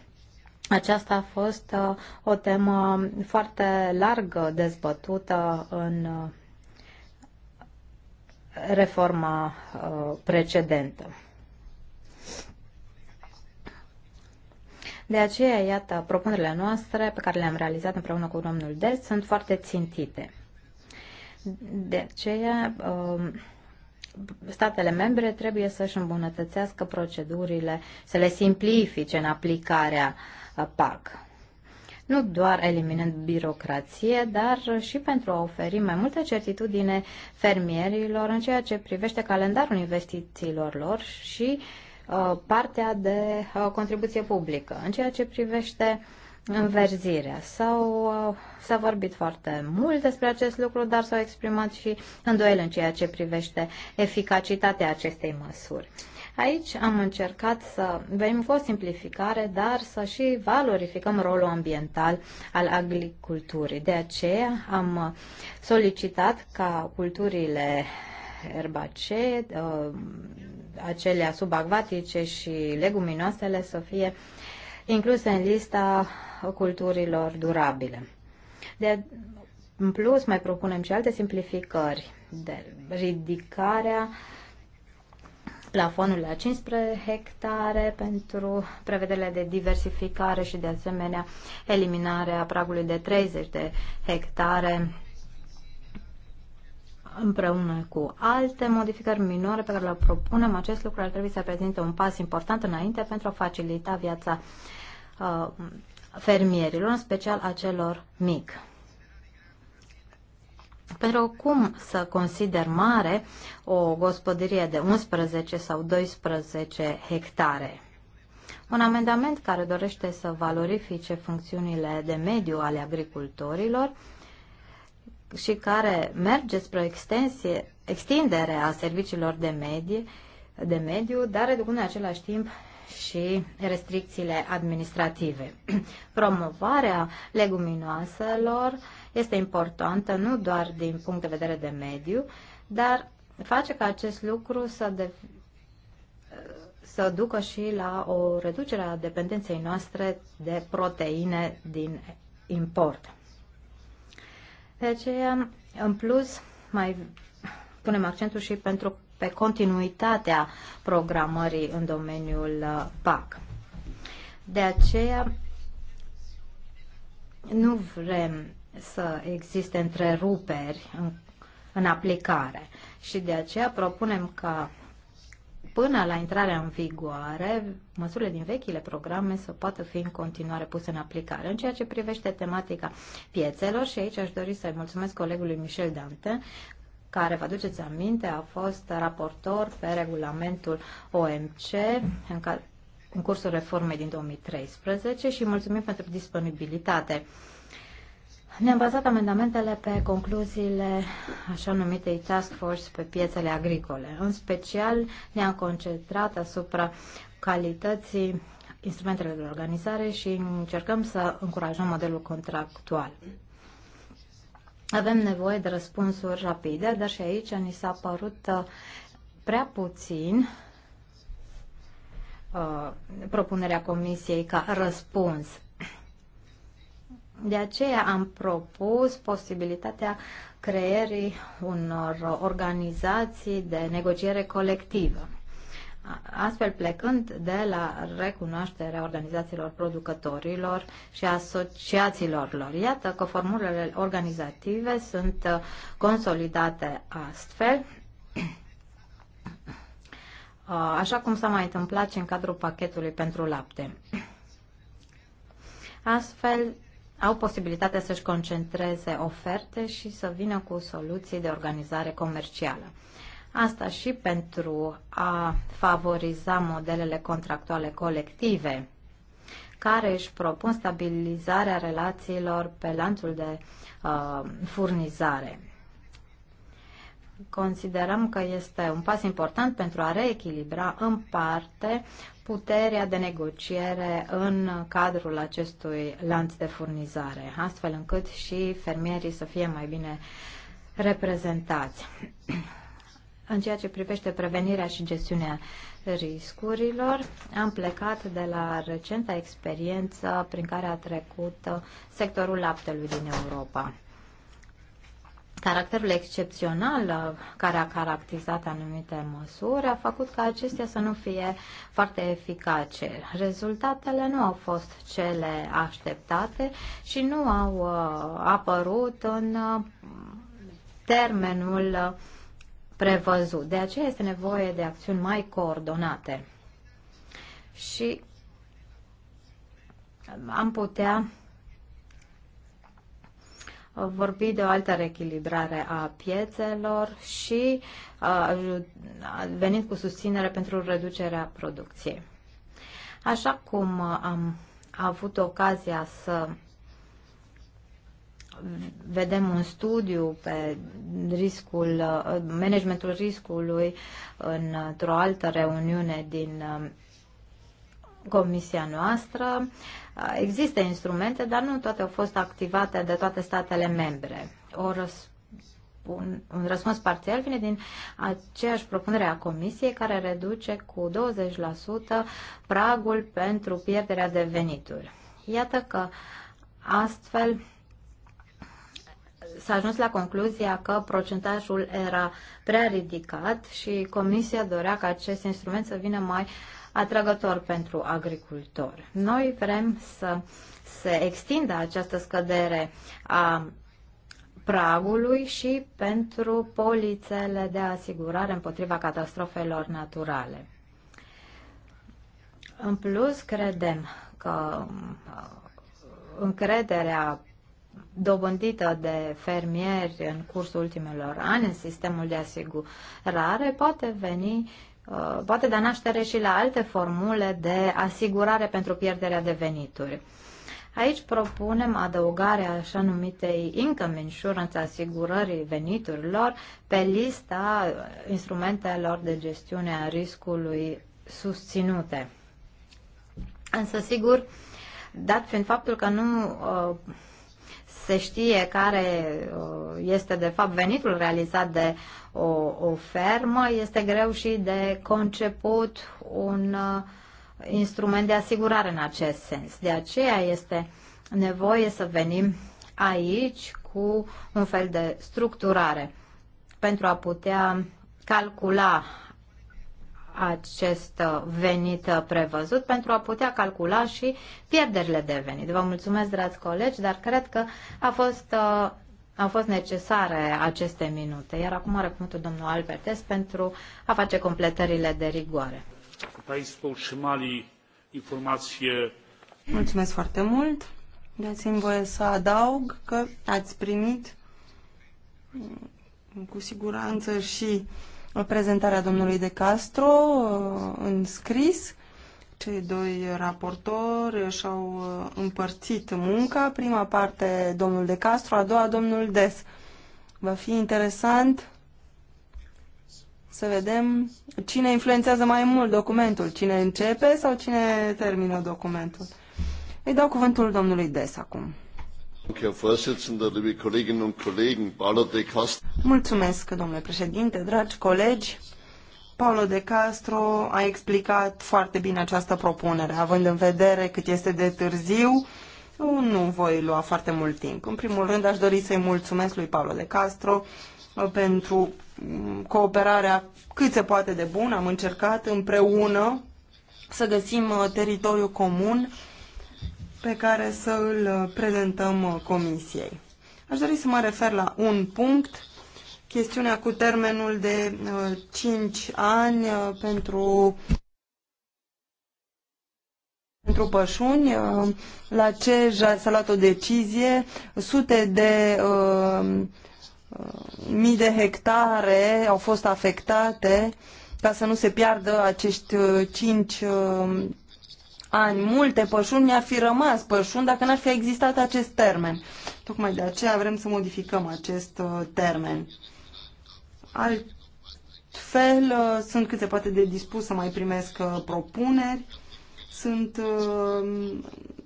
aceasta a fost uh, o temă foarte largă dezbătută în uh, reforma uh, precedentă. De aceea, iată, propunerile noastre pe care le-am realizat împreună cu domnul Des sunt foarte țintite. De aceea, statele membre trebuie să-și îmbunătățească procedurile, să le simplifice în aplicarea uh, PAC. Nu doar eliminând birocrație, dar și pentru a oferi mai multă certitudine fermierilor în ceea ce privește calendarul investițiilor lor și uh, partea de uh, contribuție publică. În ceea ce privește uh, înverzirea. S-au, uh, s-a vorbit foarte mult despre acest lucru, dar s-au exprimat și îndoiel în ceea ce privește eficacitatea acestei măsuri. Aici am încercat să venim cu o simplificare, dar să și valorificăm rolul ambiental al agriculturii. De aceea am solicitat ca culturile erbacee, uh, acelea subacvatice și leguminoasele să fie uh, incluse în lista culturilor durabile. De, în plus, mai propunem și alte simplificări de ridicarea plafonului la 15 hectare pentru prevederile de diversificare și de asemenea eliminarea pragului de 30 de hectare împreună cu alte modificări minore pe care le propunem, acest lucru ar trebui să prezinte un pas important înainte pentru a facilita viața uh, fermierilor, în special a celor mici. Pentru cum să consider mare o gospodărie de 11 sau 12 hectare? Un amendament care dorește să valorifice funcțiunile de mediu ale agricultorilor uh, și care merge spre o extensie, extindere a serviciilor de, medie, de mediu, dar reducând în același timp și restricțiile administrative. Promovarea leguminoaselor este importantă nu doar din punct de vedere de mediu, dar face ca acest lucru să, de, să ducă și la o reducere a dependenței noastre de proteine din import. De aceea, în plus, mai punem accentul și pentru pe continuitatea programării în domeniul uh, PAC. De aceea, nu vrem să existe întreruperi în, în aplicare și de aceea propunem ca până la intrarea în vigoare, măsurile din vechile programe să poată fi în continuare puse în aplicare. În ceea ce privește tematica piețelor, și aici aș dori să-i mulțumesc colegului Michel Dante, care, vă aduceți aminte, a fost raportor pe regulamentul OMC în, ca, în cursul reformei din 2013 și mulțumim pentru disponibilitate. Ne-am bazat amendamentele pe concluziile așa numitei task force pe piețele agricole. În special ne-am concentrat asupra calității instrumentelor de organizare și încercăm să încurajăm modelul contractual. Avem nevoie de răspunsuri rapide, dar și aici ni s-a părut uh, prea puțin uh, propunerea Comisiei ca răspuns de aceea am propus posibilitatea creierii unor organizații de negociere colectivă. Astfel plecând de la recunoașterea organizațiilor producătorilor și asociațiilor lor. Iată că formulele organizative sunt consolidate astfel, așa cum s-a mai întâmplat și în cadrul pachetului pentru lapte. Astfel, au posibilitatea să-și concentreze oferte și să vină cu soluții de organizare comercială. Asta și pentru a favoriza modelele contractuale colective, care își propun stabilizarea relațiilor pe lanțul de uh, furnizare. Considerăm că este un pas important pentru a reechilibra în parte puterea de negociere în cadrul acestui lanț de furnizare, astfel încât și fermierii să fie mai bine reprezentați. În ceea ce privește prevenirea și gestiunea riscurilor, am plecat de la recenta experiență prin care a trecut sectorul laptelui din Europa caracterul excepțional uh, care a caracterizat anumite măsuri a făcut ca acestea să nu fie foarte eficace. Rezultatele nu au fost cele așteptate și nu au uh, apărut în uh, termenul prevăzut. De aceea este nevoie de acțiuni mai coordonate. Și am putea vorbi de o altă reechilibrare a piețelor și uh, venit cu susținere pentru reducerea producției. Așa cum uh, am avut ocazia să vedem un studiu pe riscul, uh, managementul riscului într-o altă reuniune din comisia noastră. Există instrumente, dar nu toate au fost activate de toate statele membre. O răs- un, un răspuns parțial vine din aceeași propunere a Comisiei care reduce cu 20% pragul pentru pierderea de venituri. Iată că astfel s-a ajuns la concluzia că procentajul era prea ridicat și Comisia dorea ca acest instrument să vină mai uh, atrăgător pentru agricultori. Noi vrem să se extindă această scădere a pragului și pentru polițele de asigurare împotriva catastrofelor naturale. În plus, credem că uh, încrederea dobândită de fermieri în cursul ultimelor ani în sistemul de asigurare poate veni Uh, poate da naștere și la alte formule de asigurare pentru pierderea de venituri. Aici propunem adăugarea așa numitei income insurance, asigurării veniturilor, pe lista instrumentelor de gestiune a riscului susținute. Însă, sigur, dat fiind faptul că nu uh, se știe care uh, este de fapt venitul realizat de o, o fermă, este greu și de conceput un uh, instrument de asigurare în acest sens. De aceea este nevoie să venim aici cu un fel de structurare pentru a putea calcula acest venit prevăzut pentru a putea calcula și pierderile de venit. Vă mulțumesc, dragi colegi, dar cred că a fost, au fost necesare aceste minute. Iar acum are cuvântul domnul Albertes pentru a face completările de rigoare. Mulțumesc foarte mult. Dați-mi voie să adaug că ați primit mm, cu siguranță și prezentarea domnului De Castro uh, în scris. Cei doi raportori și-au uh, împărțit munca. Prima parte domnul De Castro, a doua domnul Des. Va fi interesant să vedem cine influențează mai mult documentul, cine începe sau cine termină documentul. Îi dau cuvântul domnului Des acum. Mulțumesc, domnule președinte, dragi colegi. Paolo de Castro a explicat foarte bine această propunere, având în vedere cât este de târziu, nu voi lua foarte mult timp. În primul rând, aș dori să-i mulțumesc lui Paolo de Castro uh, pentru mm, cooperarea cât se poate de bună. Am încercat împreună să găsim uh, teritoriu comun pe care să îl uh, prezentăm uh, Comisiei. Aș dori să mă refer la un punct, chestiunea cu termenul de 5 uh, ani pentru pentru pășuni, la ce s-a luat o decizie, sute de uh, mii de hectare au fost afectate ca să nu se piardă acești 5, ani multe pășuni ne-ar fi rămas pășuni dacă n-ar fi existat acest termen. Tocmai de aceea vrem să modificăm acest uh, termen. Altfel, uh, sunt cât se poate de dispus să mai primesc uh, propuneri. Sunt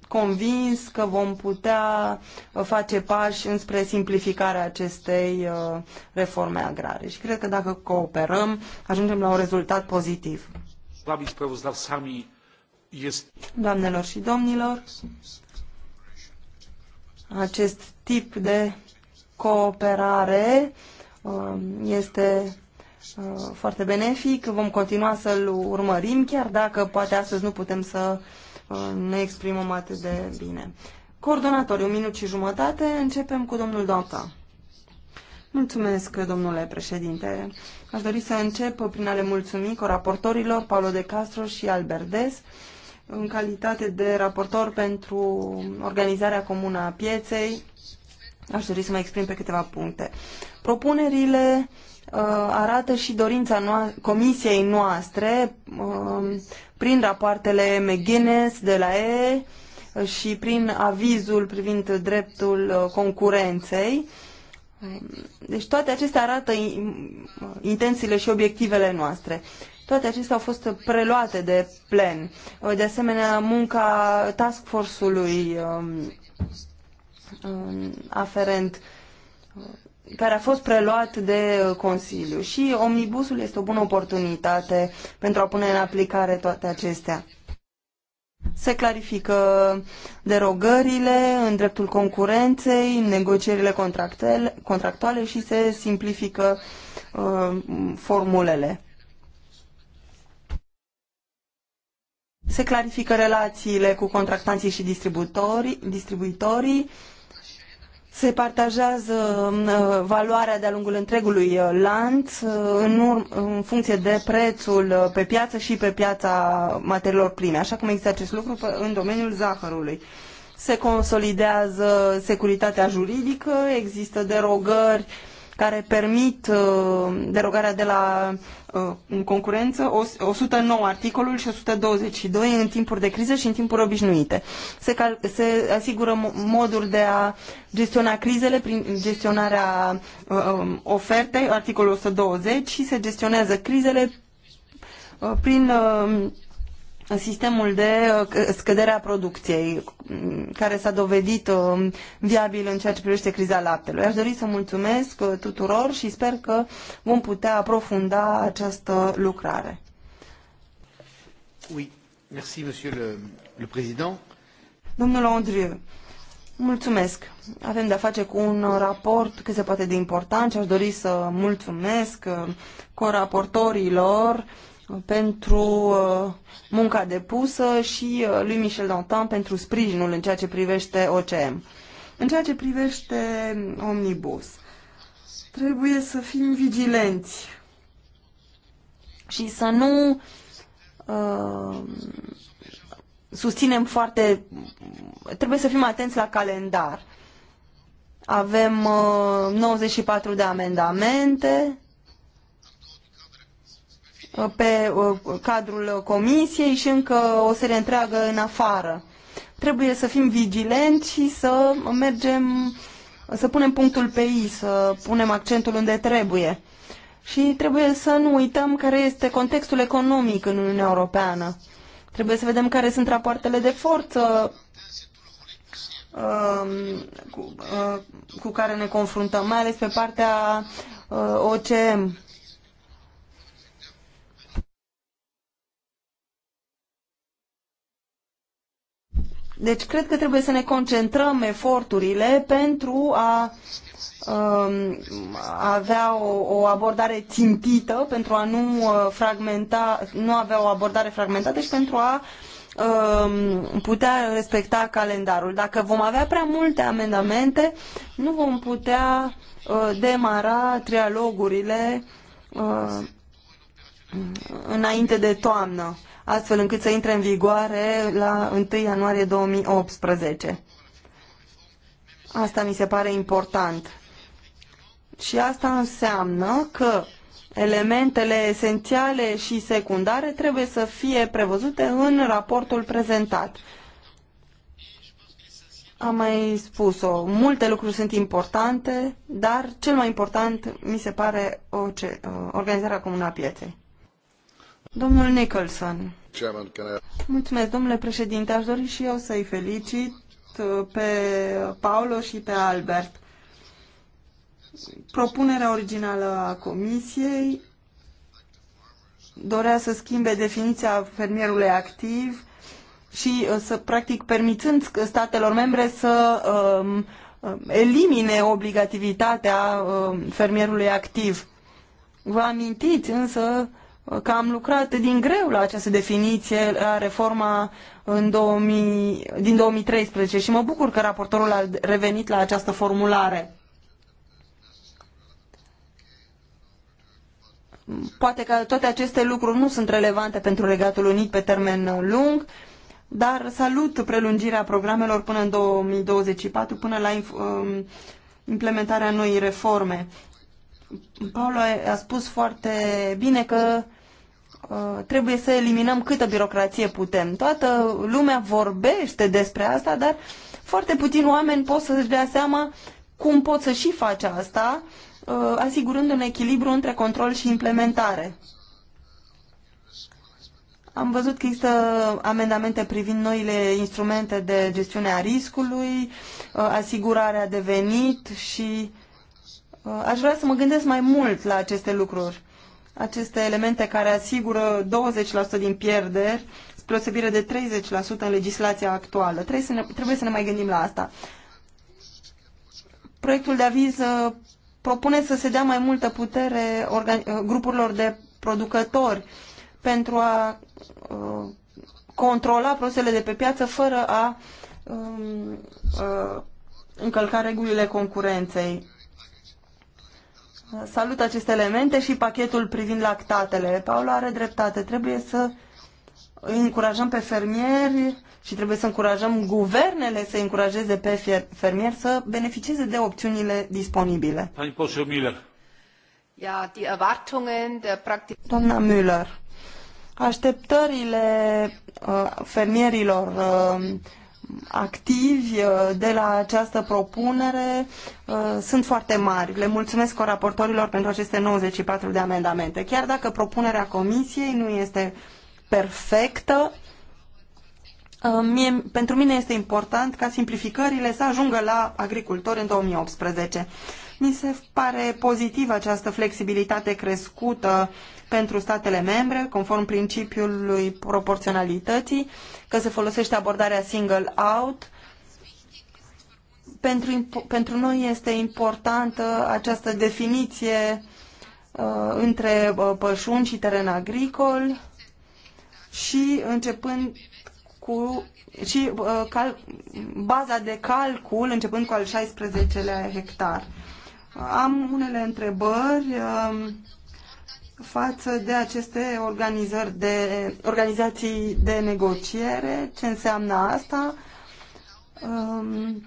convins că vom putea face pași înspre simplificarea acestei reforme agrare și cred că dacă cooperăm, ajungem la un rezultat pozitiv. Doamnelor și domnilor, acest tip de cooperare um, este uh, foarte benefic. Vom continua să-l urmărim, chiar dacă poate astăzi nu putem să uh, ne exprimăm atât de bine. Coordonatori, un minut și jumătate. Începem cu domnul Doamta. Mulțumesc, domnule președinte. Aș dori să încep prin a le mulțumi coraportorilor Paolo de Castro și Albert Des în calitate de raportor pentru organizarea comună a pieței, aș dori să mă exprim pe câteva puncte. Propunerile uh, arată și dorința noa- comisiei noastre uh, prin rapoartele McGuinness de la E și prin avizul privind dreptul uh, concurenței. Um, deci toate acestea arată intențiile și obiectivele noastre. Toate acestea au fost preluate de plen. Uh, de asemenea, munca task force-ului um, um, aferent uh, care a fost preluat de uh, Consiliu și omnibusul este o bună oportunitate pentru a pune în aplicare toate acestea. Se clarifică derogările în dreptul concurenței, negocierile contractuale și se simplifică uh, formulele. se clarifică relațiile cu contractanții și distribuitorii, distribuitorii se partajează uh, valoarea de-a lungul întregului uh, lanț uh, în, în funcție de prețul pe piață și pe piața materiilor prime, așa cum există acest lucru în domeniul zahărului. Se consolidează securitatea juridică, există derogări uh, care permit uh, derogarea de la uh, concurență, 109 articolul și 122 în timpuri de criză și în timpuri obișnuite. Se, cal- se asigură modul de a gestiona crizele prin gestionarea uh, um, ofertei, articolul 120, și se gestionează crizele prin sistemul de uh, scădere a producției, mm, care s-a dovedit um, viabil în ceea ce privește criza laptelui. Aș dori să mulțumesc uh, tuturor și sper că vom putea aprofunda această lucrare. Oui. Merci, monsieur le, le président. Domnule Andrieu, mulțumesc. Avem de-a face cu un raport cât se poate de important și aș dori să mulțumesc uh, coraportorilor pentru uh, munca depusă și uh, lui Michel Dantin pentru sprijinul în ceea ce privește OCM. În ceea ce privește Omnibus, trebuie să fim vigilenți și să nu uh, susținem foarte... Trebuie să fim atenți la calendar. Avem uh, 94 de amendamente, pe cadrul comisiei și încă o serie întreagă în afară. Trebuie să fim vigilenți și să mergem, să punem punctul pe I, să punem accentul unde trebuie. Și trebuie să nu uităm care este contextul economic în Uniunea Europeană. Trebuie să vedem care sunt rapoartele de forță um, uh, cu, care ne confruntăm, mai ales pe partea uh, OCM. Deci cred că trebuie să ne concentrăm eforturile pentru a um, avea o, o abordare țintită, pentru a nu uh, fragmenta, nu avea o abordare fragmentată și pentru a um, putea respecta calendarul. Dacă vom avea prea multe amendamente, nu vom putea uh, demara trialogurile uh, înainte de toamnă astfel încât să intre în vigoare la 1 ianuarie 2018. Asta mi se pare important. Și asta înseamnă că elementele esențiale și secundare trebuie să fie prevăzute în raportul prezentat. Am mai spus-o, multe lucruri sunt importante, dar cel mai important mi se pare o ce uh, organizarea comună a pieței. Domnul Nicholson. Mulțumesc, domnule președinte. Aș dori și eu să-i felicit uh, pe Paolo și pe Albert. Propunerea originală a Comisiei dorea să schimbe definiția fermierului activ și uh, să, practic, permițând statelor membre să um, elimine obligativitatea um, fermierului activ. Vă amintiți însă uh, că am lucrat din greu la această definiție, la reforma în 2000, din 2013 și mă bucur că raportorul a revenit la această formulare. Poate că toate aceste lucruri nu sunt relevante pentru Regatul Unit pe termen lung, dar salut prelungirea programelor până în 2024, până la um, implementarea noii reforme. Paula a spus foarte bine că Uh, trebuie să eliminăm câtă birocrație putem. Toată lumea vorbește despre asta, dar foarte puțin oameni pot să-și dea seama cum pot să și face asta, uh, asigurând un echilibru între control și implementare. Am văzut că există amendamente privind noile instrumente de gestiune a riscului, uh, asigurarea de venit și aș vrea să mă gândesc mai mult la aceste lucruri aceste elemente care asigură 20% din pierderi, spre osebire de 30% în legislația actuală. Trebuie să, ne, trebuie să ne mai gândim la asta. Proiectul de aviz uh, propune să se dea mai multă putere uh, grupurilor de producători pentru a uh, controla produsele de pe piață fără a um, uh, încălca regulile concurenței salut aceste elemente și pachetul privind lactatele. Paula are dreptate. Trebuie să îi încurajăm pe fermieri și trebuie să încurajăm guvernele să încurajeze pe fermieri să beneficieze de opțiunile disponibile. Doamna Müller, așteptările uh, fermierilor uh, activi uh, de la această propunere uh, sunt foarte mari. Le mulțumesc coraportorilor pentru aceste 94 de amendamente. Chiar dacă propunerea comisiei nu este perfectă, uh, Mie, pentru mine este important ca simplificările să ajungă la agricultori în 2018. Mi se pare pozitivă această flexibilitate crescută pentru statele membre, conform principiului proporționalității, că se folosește abordarea single out. Pentru, pentru noi este importantă această definiție uh, între uh, pășuni și teren agricol și începând cu și uh, cal, baza de calcul începând cu al 16-lea hectar. Am unele întrebări um, față de aceste organizări de, organizații de negociere, ce înseamnă asta um,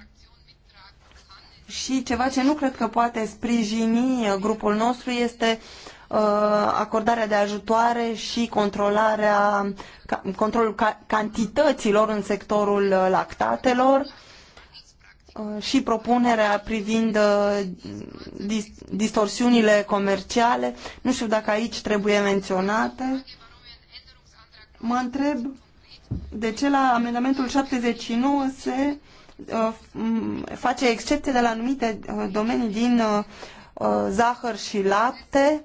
și ceva ce nu cred că poate sprijini grupul nostru este uh, acordarea de ajutoare și controlarea, controlul cantităților în sectorul uh, lactatelor Uh, și propunerea privind uh, dis distorsiunile comerciale. Nu știu dacă aici trebuie menționate. Mă întreb de ce la amendamentul 79 se uh, face excepție de la anumite domenii din zahăr și lapte.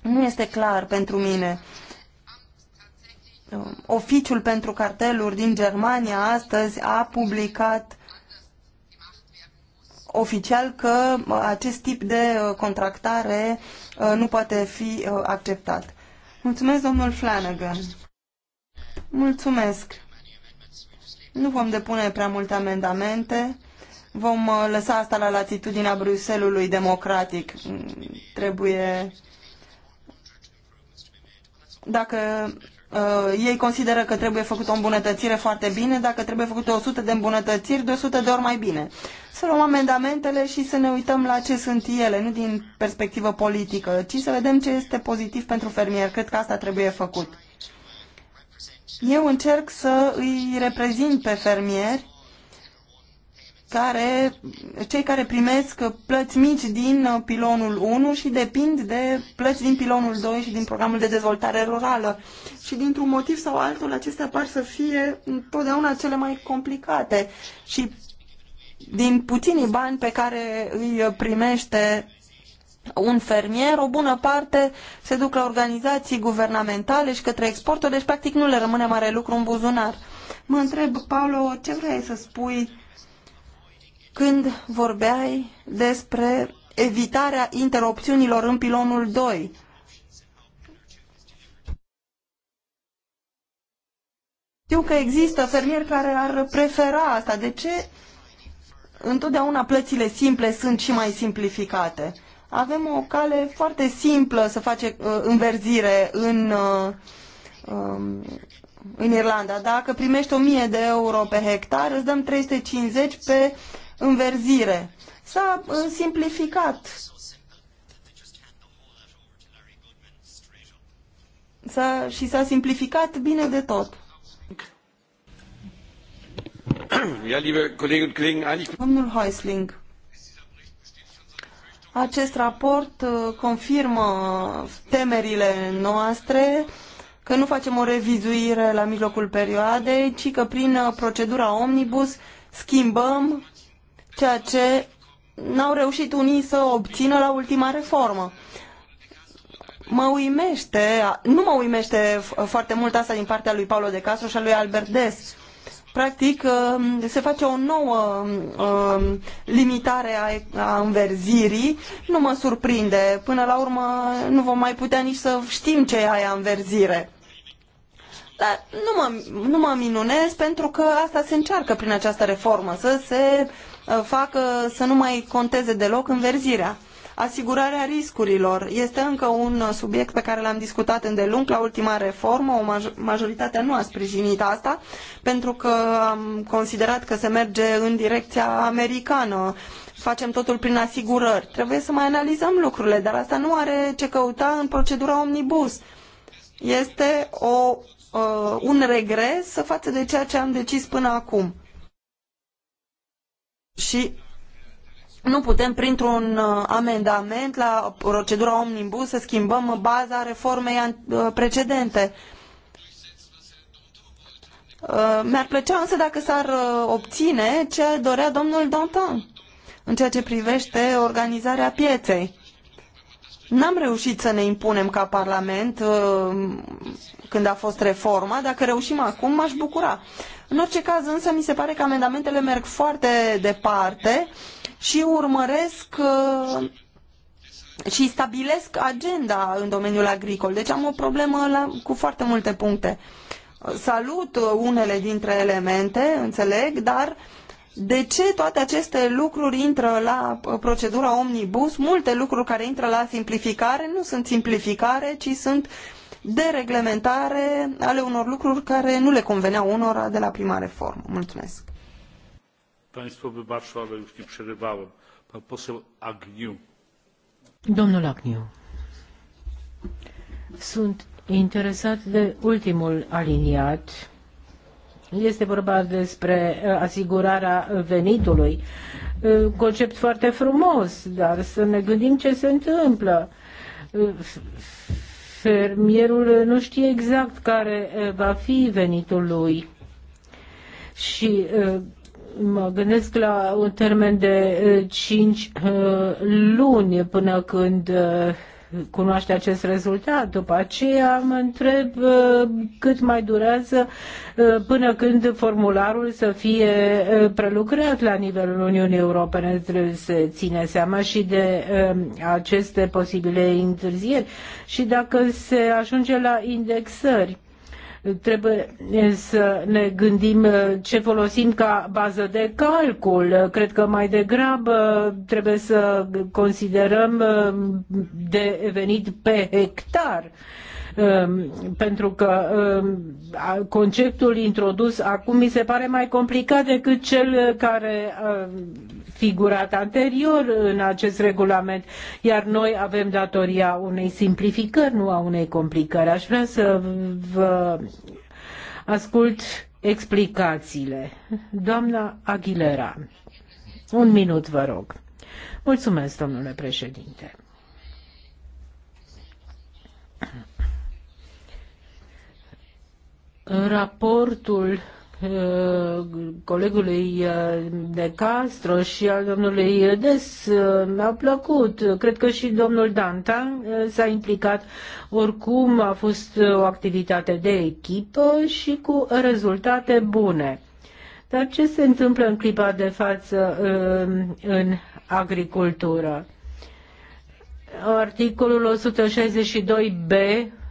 Nu este clar pentru mine oficiul pentru carteluri din Germania astăzi a publicat oficial că acest tip de uh, contractare uh, nu poate fi uh, acceptat. Mulțumesc, domnul Flanagan. Mulțumesc. Nu vom depune prea multe amendamente. Vom lăsa asta la latitudinea Bruselului democratic. Mm, trebuie... Dacă Uh, ei consideră că trebuie făcută o îmbunătățire foarte bine, dacă trebuie făcute 100 de îmbunătățiri, de 100 de ori mai bine. Să luăm amendamentele și să ne uităm la ce sunt ele, nu din perspectivă politică, ci să vedem ce este pozitiv pentru fermier. Cred că asta trebuie făcut. Eu încerc să îi reprezint pe fermieri care, cei care primesc plăți mici din pilonul 1 și depind de plăți din pilonul 2 și din programul de dezvoltare rurală. Și dintr-un motiv sau altul, acestea par să fie întotdeauna cele mai complicate. Și din puținii bani pe care îi primește un fermier, o bună parte se duc la organizații guvernamentale și către exporturi, deci practic nu le rămâne mare lucru în buzunar. Mă întreb, Paolo, ce vrei să spui când vorbeai despre evitarea interopțiunilor în pilonul 2. Știu că există fermieri care ar prefera asta. De ce întotdeauna plățile simple sunt și mai simplificate? Avem o cale foarte simplă să face uh, înverzire în, uh, um, în Irlanda. Dacă primești 1000 de euro pe hectar, îți dăm 350 pe înverzire. S-a uh, simplificat. S-a, și s-a simplificat bine de tot. Domnul Heusling, acest raport uh, confirmă temerile noastre că nu facem o revizuire la mijlocul perioadei, ci că prin uh, procedura omnibus schimbăm ceea ce n-au reușit unii să obțină la ultima reformă. Mă uimește, nu mă uimește foarte mult asta din partea lui Paulo de Castro și a lui Albert Des. Practic, um, se face o nouă um, limitare a înverzirii. Nu mă surprinde. Până la urmă, nu vom mai putea nici să știm ce e aia înverzire. Dar nu mă, nu mă minunez pentru că asta se încearcă prin această reformă, să se Uh, facă să nu mai conteze deloc înverzirea. Asigurarea riscurilor este încă un subiect pe care l-am discutat îndelung la ultima reformă. O majoritate majoritatea nu a sprijinit asta pentru că am considerat că se merge în direcția americană. Facem totul prin asigurări. Trebuie să mai analizăm lucrurile, dar asta nu are ce căuta în procedura omnibus. Este o, uh, un regres față de ceea ce am decis până acum și nu putem printr-un uh, amendament la procedura omnibus să schimbăm baza reformei uh, precedente. Uh, mi-ar plăcea însă dacă s-ar obține ce dorea domnul Dantin în ceea ce privește organizarea pieței. N-am reușit să ne impunem ca Parlament uh, când a fost reforma. Dacă reușim acum, m-aș bucura. În orice caz, însă, mi se pare că amendamentele merg foarte departe și urmăresc uh, și stabilesc agenda în domeniul agricol. Deci am o problemă la, cu foarte multe puncte. Salut unele dintre elemente, înțeleg, dar uh, de ce toate aceste lucruri intră la uh, procedura omnibus? Multe lucruri care intră la simplificare nu sunt simplificare, ci sunt dereglementare ale unor lucruri care nu le conveneau unora de la prima reformă. Mulțumesc. Państwo wybaczą, ale już nie przerywałem. Pan poseł Agniu. Domnul Agniu, sunt interesat de ultimul aliniat este vorba despre uh, asigurarea venitului. Uh, concept foarte frumos, dar să ne gândim ce se întâmplă. Uh, fermierul nu știe exact care va fi venitul lui. Și mă gândesc la un termen de 5 luni până când cunoaște acest rezultat. După aceea mă întreb uh, cât mai durează uh, până când formularul să fie uh, prelucrat la nivelul Uniunii Europene. Trebuie să ține seama și de um, aceste posibile întârzieri și dacă se ajunge la indexări Trebuie să ne gândim ce folosim ca bază de calcul. Cred că mai degrabă trebuie să considerăm de venit pe hectar Ehm, pentru că ehm, conceptul introdus acum mi se pare mai complicat decât cel care a figurat anterior în acest regulament, iar noi avem datoria unei simplificări, nu a unei complicări. Aș vrea să vă ascult explicațiile. Doamna Aguilera, un minut vă rog. Mulțumesc, domnule președinte raportul uh, colegului uh, de Castro și al domnului Des uh, mi-au plăcut. Cred că și domnul Dantan s-a implicat. Oricum a fost o activitate de echipă și cu rezultate bune. Dar ce se întâmplă în clipa de față în agricultură? Articolul 162b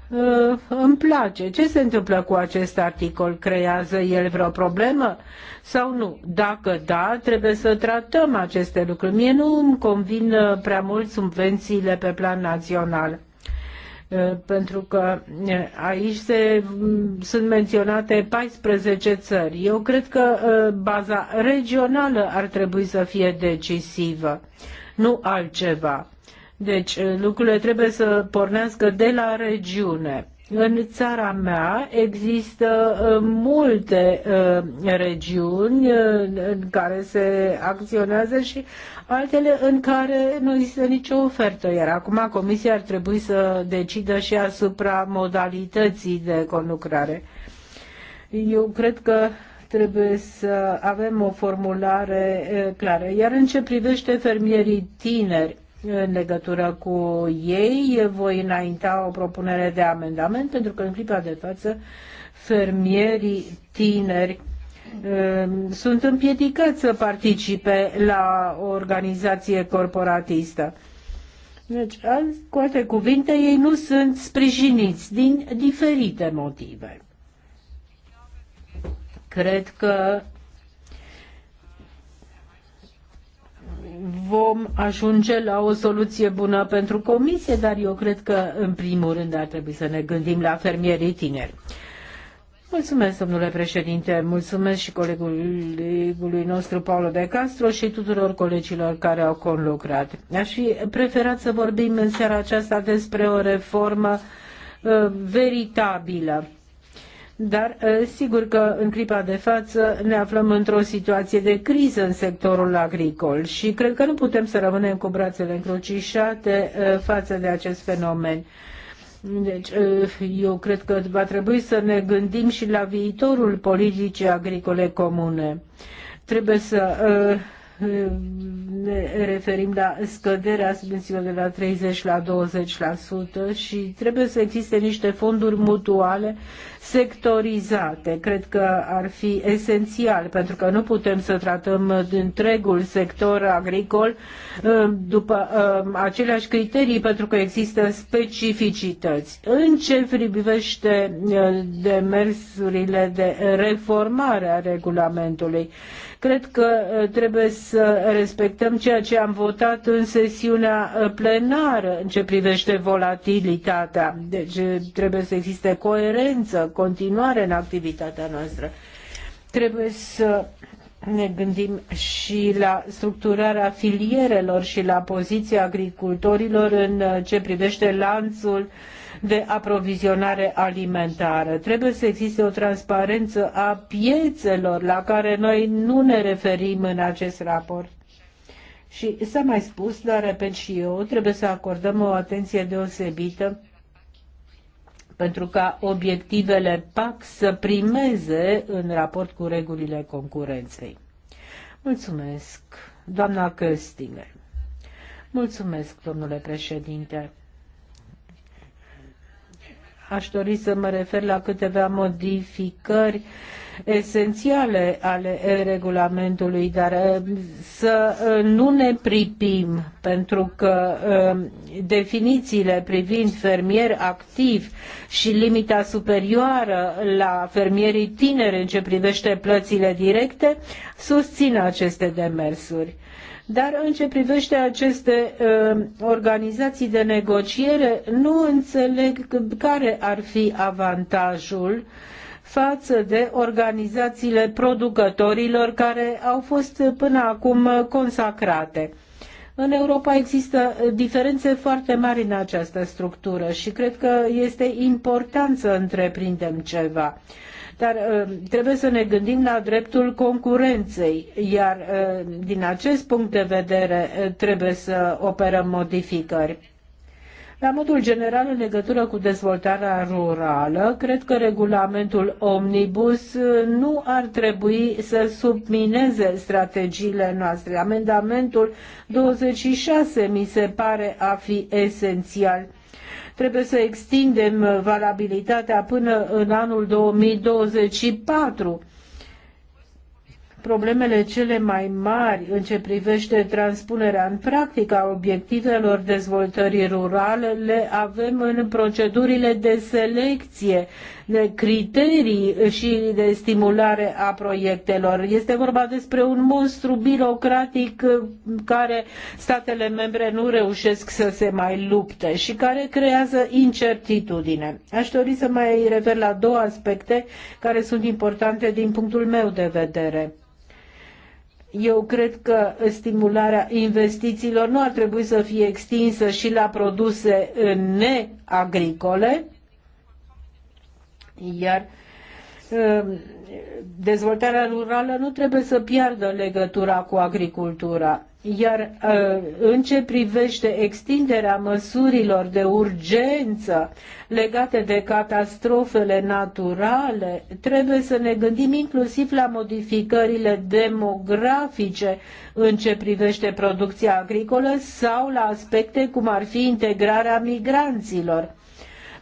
Uh, îmi place. Ce se întâmplă cu acest articol? Creează el vreo problemă sau nu? Dacă da, trebuie să tratăm aceste lucruri. Mie nu îmi convin uh, prea mult subvențiile pe plan național uh, pentru că aici se, mm, sunt menționate 14 țări. Eu cred că baza regională ar trebui să fie decisivă, nu altceva. Deci eh, lucrurile trebuie să pornească de la regiune. În țara mea există eh, multe eh, regiuni în care se acționează și altele în care nu există nicio ofertă, iar acum Comisia ar trebui să decidă și asupra modalității de conlucrare. Eu cred că trebuie să avem o formulare clară. Iar în ce privește fermierii tineri, în legătură cu ei. Voi înainta o propunere de amendament pentru că în clipa de față fermierii tineri um, sunt împiedicați să participe la o organizație corporatistă. Deci, cu alte cuvinte, ei nu sunt sprijiniți din diferite motive. Cred că vom ajunge la o soluție bună pentru comisie, dar eu cred că în primul rând ar trebui să ne gândim la fermierii tineri. Mulțumesc, domnule președinte, mulțumesc și colegului nostru Paolo de Castro și tuturor colegilor care au conlucrat. Aș fi preferat să vorbim în seara aceasta despre o reformă uh, veritabilă dar sigur că în clipa de față ne aflăm într-o situație de criză în sectorul agricol și cred că nu putem să rămânem cu brațele încrucișate față de acest fenomen. Deci, eu cred că va trebui să ne gândim și la viitorul politicii agricole comune. Trebuie să ne referim la scăderea subvențiilor de la 30 la 20% și trebuie să existe niște fonduri mutuale sectorizate. Cred că ar fi esențial, pentru că nu putem să tratăm întregul sector agricol uh, după uh, aceleași criterii, pentru că există specificități. În ce privește uh, demersurile de reformare a regulamentului? Cred că uh, trebuie să respectăm ceea ce am votat în sesiunea uh, plenară în ce privește volatilitatea. Deci uh, trebuie să existe coerență, continuare în activitatea noastră. Trebuie să ne gândim și la structurarea filierelor și la poziția agricultorilor în ce privește lanțul uh, de aprovizionare alimentară. Trebuie să existe o transparență a piețelor la care noi nu ne referim în acest raport. Și s-a mai spus, dar repet și eu, trebuie să acordăm o atenție deosebită pentru ca obiectivele PAC să primeze în raport cu regulile concurenței. Mulțumesc, doamna Căstine. Mulțumesc, domnule președinte aș dori să mă refer la câteva modificări esențiale ale regulamentului, dar uh, să uh, nu ne pripim, pentru că uh, definițiile privind fermier activ și limita superioară la fermierii tineri în ce privește plățile directe susțin aceste demersuri. Dar în ce privește aceste uh, organizații de negociere, nu înțeleg care ar fi avantajul față de organizațiile producătorilor care au fost până acum consacrate. În Europa există diferențe foarte mari în această structură și cred că este important să întreprindem ceva. Dar uh, trebuie să ne gândim la dreptul concurenței, iar uh, din acest punct de vedere uh, trebuie să operăm modificări. La modul general, în legătură cu dezvoltarea rurală, cred că regulamentul Omnibus nu ar trebui să submineze strategiile noastre. Amendamentul 26 mi se pare a fi esențial Trebuie să extindem uh, valabilitatea până în anul 2024 problemele cele mai mari în ce privește transpunerea în practică a obiectivelor dezvoltării rurale le avem în procedurile de selecție de criterii și de stimulare a proiectelor. Este vorba despre un monstru birocratic uh, care statele membre nu reușesc să se mai lupte și care creează incertitudine. Aș dori să mai refer la două aspecte care sunt importante din punctul meu de vedere. Eu cred că stimularea investițiilor nu ar trebui să fie extinsă și la produse neagricole, iar uh, dezvoltarea rurală nu trebuie să piardă legătura cu agricultura. Iar uh, în ce privește extinderea măsurilor de urgență legate de catastrofele naturale, trebuie să ne gândim inclusiv la modificările demografice în ce privește producția agricolă sau la aspecte cum ar fi integrarea migranților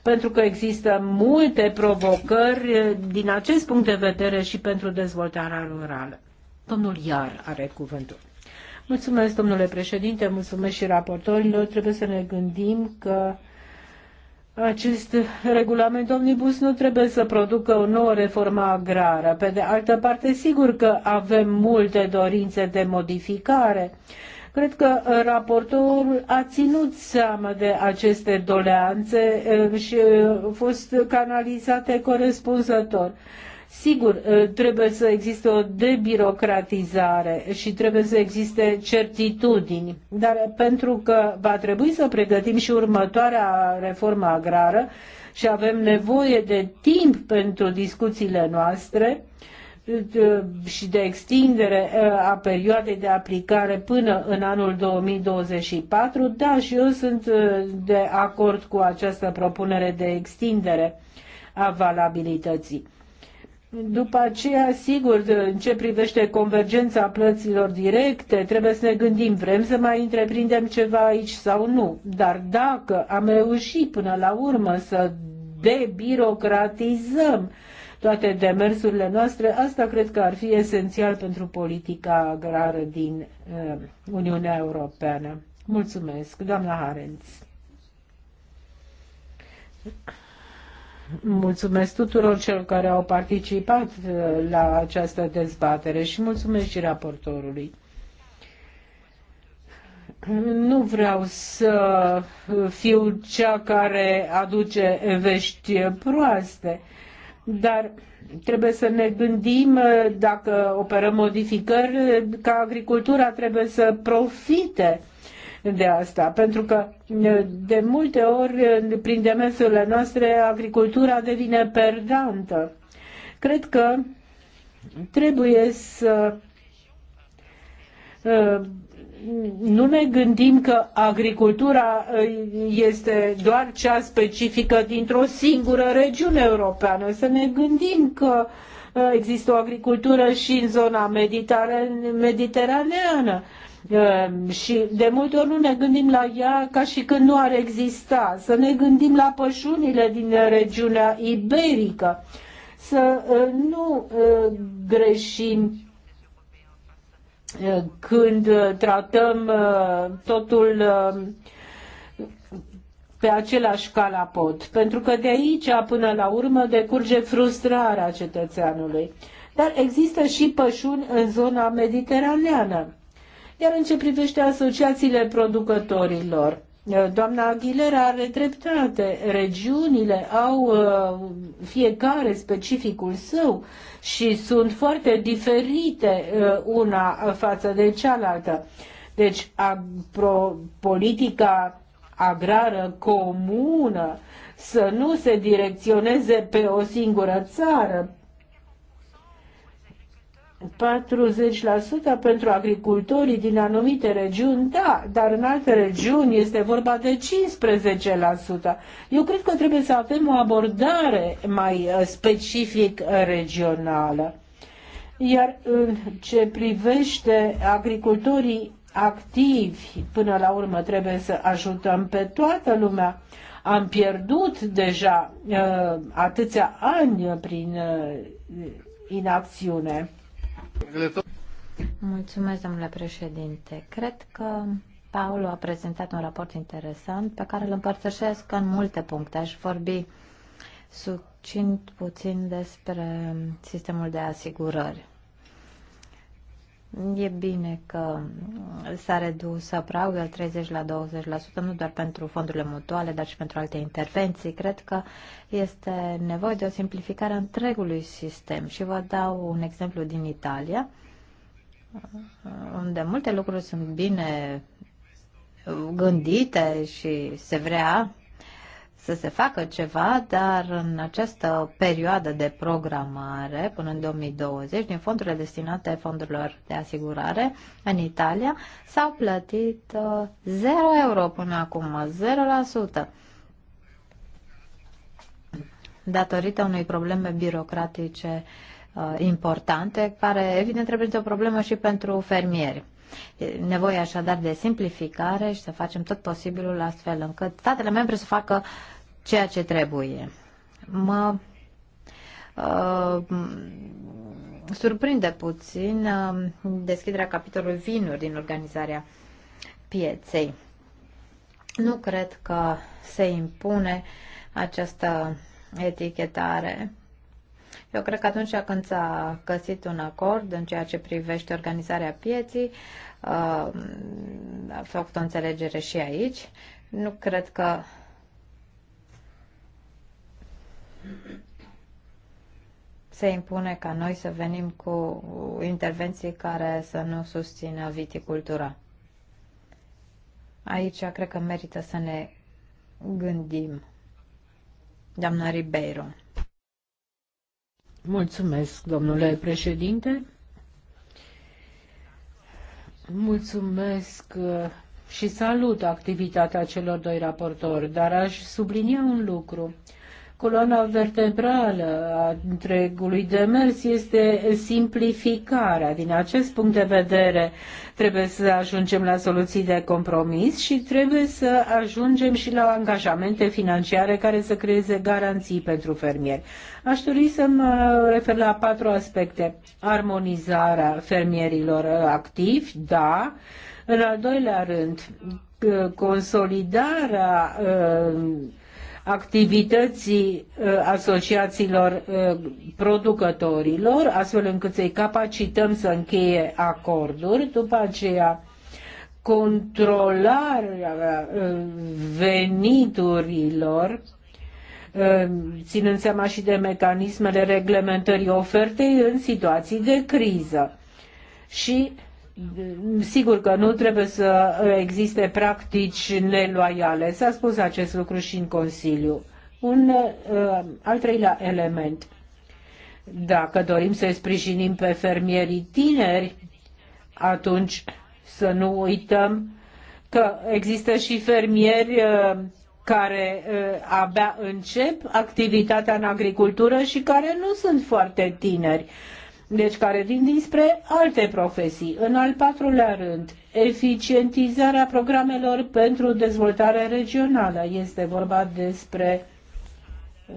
pentru că există multe provocări eh, din acest punct de vedere și pentru dezvoltarea rurală. Domnul Iar are cuvântul. Mulțumesc, domnule președinte, mulțumesc și raportorilor. Trebuie să ne gândim că acest regulament omnibus nu trebuie să producă o nouă reformă agrară. Pe de altă parte, sigur că avem multe dorințe de modificare Cred că uh, raportorul a ținut seama de aceste doleanțe uh, și au uh, fost canalizate corespunzător. Sigur, trebuie să existe o debirocratizare și trebuie să existe certitudini, dar pentru că va trebui să pregătim și următoarea reformă agrară și avem nevoie de timp pentru discuțiile noastre, uh, Uh, și de extindere uh, a perioadei de aplicare până în anul 2024. Da, și eu sunt uh, de acord cu această propunere de extindere a valabilității. După aceea, sigur, în ce privește convergența plăților directe, trebuie să ne gândim, vrem să mai întreprindem ceva aici sau nu. Dar dacă am reușit până la urmă să debirocratizăm uh, toate demersurile noastre. Asta cred că ar fi esențial pentru politica agrară din uh, Uniunea Europeană. Mulțumesc, doamna Harenț. Mulțumesc tuturor celor care au participat uh, la această dezbatere și mulțumesc și raportorului. Nu vreau să fiu cea care aduce vești proaste dar trebuie să ne gândim uh, dacă operăm modificări uh, ca agricultura trebuie să profite de asta, pentru că uh, de multe ori prin demersurile noastre agricultura devine perdantă. Cred că trebuie să nu ne gândim că agricultura uh, este doar cea specifică dintr-o singură regiune europeană, să ne gândim că uh, există o agricultură și în zona mediteraneană uh, și de multe ori nu ne gândim la ea ca și când nu ar exista, să ne gândim la pășunile din regiunea iberică, să nu greșim când uh, tratăm uh, totul uh, pe același calapot, pentru că de aici până la urmă decurge frustrarea cetățeanului. Dar există și pășuni în zona mediteraneană. Iar în ce privește asociațiile producătorilor, Doamna Aguilera are dreptate. Regiunile au uh, fiecare specificul său și sunt foarte diferite uh, una față de cealaltă. Deci agro, politica agrară comună să nu se direcționeze pe o singură țară, 40% pentru agricultorii din anumite regiuni, da, dar în alte regiuni este vorba de 15%. Eu cred că trebuie să avem o abordare mai uh, specific uh, regională. Iar în ce privește agricultorii activi, până la urmă trebuie să ajutăm pe toată lumea. Am pierdut deja uh, atâția ani prin uh, inacțiune. Mulțumesc, domnule președinte. Cred că Paulo a prezentat un raport interesant pe care îl împărtășesc în multe puncte. Aș vorbi succint puțin despre sistemul de asigurări. E bine că uh, s-a redus pragul al 30 la 20%, nu doar pentru fondurile mutuale, dar și pentru alte intervenții. Cred că este nevoie de o simplificare a întregului sistem și vă dau un exemplu din Italia, uh, unde multe lucruri sunt bine uh, gândite și se vrea să se facă ceva, dar în această perioadă de programare, până în 2020, din fondurile destinate fondurilor de asigurare în Italia, s-au plătit 0 uh, euro până acum, 0%, datorită unei probleme birocratice uh, importante, care evident reprezintă o problemă și pentru fermieri. Nevoie așadar de simplificare și să facem tot posibilul astfel încât statele membre să facă ceea ce trebuie. Mă uh, surprinde puțin uh, deschiderea capitolului vinuri din organizarea pieței. Nu cred că se impune această etichetare. Eu cred că atunci când s-a găsit un acord în ceea ce privește organizarea pieții, uh, a făcut o înțelegere și aici. Nu cred că se impune ca noi să venim cu intervenții care să nu susțină viticultura. Aici cred că merită să ne gândim. Doamna Ribeiro. Mulțumesc, domnule președinte. Mulțumesc uh, și salut activitatea celor doi raportori, dar aș sublinia un lucru coloana vertebrală a întregului demers este simplificarea. Din acest punct de vedere, trebuie să ajungem la soluții de compromis și trebuie să ajungem și la angajamente financiare care să creeze garanții pentru fermieri. Aș dori să mă refer la patru aspecte. Armonizarea fermierilor activi, da. În al doilea rând, consolidarea uh, activității uh, asociațiilor uh, producătorilor, astfel încât să-i capacităm să încheie acorduri, după aceea controlarea uh, veniturilor ținând seama și de mecanismele reglementării ofertei în situații de criză. Și Sigur că nu trebuie să existe practici neloiale. S-a spus acest lucru și în Consiliu. Un uh, al treilea element. Dacă dorim să-i sprijinim pe fermierii tineri, atunci să nu uităm că există și fermieri uh, care uh, abia încep activitatea în agricultură și care nu sunt foarte tineri deci care vin dinspre alte profesii. În al patrulea rând, eficientizarea programelor pentru dezvoltare regională. Este vorba despre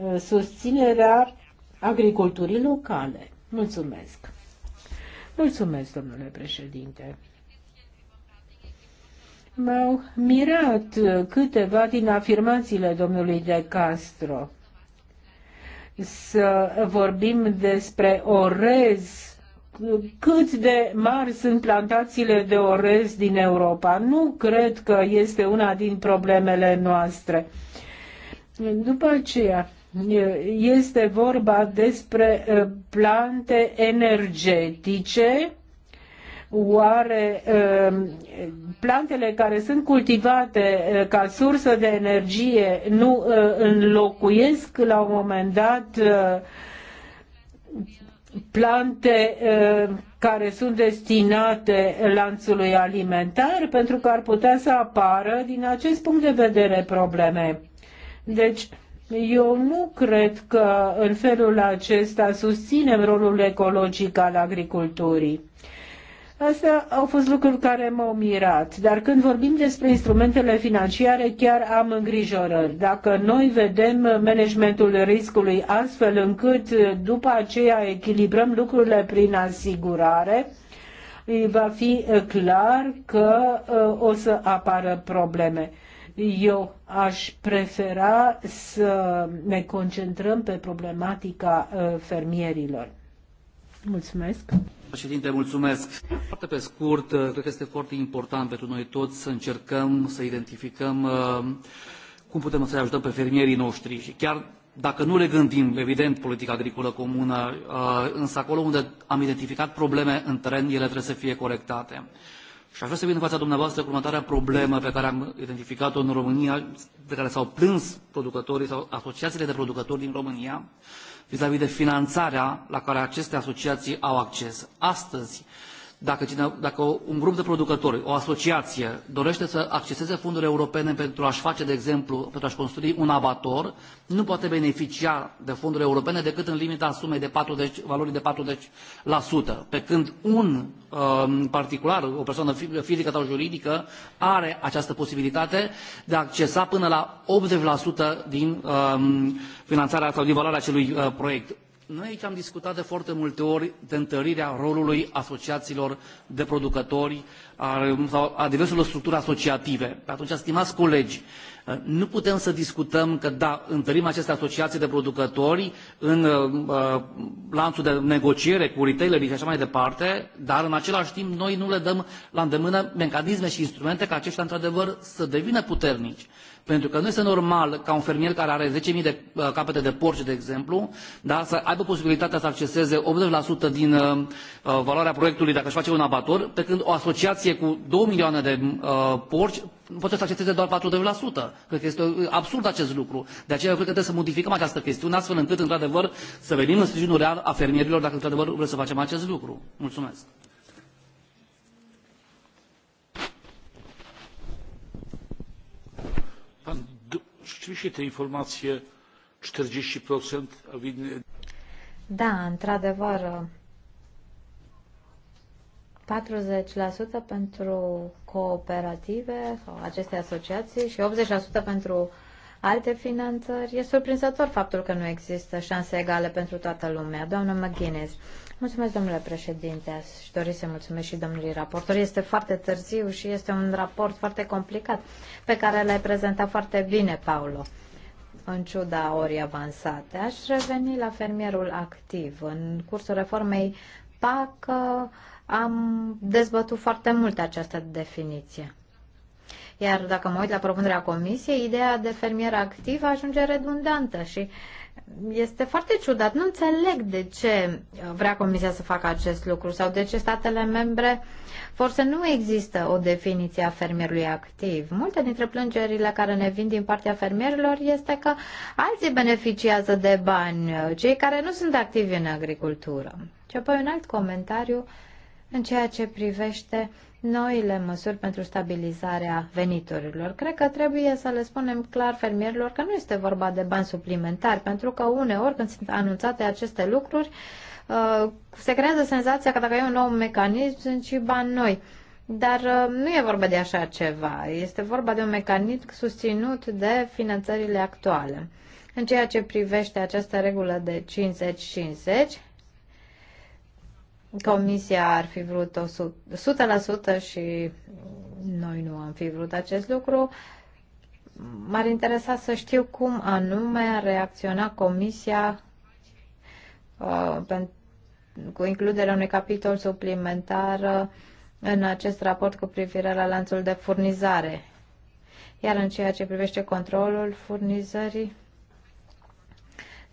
uh, susținerea agriculturii locale. Mulțumesc. Mulțumesc, domnule președinte. M-au mirat câteva din afirmațiile domnului De Castro să vorbim despre orez, cât de mari sunt plantațiile de orez din Europa. Nu cred că este una din problemele noastre. După aceea, este vorba despre eh, plante energetice Oare um, plantele care sunt cultivate uh, ca sursă de energie nu uh, înlocuiesc la un moment dat uh, plante care sunt destinate lanțului alimentar pentru că ar putea să apară din acest punct de vedere probleme. Deci, eu nu cred că în felul acesta susținem rolul ecologic al agriculturii. Astea au fost lucruri care m-au mirat, dar când vorbim despre instrumentele financiare, chiar am îngrijorări. Dacă noi vedem managementul riscului astfel încât după aceea echilibrăm lucrurile prin asigurare, va fi eh, clar că eh, o să apară probleme. Eu aș prefera să ne concentrăm pe problematica eh, fermierilor. Mulțumesc! Președinte, mulțumesc. Foarte pe scurt, uh, cred că este foarte important pentru noi toți să încercăm să identificăm uh, cum putem să ajutăm pe fermierii noștri și chiar dacă nu le gândim, evident, politica agricolă comună, uh, însă acolo unde am identificat probleme în teren, ele trebuie să fie corectate. Și aș vrea să vin în fața dumneavoastră cu următoarea problemă pe care am identificat-o în România, de care s-au plâns producătorii sau asociațiile de producători din România, vis-a-vis de finanțarea la care aceste asociații au acces. Astăzi, dacă, cine, dacă un grup de producători, o asociație, dorește să acceseze fonduri europene pentru a-și face, de exemplu, pentru a-și construi un abator, nu poate beneficia de fonduri europene decât în limita sumei de 40, valorii de 40%, pe când un um, particular, o persoană fizică sau juridică, are această posibilitate de a accesa până la 80% din um, finanțarea sau din valoarea acelui uh, proiect noi aici am discutat de foarte multe ori de întărirea rolului asociațiilor de producători a, sau a diverselor structuri asociative. Atunci, stimați colegi, nu putem să discutăm că, da, întărim aceste asociații de producători în uh, lanțul de negociere cu retailerii și așa mai departe, dar în același timp noi nu le dăm la îndemână mecanisme și instrumente ca aceștia, într-adevăr, să devină puternici. Pentru că nu este normal ca un fermier care are 10.000 de uh, capete de porci, de exemplu, da, să aibă posibilitatea să acceseze 80% din uh, uh, valoarea proiectului dacă își face un abator, pe când o asociație cu 2 milioane de uh, porci poate să acceseze doar 42%. Cred că este uh, absurd acest lucru. De aceea eu cred că trebuie să modificăm această chestiune astfel încât, într-adevăr, să venim în sprijinul real a fermierilor dacă, într-adevăr, vrem să facem acest lucru. Mulțumesc. rzeczywiście te informacje 40%, a w innych... Da, într-adevăr, 40% pentru cooperative sau aceste asociații și 80% pentru alte finanțări. E surprinzător faptul că nu există șanse egale pentru toată lumea. Doamna McGuinness, Mulțumesc, domnule președinte. Aș dori să mulțumesc și domnului raportor. Este foarte târziu și este un raport foarte complicat pe care l-ai prezentat foarte bine, Paulo. În ciuda ori avansate, aș reveni la fermierul activ. În cursul reformei PAC uh, am dezbătut foarte mult această definiție. Iar dacă mă uit la propunerea comisiei, ideea de fermier activ ajunge redundantă și este foarte ciudat. Nu înțeleg de ce vrea Comisia să facă acest lucru sau de ce statele membre vor să nu există o definiție a fermierului activ. Multe dintre plângerile care ne vin din partea fermierilor este că alții beneficiază de bani, cei care nu sunt activi în agricultură. Și apoi un alt comentariu în ceea ce privește uh, noile măsuri pentru stabilizarea veniturilor. Cred că trebuie să le spunem clar fermierilor că nu este vorba de bani suplimentari, pentru că uneori când sunt anunțate aceste lucruri, uh, se creează senzația că dacă e un nou mecanism, sunt și bani noi. Dar uh, nu e vorba de așa ceva. Este vorba de un mecanism susținut de finanțările actuale. În ceea ce privește această regulă de 50-50, Comisia ar fi vrut 100% și noi nu am fi vrut acest lucru. M-ar interesa să știu cum anume a reacționat Comisia uh, cu includerea unui capitol suplimentar uh, în acest raport cu privire la lanțul de furnizare. Iar în ceea ce privește controlul furnizării,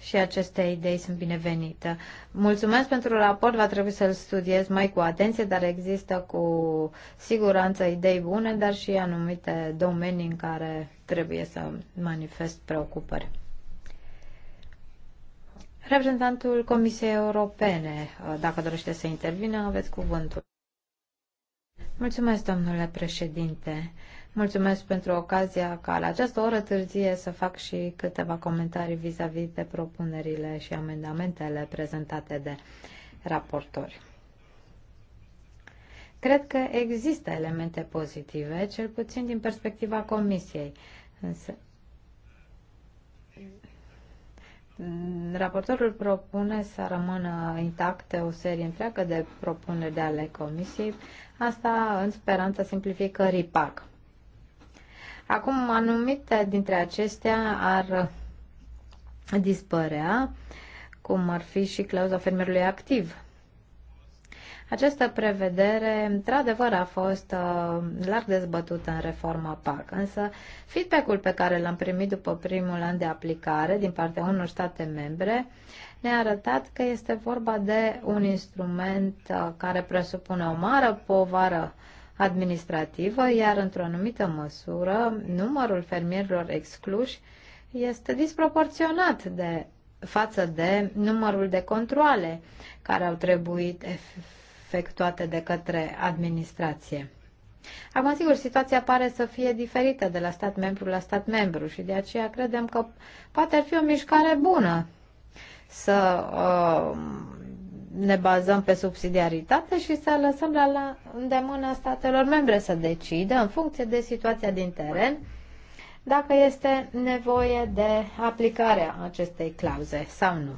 și aceste idei sunt binevenite. Mulțumesc pentru raport, va trebui să-l studiez mai cu atenție, dar există cu siguranță idei bune, dar și anumite domenii în care trebuie să manifest preocupări. Reprezentantul Comisiei Europene, dacă dorește să intervină, aveți cuvântul. Mulțumesc, domnule președinte. Mulțumesc pentru ocazia ca la această oră târzie să fac și câteva comentarii vis-a-vis -vis de propunerile și amendamentele prezentate de raportori. Cred că există elemente pozitive, cel puțin din perspectiva Comisiei. Însă, Raportorul propune să rămână intacte o serie întreagă de propuneri de ale Comisiei, asta în speranța simplificării PAC. Acum, anumite dintre acestea ar dispărea, cum ar fi și clauza fermierului activ. Această prevedere, într-adevăr, a fost uh, larg dezbătută în reforma PAC, însă feedback-ul pe care l-am primit după primul an de aplicare din partea unor state membre ne-a arătat că este vorba de un instrument uh, care presupune o mare povară uh, administrativă, iar într-o anumită măsură numărul fermierilor excluși este disproporționat de față de numărul de controle care au trebuit efectuate de către administrație. Acum, sigur, situația pare să fie diferită de la stat membru la stat membru și de aceea credem că poate ar fi o mișcare bună să uh, ne bazăm pe subsidiaritate și să lăsăm la, la îndemâna statelor membre să decidă în funcție de situația din teren dacă este nevoie de aplicarea acestei clauze sau nu.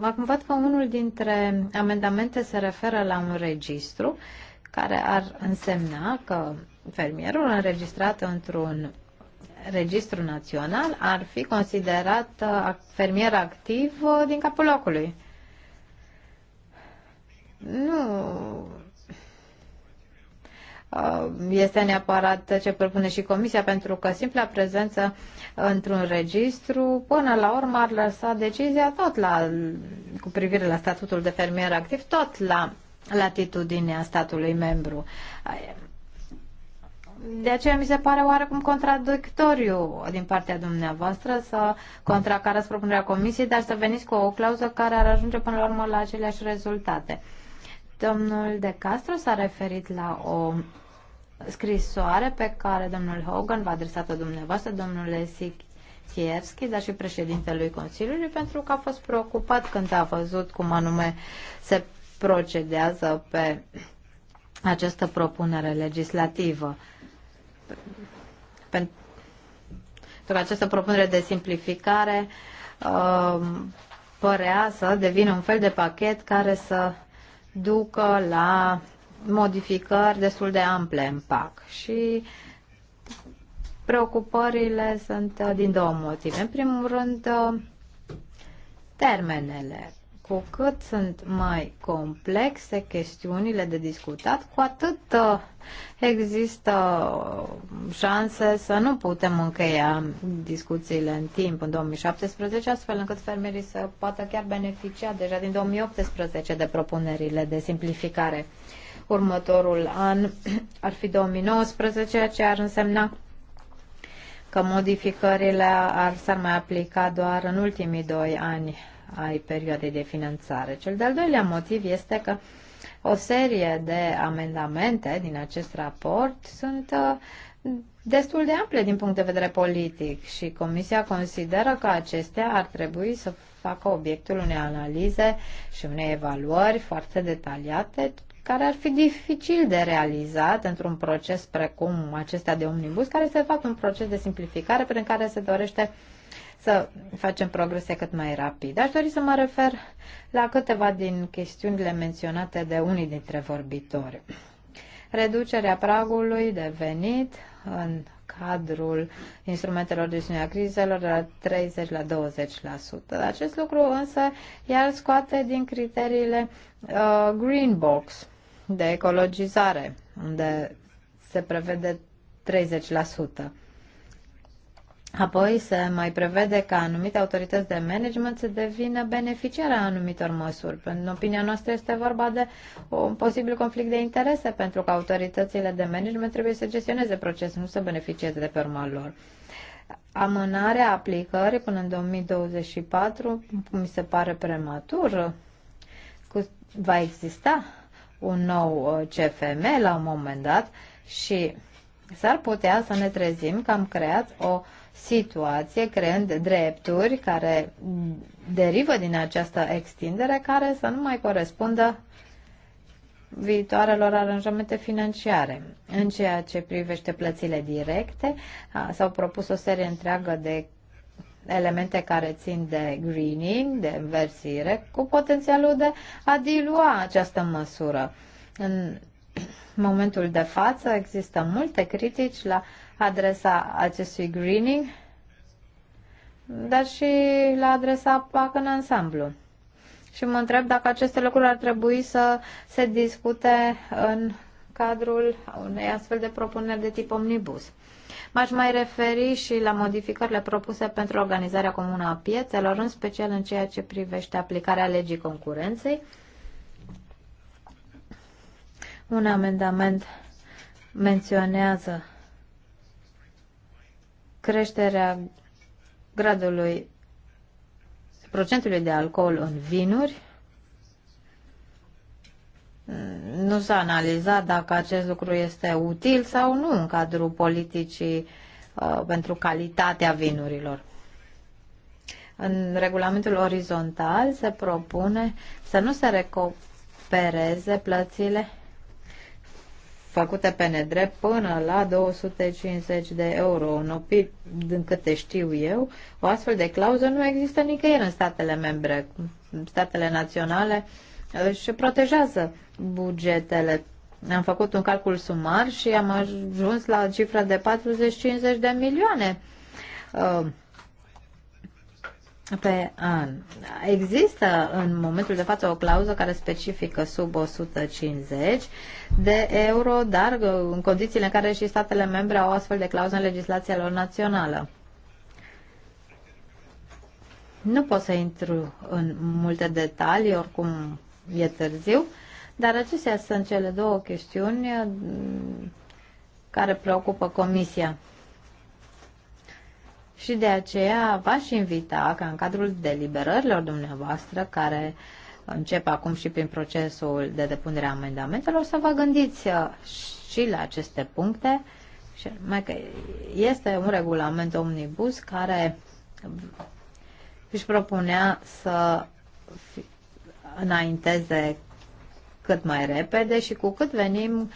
Acum văd că unul dintre amendamente se referă la un registru care ar însemna că fermierul înregistrat într-un registru național ar fi considerat uh, fermier activ uh, din capul locului. Nu uh, este neapărat ce propune și Comisia, pentru că simpla prezență într-un registru, până la urmă ar lăsa decizia tot la, cu privire la statutul de fermier activ, tot la latitudinea statului membru de aceea mi se pare oarecum contradictoriu din partea dumneavoastră să contracarați propunerea comisiei, dar să veniți cu o clauză care ar ajunge până la urmă la aceleași rezultate. Domnul De Castro s-a referit la o scrisoare pe care domnul Hogan v-a adresat-o dumneavoastră, domnule Sierski, dar și președintelui Consiliului, pentru că a fost preocupat când a văzut cum anume se procedează pe această propunere legislativă pentru această propunere de simplificare um, părea să devină un fel de pachet care să ducă la modificări destul de ample în PAC și preocupările sunt uh, din două motive. În primul rând, uh, termenele cu cât sunt mai complexe chestiunile de discutat, cu atât uh, există uh, șanse să nu putem încheia discuțiile în timp în 2017, astfel încât fermierii să poată chiar beneficia deja din 2018 de propunerile de simplificare. Următorul an ar fi 2019, ce ar însemna că modificările ar, s-ar mai aplica doar în ultimii doi ani ai perioadei de finanțare. Cel de-al doilea motiv este că o serie de amendamente din acest raport sunt uh, destul de ample din punct de vedere politic și Comisia consideră că acestea ar trebui să facă obiectul unei analize și unei evaluări foarte detaliate care ar fi dificil de realizat într-un proces precum acesta de omnibus, care se fac un proces de simplificare prin care se dorește să facem progrese cât mai rapid. Aș dori să mă refer la câteva din chestiunile menționate de unii dintre vorbitori. Reducerea pragului de venit în cadrul instrumentelor de gestiune a crizelor de la 30 la 20%. Acest lucru însă iar scoate din criteriile uh, green box de ecologizare, unde se prevede 30%. Apoi se mai prevede ca anumite autorități de management să devină beneficiare a anumitor măsuri. În opinia noastră este vorba de un posibil conflict de interese, pentru că autoritățile de management trebuie să gestioneze procesul, nu să beneficieze de pe urma lor. Amânarea aplicării până în 2024 mi se pare prematur. Cu, va exista un nou uh, CFM la un moment dat și s-ar putea să ne trezim că am creat o situație, creând drepturi care derivă din această extindere, care să nu mai corespundă viitoarelor aranjamente financiare. În ceea ce privește plățile directe, s-au propus o serie întreagă de elemente care țin de greening, de înversire, cu potențialul de a dilua această măsură. În momentul de față există multe critici la adresa acestui greening, dar și la adresa PAC în ansamblu. Și mă întreb dacă aceste lucruri ar trebui să se discute în cadrul unei astfel de propuneri de tip omnibus. M-aș mai referi și la modificările propuse pentru organizarea comună a piețelor, în special în ceea ce privește aplicarea legii concurenței, un amendament menționează creșterea gradului procentului de alcool în vinuri. Nu s-a analizat dacă acest lucru este util sau nu în cadrul politicii uh, pentru calitatea vinurilor. În regulamentul orizontal se propune să nu se recupereze plățile făcute pe nedrept până la 250 de euro. În opi, din câte știu eu, o astfel de clauză nu există nicăieri în statele membre. Statele naționale își protejează bugetele. Am făcut un calcul sumar și am ajuns la cifra de 40-50 de milioane. Uh, pe an. Există în momentul de față o clauză care specifică sub 150 de euro, dar în condițiile în care și statele membre au astfel de clauză în legislația lor națională. Nu pot să intru în multe detalii, oricum e târziu, dar acestea sunt cele două chestiuni mm, care preocupă Comisia. Și de aceea v-aș invita ca în cadrul deliberărilor dumneavoastră, care încep acum și prin procesul de depunere a amendamentelor, să vă gândiți uh, și la aceste puncte. Și mai că este un regulament omnibus care își propunea să înainteze cât mai repede și cu cât venim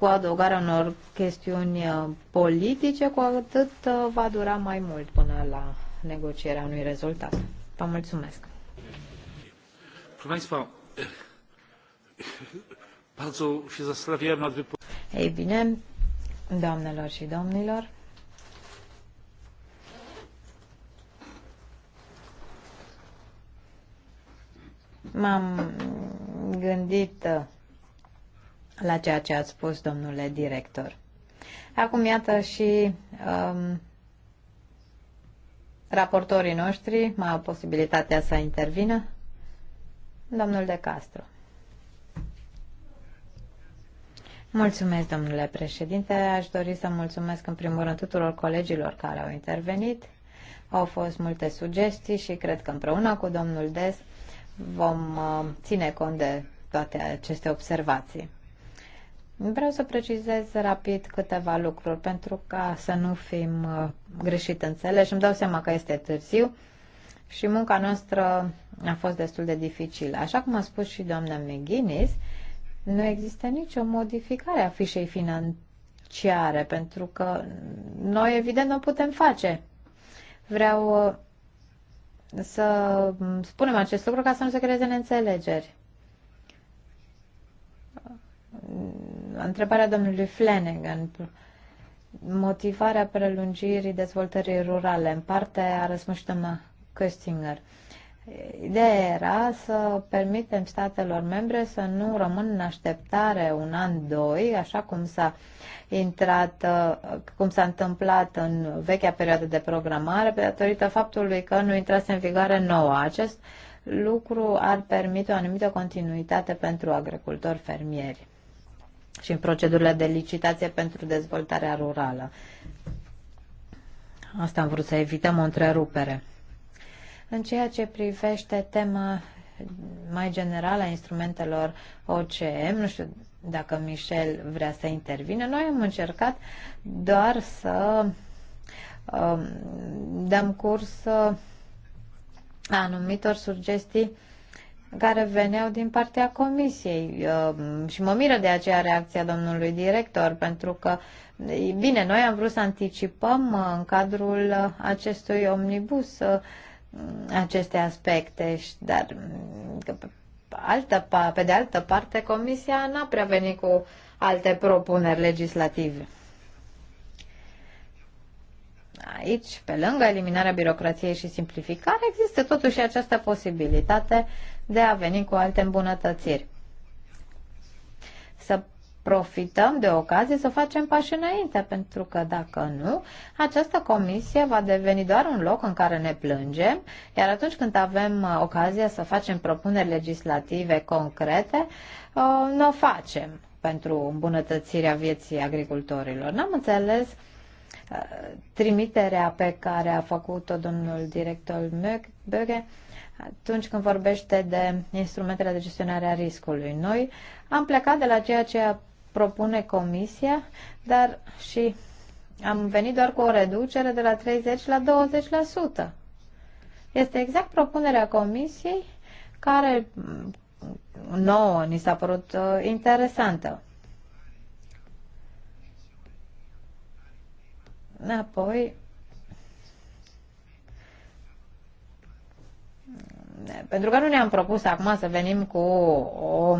cu adăugarea unor chestiuni uh, politice, cu atât uh, va dura mai mult până la negocierea unui rezultat. Vă mulțumesc. Eh, Ei bine, doamnelor și domnilor, m-am gândit uh, la ceea ce ați spus, domnule director. Acum, iată și um, raportorii noștri mai au posibilitatea să intervină. Domnul De Castro. Mulțumesc, domnule președinte. Aș dori să mulțumesc în primul rând tuturor colegilor care au intervenit. Au fost multe sugestii și cred că împreună cu domnul Des vom uh, ține cont de toate aceste observații. Vreau să precizez rapid câteva lucruri pentru ca să nu fim uh, greșit înțeleși. Îmi dau seama că este târziu și munca noastră a fost destul de dificilă. Așa cum a spus și doamna McGuinness, nu există nicio modificare a fișei financiare pentru că noi evident o putem face. Vreau uh, să mm, spunem acest lucru ca să nu se creeze neînțelegeri. Întrebarea domnului Flanagan, motivarea prelungirii dezvoltării rurale, în parte a răspuns doamna Köstinger. Ideea era să permitem statelor membre să nu rămână în așteptare un an, doi, așa cum s-a intrat, uh, cum s-a întâmplat în vechea perioadă de programare, pe datorită faptului că nu intrase în vigoare nouă. Acest lucru ar permite o anumită continuitate pentru agricultori fermieri și în procedurile de licitație pentru dezvoltarea rurală. Asta am vrut să evităm o întrerupere. În ceea ce privește tema mai generală a instrumentelor OCM, nu știu dacă Michel vrea să intervine. noi am încercat doar să um, dăm curs uh, anumitor sugestii care veneau din partea comisiei uh, și mă miră de aceea reacția domnului director, pentru că, eh, bine, noi am vrut să anticipăm uh, în cadrul uh, acestui omnibus aceste aspecte, dar mm, altă, pe de altă parte comisia n-a prea venit cu alte propuneri legislative. Aici, pe lângă eliminarea birocrației și simplificare, există totuși această posibilitate uh, de a veni cu alte îmbunătățiri. Să profităm de ocazie să facem pași înainte, pentru că dacă nu, această comisie va deveni doar un loc în care ne plângem, iar atunci când avem uh, ocazia să facem propuneri legislative concrete, uh, nu o facem pentru îmbunătățirea vieții agricultorilor. N-am înțeles uh, trimiterea pe care a făcut-o domnul director Böge atunci când vorbește de instrumentele de gestionare a riscului. Noi am plecat de la ceea ce propune Comisia, dar și am venit doar cu o reducere de la 30 la 20%. Este exact propunerea Comisiei care mm, nouă ni s-a părut uh, interesantă. Apoi, pentru că nu ne-am propus acum să venim cu o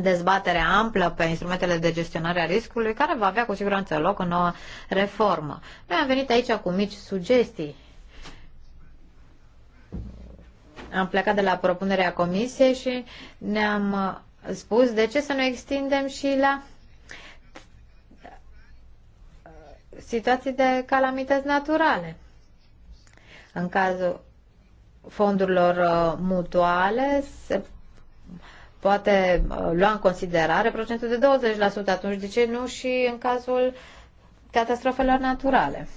dezbatere amplă pe instrumentele de gestionare a riscului, care va avea cu siguranță loc o nouă reformă. Noi am venit aici cu mici sugestii. Am plecat de la propunerea comisiei și ne-am uh, spus de ce să nu extindem și la uh, situații de calamități naturale. În cazul fondurilor uh, mutuale se poate uh, lua în considerare procentul de 20%, atunci de ce nu și în cazul catastrofelor naturale?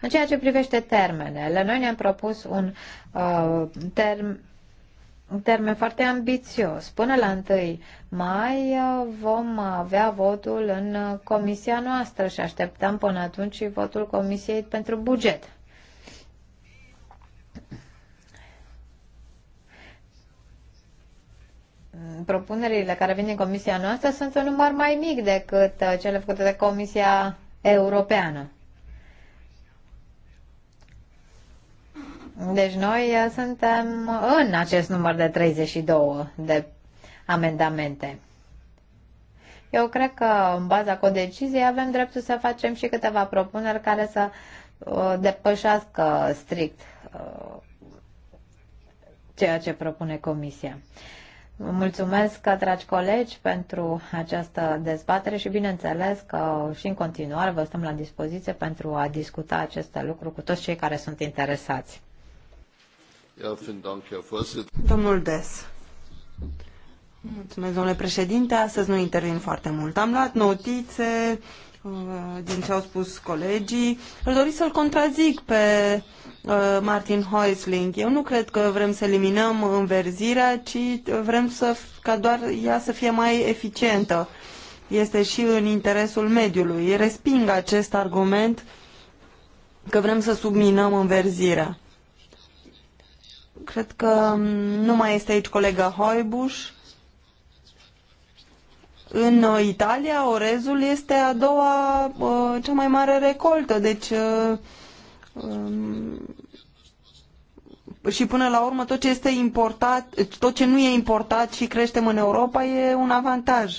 În ceea ce privește termenele, noi ne-am propus un uh, term, un termen foarte ambițios. Până la 1 mai uh, vom avea votul în comisia noastră și așteptăm până atunci votul Comisiei pentru Buget. propunerile care vin din comisia noastră sunt un număr mai mic decât uh, cele făcute de Comisia Europeană. Deci noi uh, suntem în acest număr de 32 de amendamente. Eu cred că în baza codeciziei avem dreptul să facem și câteva propuneri care să uh, depășească strict ceea ce propune Comisia. Mulțumesc, dragi colegi, pentru această dezbatere și bineînțeles că și în continuare vă stăm la dispoziție pentru a discuta aceste lucruri cu toți cei care sunt interesați. Domnul Des. Mulțumesc, domnule președinte. Astăzi nu intervin foarte mult. Am luat notițe Uh, din ce au spus colegii. Îl dori să-l contrazic pe uh, Martin Heusling. Eu nu cred că vrem să eliminăm înverzirea, ci uh, vrem să, ca doar ea să fie mai eficientă. Este și în interesul mediului. Resping acest argument că vrem să subminăm înverzirea. Cred că mm, nu mai este aici colega Hoibuș. În uh, Italia, orezul este a doua uh, cea mai mare recoltă, deci uh, um, și până la urmă tot ce este importat, tot ce nu e importat și creștem în Europa e un avantaj.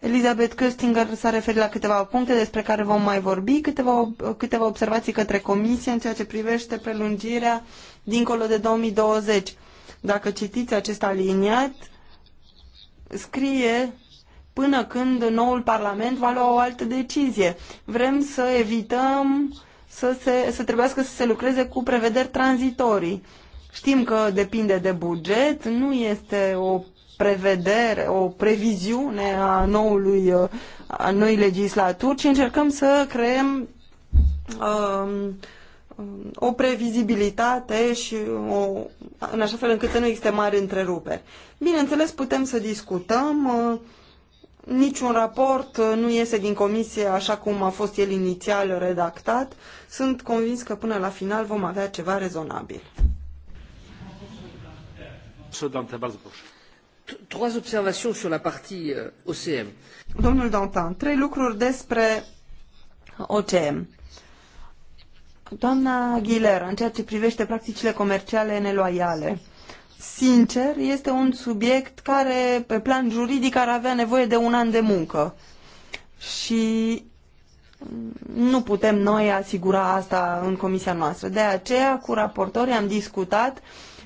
Elizabeth Köstinger s-a referit la câteva puncte despre care vom mai vorbi, câteva, câteva observații către comisie în ceea ce privește prelungirea dincolo de 2020. Dacă citiți acest aliniat, scrie până când noul Parlament va lua o altă decizie. Vrem să evităm să, se, să trebuiască să se lucreze cu prevederi tranzitorii. Știm că depinde de buget, nu este o prevedere, o previziune a noului, a noi legislaturi, ci încercăm să creăm um, um, o previzibilitate și o, în așa fel încât să nu existe mari întreruperi. Bineînțeles, putem să discutăm uh, Niciun raport uh, nu iese din comisie așa cum a fost el inițial redactat. Sunt convins că până la final vom avea ceva rezonabil. Euh, Domnul Dantan, trei lucruri despre OCM. Doamna Aguilera, în ceea ce privește practicile comerciale neloiale, sincer, este un subiect care, pe plan juridic, ar avea nevoie de un an de muncă. Și nu putem noi asigura asta în comisia noastră. De aceea, cu raportorii am discutat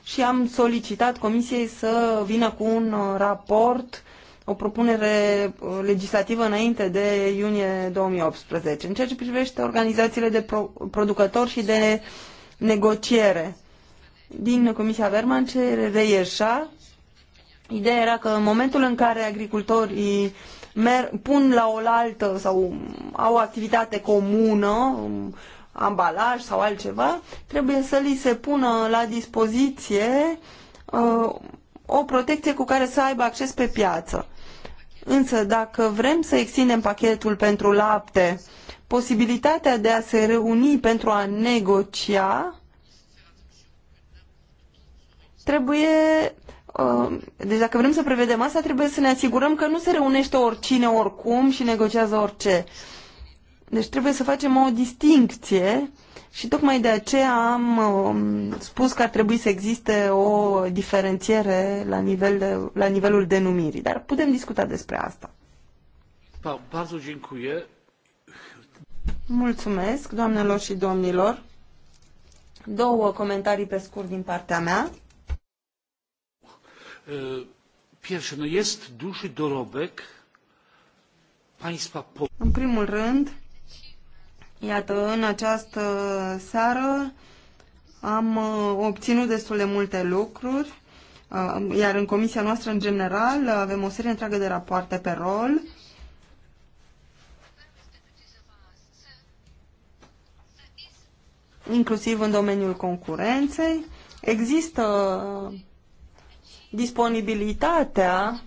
și am solicitat comisiei să vină cu un raport, o propunere legislativă înainte de iunie 2018, în ceea ce privește organizațiile de producători și de negociere din Comisia Verman, ce reieșa. Ideea era că în momentul în care agricultorii mer- pun la oaltă sau au o activitate comună, um, ambalaj sau altceva, trebuie să li se pună la dispoziție uh, o protecție cu care să aibă acces pe piață. Însă, dacă vrem să extindem pachetul pentru lapte, posibilitatea de a se reuni pentru a negocia trebuie uh, deci dacă vrem să prevedem asta, trebuie să ne asigurăm că nu se reunește oricine oricum și negociază orice. Deci trebuie să facem o distincție și tocmai de aceea am um, spus că ar trebui să existe o diferențiere la, nivel de, la nivelul denumirii, dar putem discuta despre asta. Mulțumesc, doamnelor și domnilor. Două comentarii pe scurt din partea mea. Pierwsze, no jest duży dorobek państwa În primul rând, iată, în această seară am obținut destul de multe lucruri, iar în comisia noastră, în general, avem o serie întreagă de rapoarte pe rol. inclusiv în domeniul concurenței. Există disponibilitatea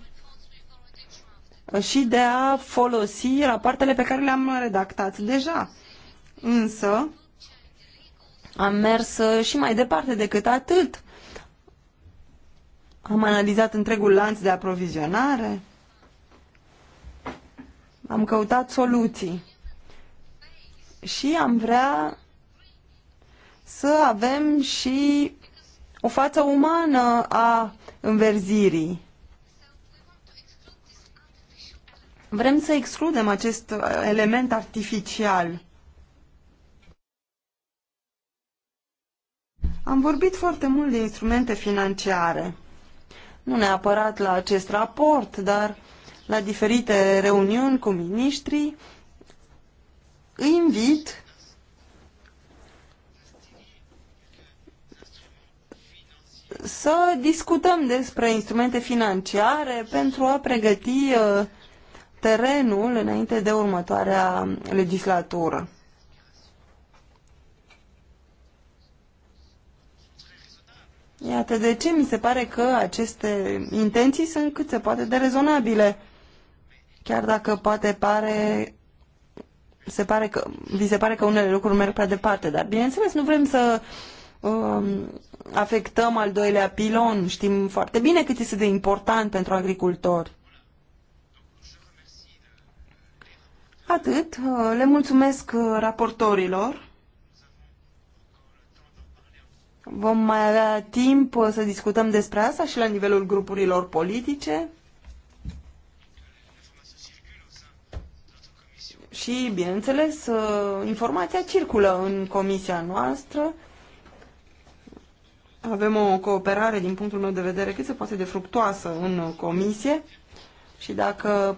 și de a folosi rapoartele pe care le-am redactat deja. Însă, am mers uh, și mai departe decât atât. Am analizat întregul lanț de aprovizionare. Am căutat soluții. Și am vrea să avem și o față umană a înverzirii. Vrem să excludem acest element artificial. Am vorbit foarte mult de instrumente financiare. Nu neapărat la acest raport, dar la diferite reuniuni cu miniștrii, îi invit să discutăm despre instrumente financiare pentru a pregăti uh, terenul înainte de următoarea legislatură. Iată de ce mi se pare că aceste intenții sunt cât se poate de rezonabile. Chiar dacă poate pare se pare că, vi se pare că unele lucruri merg prea departe, dar bineînțeles nu vrem să um, afectăm al doilea pilon. Știm foarte bine cât este de important pentru agricultori. Atât. Le mulțumesc uh, raportorilor. Vom mai avea timp uh, să discutăm despre asta și la nivelul grupurilor politice. Și, bineînțeles, uh, informația circulă în comisia noastră. Avem o cooperare, din punctul meu de vedere, cât se poate de fructoasă în comisie și dacă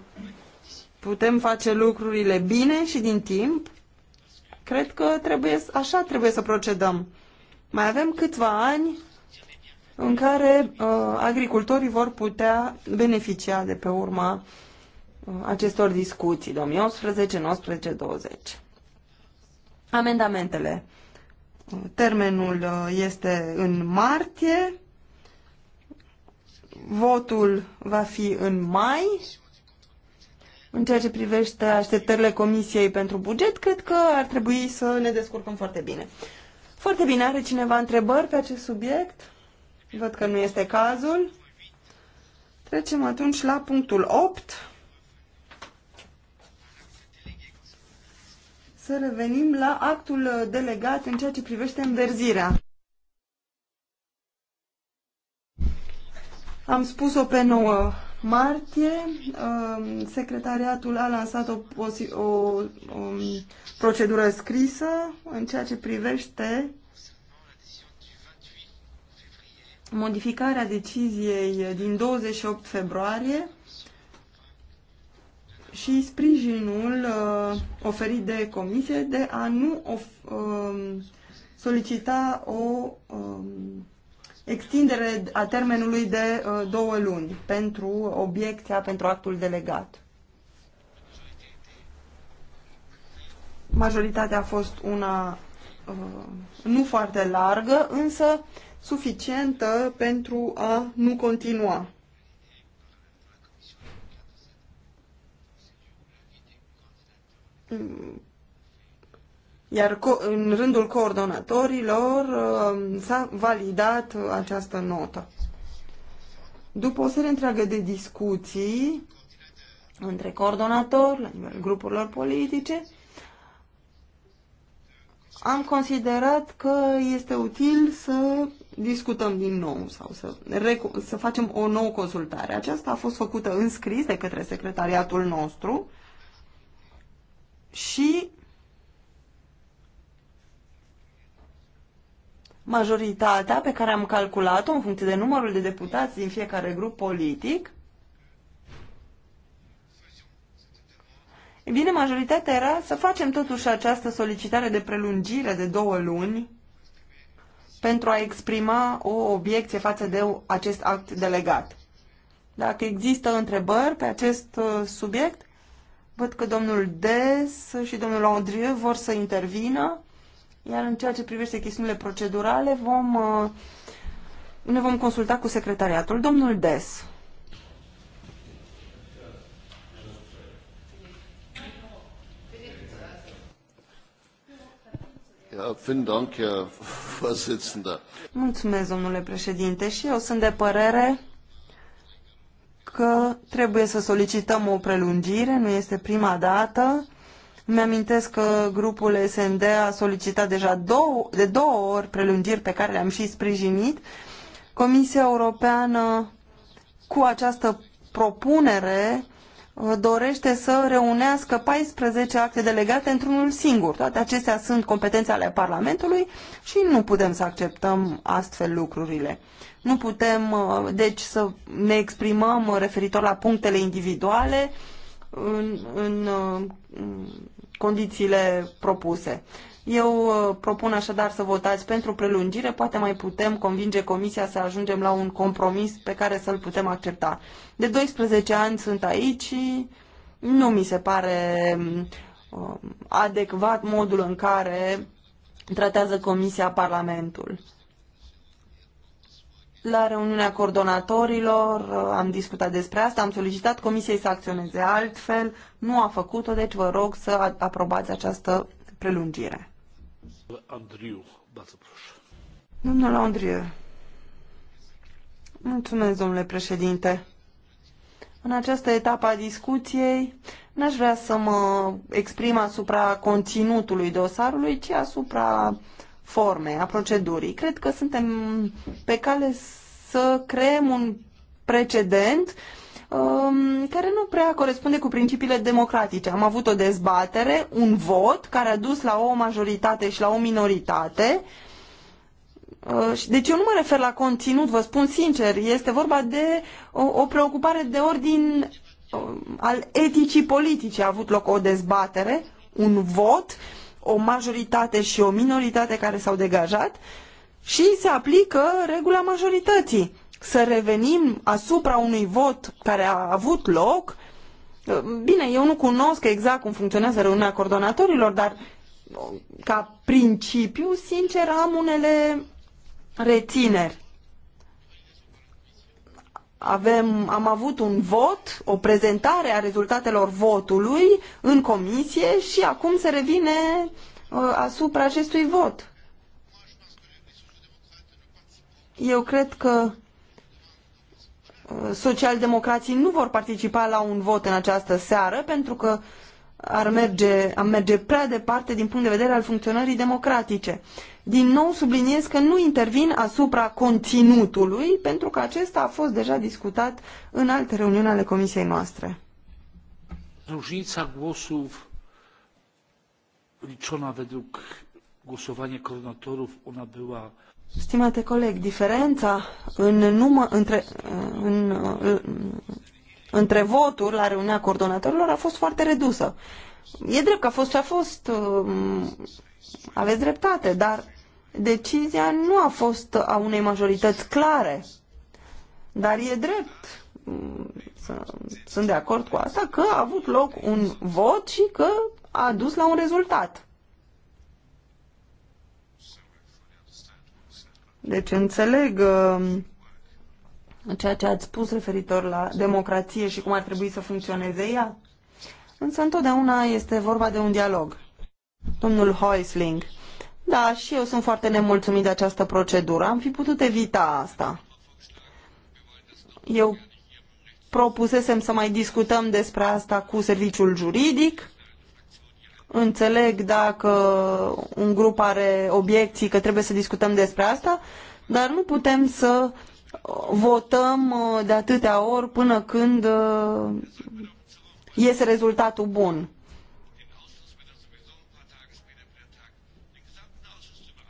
putem face lucrurile bine și din timp, cred că trebuie, așa trebuie să procedăm. Mai avem câțiva ani în care uh, agricultorii vor putea beneficia de pe urma uh, acestor discuții 2018, 19, 20. Amendamentele. Termenul uh, este în martie. Votul va fi în mai. În ceea ce privește așteptările Comisiei pentru buget, cred că ar trebui să ne descurcăm foarte bine. Foarte bine, are cineva întrebări pe acest subiect? Văd că nu este cazul. Trecem atunci la punctul 8. să revenim la actul delegat în ceea ce privește înverzirea. Am spus-o pe 9 martie. Um, secretariatul a lansat o, o, o um, procedură scrisă în ceea ce privește modificarea deciziei din 28 februarie și sprijinul uh, oferit de comisie de a nu of, uh, solicita o uh, extindere a termenului de uh, două luni pentru obiecția pentru actul delegat. Majoritatea a fost una uh, nu foarte largă, însă suficientă pentru a nu continua. iar în rândul coordonatorilor um, s-a validat această notă. După o serie întreagă de discuții între coordonatori, la nivel grupurilor politice, am considerat că este util să discutăm din nou sau să, să facem o nouă consultare. Aceasta a fost făcută în scris de către secretariatul nostru și majoritatea pe care am calculat-o în funcție de numărul de deputați din fiecare grup politic, bine, majoritatea era să facem totuși această solicitare de prelungire de două luni pentru a exprima o obiecție față de acest act delegat. Dacă există întrebări pe acest uh, subiect, Văd că domnul Des și domnul Andrieu vor să intervină, iar în ceea ce privește chestiunile procedurale vom, uh, ne vom consulta cu secretariatul. Domnul Des. Mulțumesc, domnule președinte, și eu sunt de părere că trebuie să solicităm o prelungire, nu este prima dată. Îmi amintesc că grupul SND a solicitat deja două, de două ori prelungiri pe care le-am și sprijinit. Comisia Europeană cu această propunere dorește să reunească 14 acte delegate într-unul singur. Toate acestea sunt competențe ale Parlamentului și nu putem să acceptăm astfel lucrurile. Nu putem, uh, deci, să ne exprimăm referitor la punctele individuale în, în, uh, în condițiile propuse. Eu uh, propun așadar să votați pentru prelungire, poate mai putem convinge Comisia să ajungem la un compromis pe care să-l putem accepta. De 12 ani sunt aici și nu mi se pare uh, adecvat modul în care tratează Comisia Parlamentul. La reuniunea coordonatorilor uh, am discutat despre asta, am solicitat Comisiei să acționeze altfel, nu a făcut-o, deci vă rog să aprobați această prelungire domnule președinte. În această etapă a discuției n-aș vrea să mă exprim asupra conținutului dosarului, ci asupra formei, a procedurii. Cred că suntem pe cale să creăm un precedent uh, Um, care nu prea corespunde cu principiile democratice. Am avut o dezbatere, un vot care a dus la o majoritate și la o minoritate. Uh, deci eu nu mă refer la conținut, vă spun sincer, este vorba de o, o preocupare de ordin uh, al eticii politice. A avut loc o dezbatere, un vot, o majoritate și o minoritate care s-au degajat și se aplică regula majorității să revenim asupra unui vot care a avut loc. Bine, eu nu cunosc exact cum funcționează reuniunea coordonatorilor, dar ca principiu, sincer, am unele rețineri. Avem, am avut un vot, o prezentare a rezultatelor votului în comisie și acum se revine uh, asupra acestui vot. Eu cred că socialdemocrații nu vor participa la un vot în această seară pentru că ar merge, am merge prea departe din punct de vedere al funcționării democratice. Din nou subliniez că nu intervin asupra conținutului, pentru că acesta a fost deja discutat în alte reuniuni ale comisiei noastre. Różnica głosów liczona według głosowania koordynatorów, ona była Stimate coleg, diferența în numă, între, în, între voturi la reuniunea coordonatorilor a fost foarte redusă. E drept că a fost ce a fost, um, aveți dreptate, dar decizia nu a fost a unei majorități clare. Dar e drept, um, sunt de acord cu asta, că a avut loc un vot și că a dus la un rezultat. Deci înțeleg um, ceea ce ați spus referitor la democrație și cum ar trebui să funcționeze ea, însă întotdeauna este vorba de un dialog. Domnul Heusling, da, și eu sunt foarte nemulțumit de această procedură. Am fi putut evita asta. Eu propusesem să mai discutăm despre asta cu serviciul juridic Înțeleg dacă un grup are obiecții că trebuie să discutăm despre asta, dar nu putem să votăm uh, de atâtea ori până când uh, iese rezultatul bun.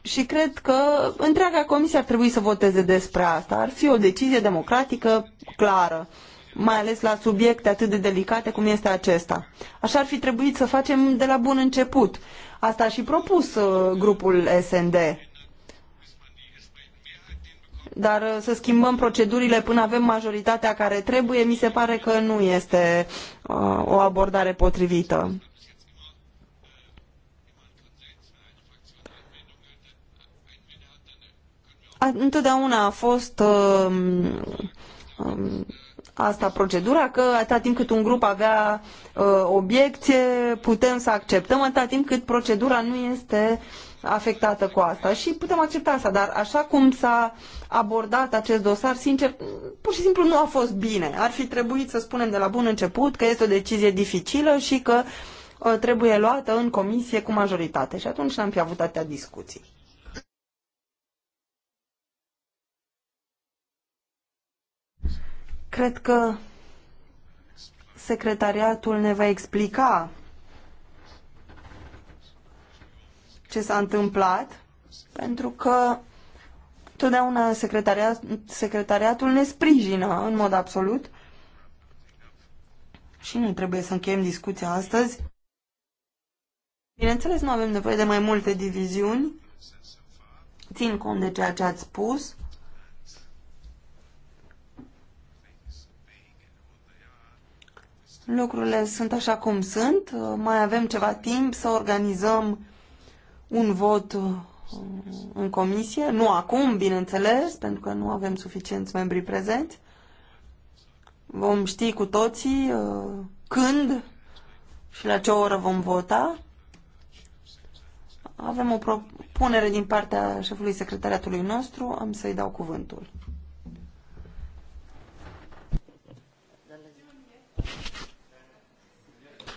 Și cred că întreaga comisie ar trebui să voteze despre asta. Ar fi o decizie democratică clară mai ales la subiecte atât de delicate cum este acesta. Așa ar fi trebuit să facem de la bun început. Asta a și propus uh, grupul SND. Dar uh, să schimbăm procedurile până avem majoritatea care trebuie, mi se pare că nu este uh, o abordare potrivită. întotdeauna a fost uh, asta procedura, că atâta timp cât un grup avea uh, obiecție, putem să acceptăm, atâta timp cât procedura nu este afectată cu asta și putem accepta asta, dar așa cum s-a abordat acest dosar, sincer, pur și simplu nu a fost bine. Ar fi trebuit să spunem de la bun început că este o decizie dificilă și că uh, trebuie luată în comisie cu majoritate și atunci n-am fi avut atâtea discuții. Cred că secretariatul ne va explica ce s-a întâmplat, pentru că totdeauna secretariat, secretariatul ne sprijină în mod absolut și nu trebuie să încheiem discuția astăzi. Bineînțeles, nu avem nevoie de mai multe diviziuni. Țin cont de ceea ce ați spus. Lucrurile sunt așa cum sunt. Mai avem ceva timp să organizăm un vot uh, în comisie. Nu acum, bineînțeles, pentru că nu avem suficienți membri prezenți. Vom ști cu toții uh, când și la ce oră vom vota. Avem o propunere din partea șefului secretariatului nostru. Am să-i dau cuvântul.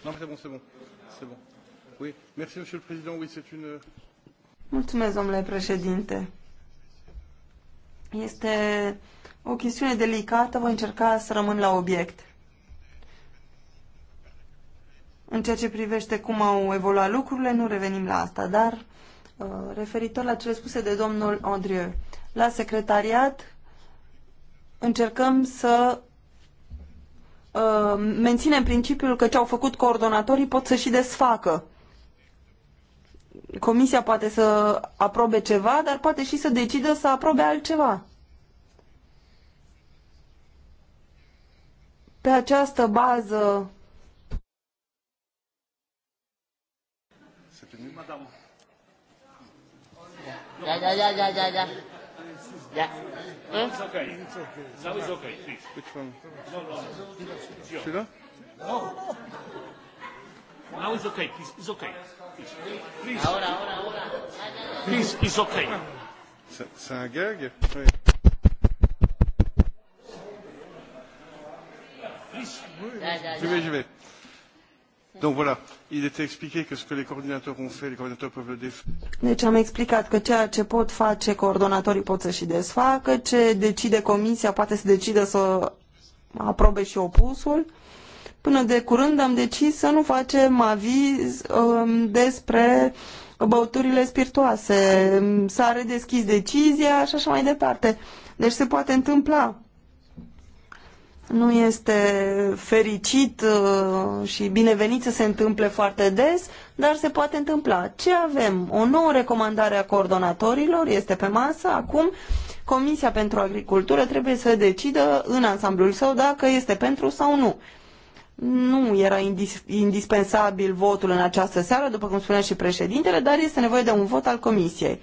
Non, mais c'est bon, c'est bon. C'est bon. Oui, merci, Monsieur le Président. Oui, c'est une... Mulțumesc, domnule președinte. Este o chestiune delicată, voi încerca să rămân la obiect. În ceea ce privește cum au evoluat lucrurile, nu revenim la asta, dar uh, referitor la cele spuse de domnul Andrieu, la secretariat încercăm să Uh, menținem principiul că ce au făcut coordonatorii pot să și desfacă. Comisia poate să aprobe ceva, dar poate și să decidă să aprobe altceva. Pe această bază Da, da, da, da, da, da. Yeah. Huh? It's okay. It's okay. Now it's okay, please. Which one? No, no. no. Should I? No. Now it's okay, please. It's okay. Please. please. Ahora, ahora, ahora. Please, it's okay. C'est un gag oui. J'y vais, j'y vais. Donc voilà, il était expliqué que ce que les coordinateurs ont fait, les coordinateurs peuvent le défaire. Deci am explicat că ceea ce pot face coordonatorii pot să și desfacă, ce decide comisia poate să decide să aprobe și opusul. Până de curând am decis să nu facem aviz um, despre băuturile spiritoase. S-a redeschis decizia și așa mai departe. Deci se poate întâmpla nu este fericit uh, și binevenit să se întâmple foarte des, dar se poate întâmpla. Ce avem? O nouă recomandare a coordonatorilor este pe masă. Acum Comisia pentru Agricultură trebuie să decidă în ansamblul său dacă este pentru sau nu. Nu era indis indispensabil votul în această seară, după cum spunea și președintele, dar este nevoie de un vot al Comisiei.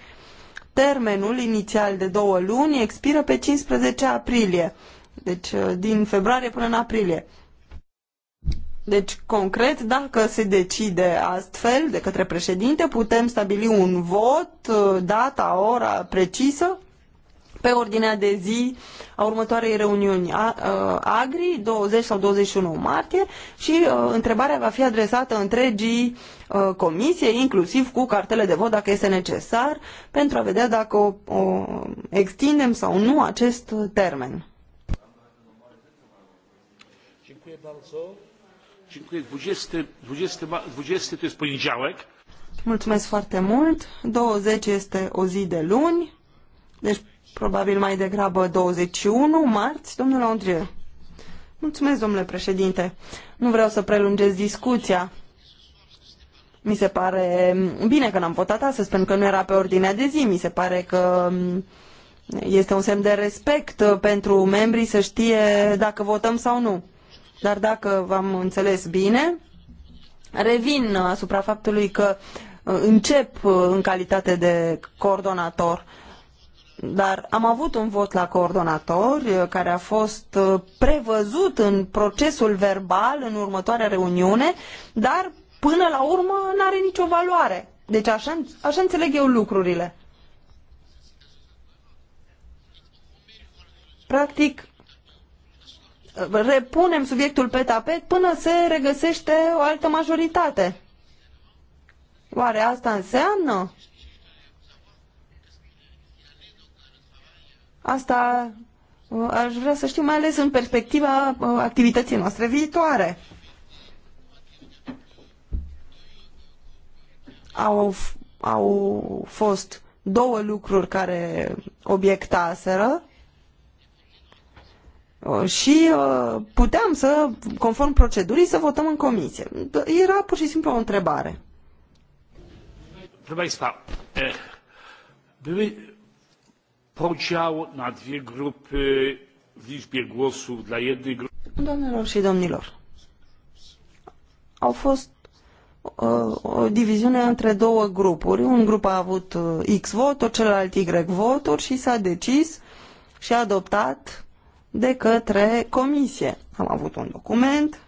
Termenul inițial de două luni expiră pe 15 aprilie deci, uh, din februarie până în aprilie. Deci, concret, dacă se decide astfel de către președinte, putem stabili un vot, uh, data, ora precisă, pe ordinea de zi a următoarei reuniuni a, uh, Agri, 20 sau 21 martie, și întrebarea va fi adresată întregii comisie, inclusiv cu cartele de vot, dacă este necesar, pentru a vedea dacă o, o extindem sau nu acest termen. Dziękuję. 20, 20, 20 to jest poniedziałek. Mulțumesc foarte mult. 20 este o zi de luni, deci probabil mai degrabă 21, marți, domnule Andrie. Mulțumesc, domnule președinte. Nu vreau să prelungesc discuția. Mi se pare bine că n-am votat astăzi, pentru că nu era pe ordinea de zi. Mi se pare că este un semn de respect pentru membrii să știe dacă votăm sau nu. Dar dacă v-am înțeles bine, revin asupra faptului că uh, încep uh, în calitate de coordonator dar am avut un vot la coordonatori uh, care a fost prevăzut în procesul verbal în următoarea reuniune, dar până la urmă nu are nicio valoare. Deci așa, așa înțeleg eu lucrurile. Practic, repunem subiectul pe tapet până se regăsește o altă majoritate. Oare asta înseamnă? Asta uh, aș vrea să știu, mai ales în perspectiva uh, activității noastre viitoare. Au, au fost două lucruri care obiectaseră Uh, și uh, puteam să, conform procedurii, să votăm în comisie. Era pur și simplu o întrebare. Proszę Państwa, były podział na dwie grupy w liczbie głosów dla jednej grupy. Doamnelor și domnilor, au fost uh, o diviziune între două grupuri. Un grup a avut uh, X voturi, celălalt Y voturi și s-a decis și a adoptat de către comisie. Am avut un document,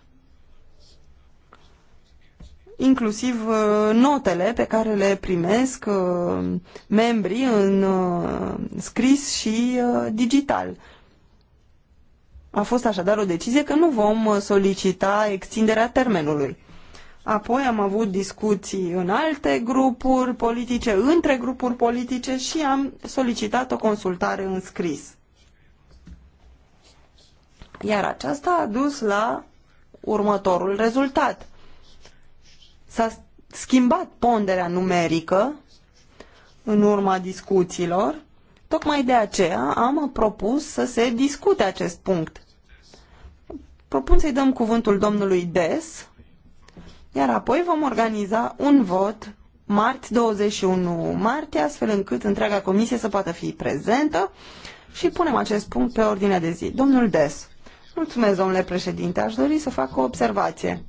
inclusiv uh, notele pe care le primesc uh, membrii în uh, scris și digital. A fost așadar o decizie că nu vom solicita extinderea termenului. Apoi am avut discuții în alte grupuri politice, între grupuri politice și am solicitat o consultare în scris. Iar aceasta a dus la următorul rezultat. S-a schimbat ponderea numerică în urma discuțiilor, tocmai de aceea am propus să se discute acest punct. Propun să-i dăm cuvântul domnului Des, iar apoi vom organiza un vot marți 21 martie, astfel încât întreaga comisie să poată fi prezentă și punem acest punct pe ordinea de zi. Domnul Des. Mulțumesc, domnule președinte. Aș dori să fac o observație.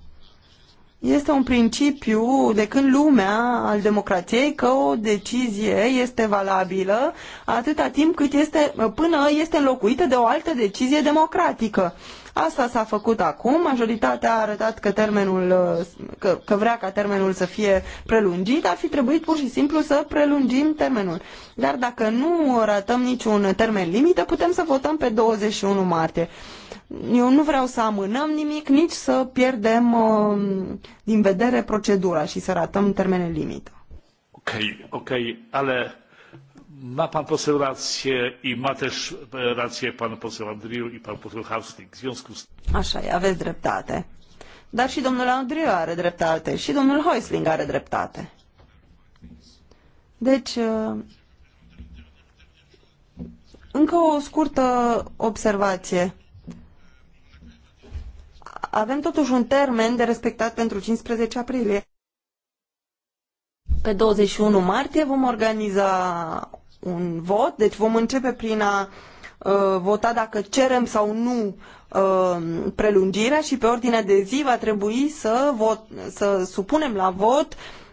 Este un principiu de când lumea al democrației că o decizie este valabilă atâta timp cât este, până este înlocuită de o altă decizie democratică. Asta s-a făcut acum, majoritatea a arătat că, termenul, că, că vrea ca termenul să fie prelungit, ar fi trebuit pur și simplu să prelungim termenul. Dar dacă nu ratăm niciun termen limită, putem să votăm pe 21 martie. Eu nu vreau să amânăm nimic, nici să pierdem uh, din vedere procedura și să ratăm termenul limită. Ok, ok, ale ma pan poseł rację i ma też rację pan poseł Andriu i pan poseł Hausnik. W związku z Așa e, aveți dreptate. Dar și domnul Andriu are dreptate și domnul Heusling are dreptate. Deci, încă o scurtă observație. Avem totuși un termen de respectat pentru 15 aprilie. Pe 21 martie vom organiza un vot, deci vom începe prin a uh, vota dacă cerem sau nu uh, prelungirea și pe ordinea de zi va trebui să, vot, să supunem la vot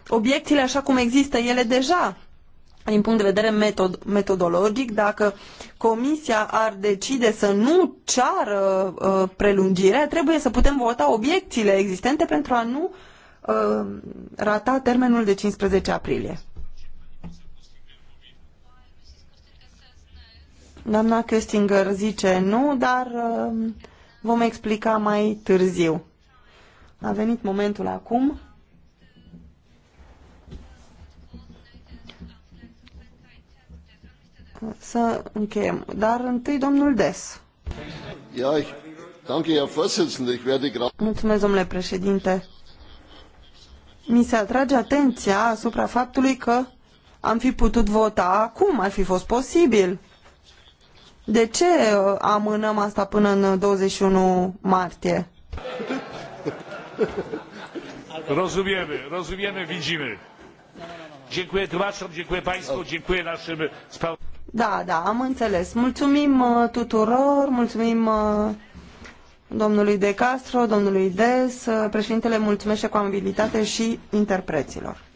obiecțiile așa cum există ele deja din punct de vedere metod, metodologic, dacă comisia ar decide să nu ceară uh, prelungirea, trebuie să putem vota obiecțiile existente pentru a nu uh, rata termenul de 15 aprilie. Doamna Köstinger zice nu, dar uh, vom explica mai târziu. A venit momentul acum. Să încheiem. Dar întâi domnul Des. Mulțumesc, domnule președinte. Mi se atrage atenția asupra faptului că am fi putut vota acum, ar fi fost posibil de ce uh, amânăm asta până în 21 uh, martie? Rozumiemy, rozumiemy, widzimy. Dziękuję tłumaczom, dziękuję Państwu, dziękuję naszym Da, da, am înțeles. Mulțumim uh, tuturor, mulțumim domnului De Castro, domnului Des, președintele mulțumește cu amabilitate și interpreților.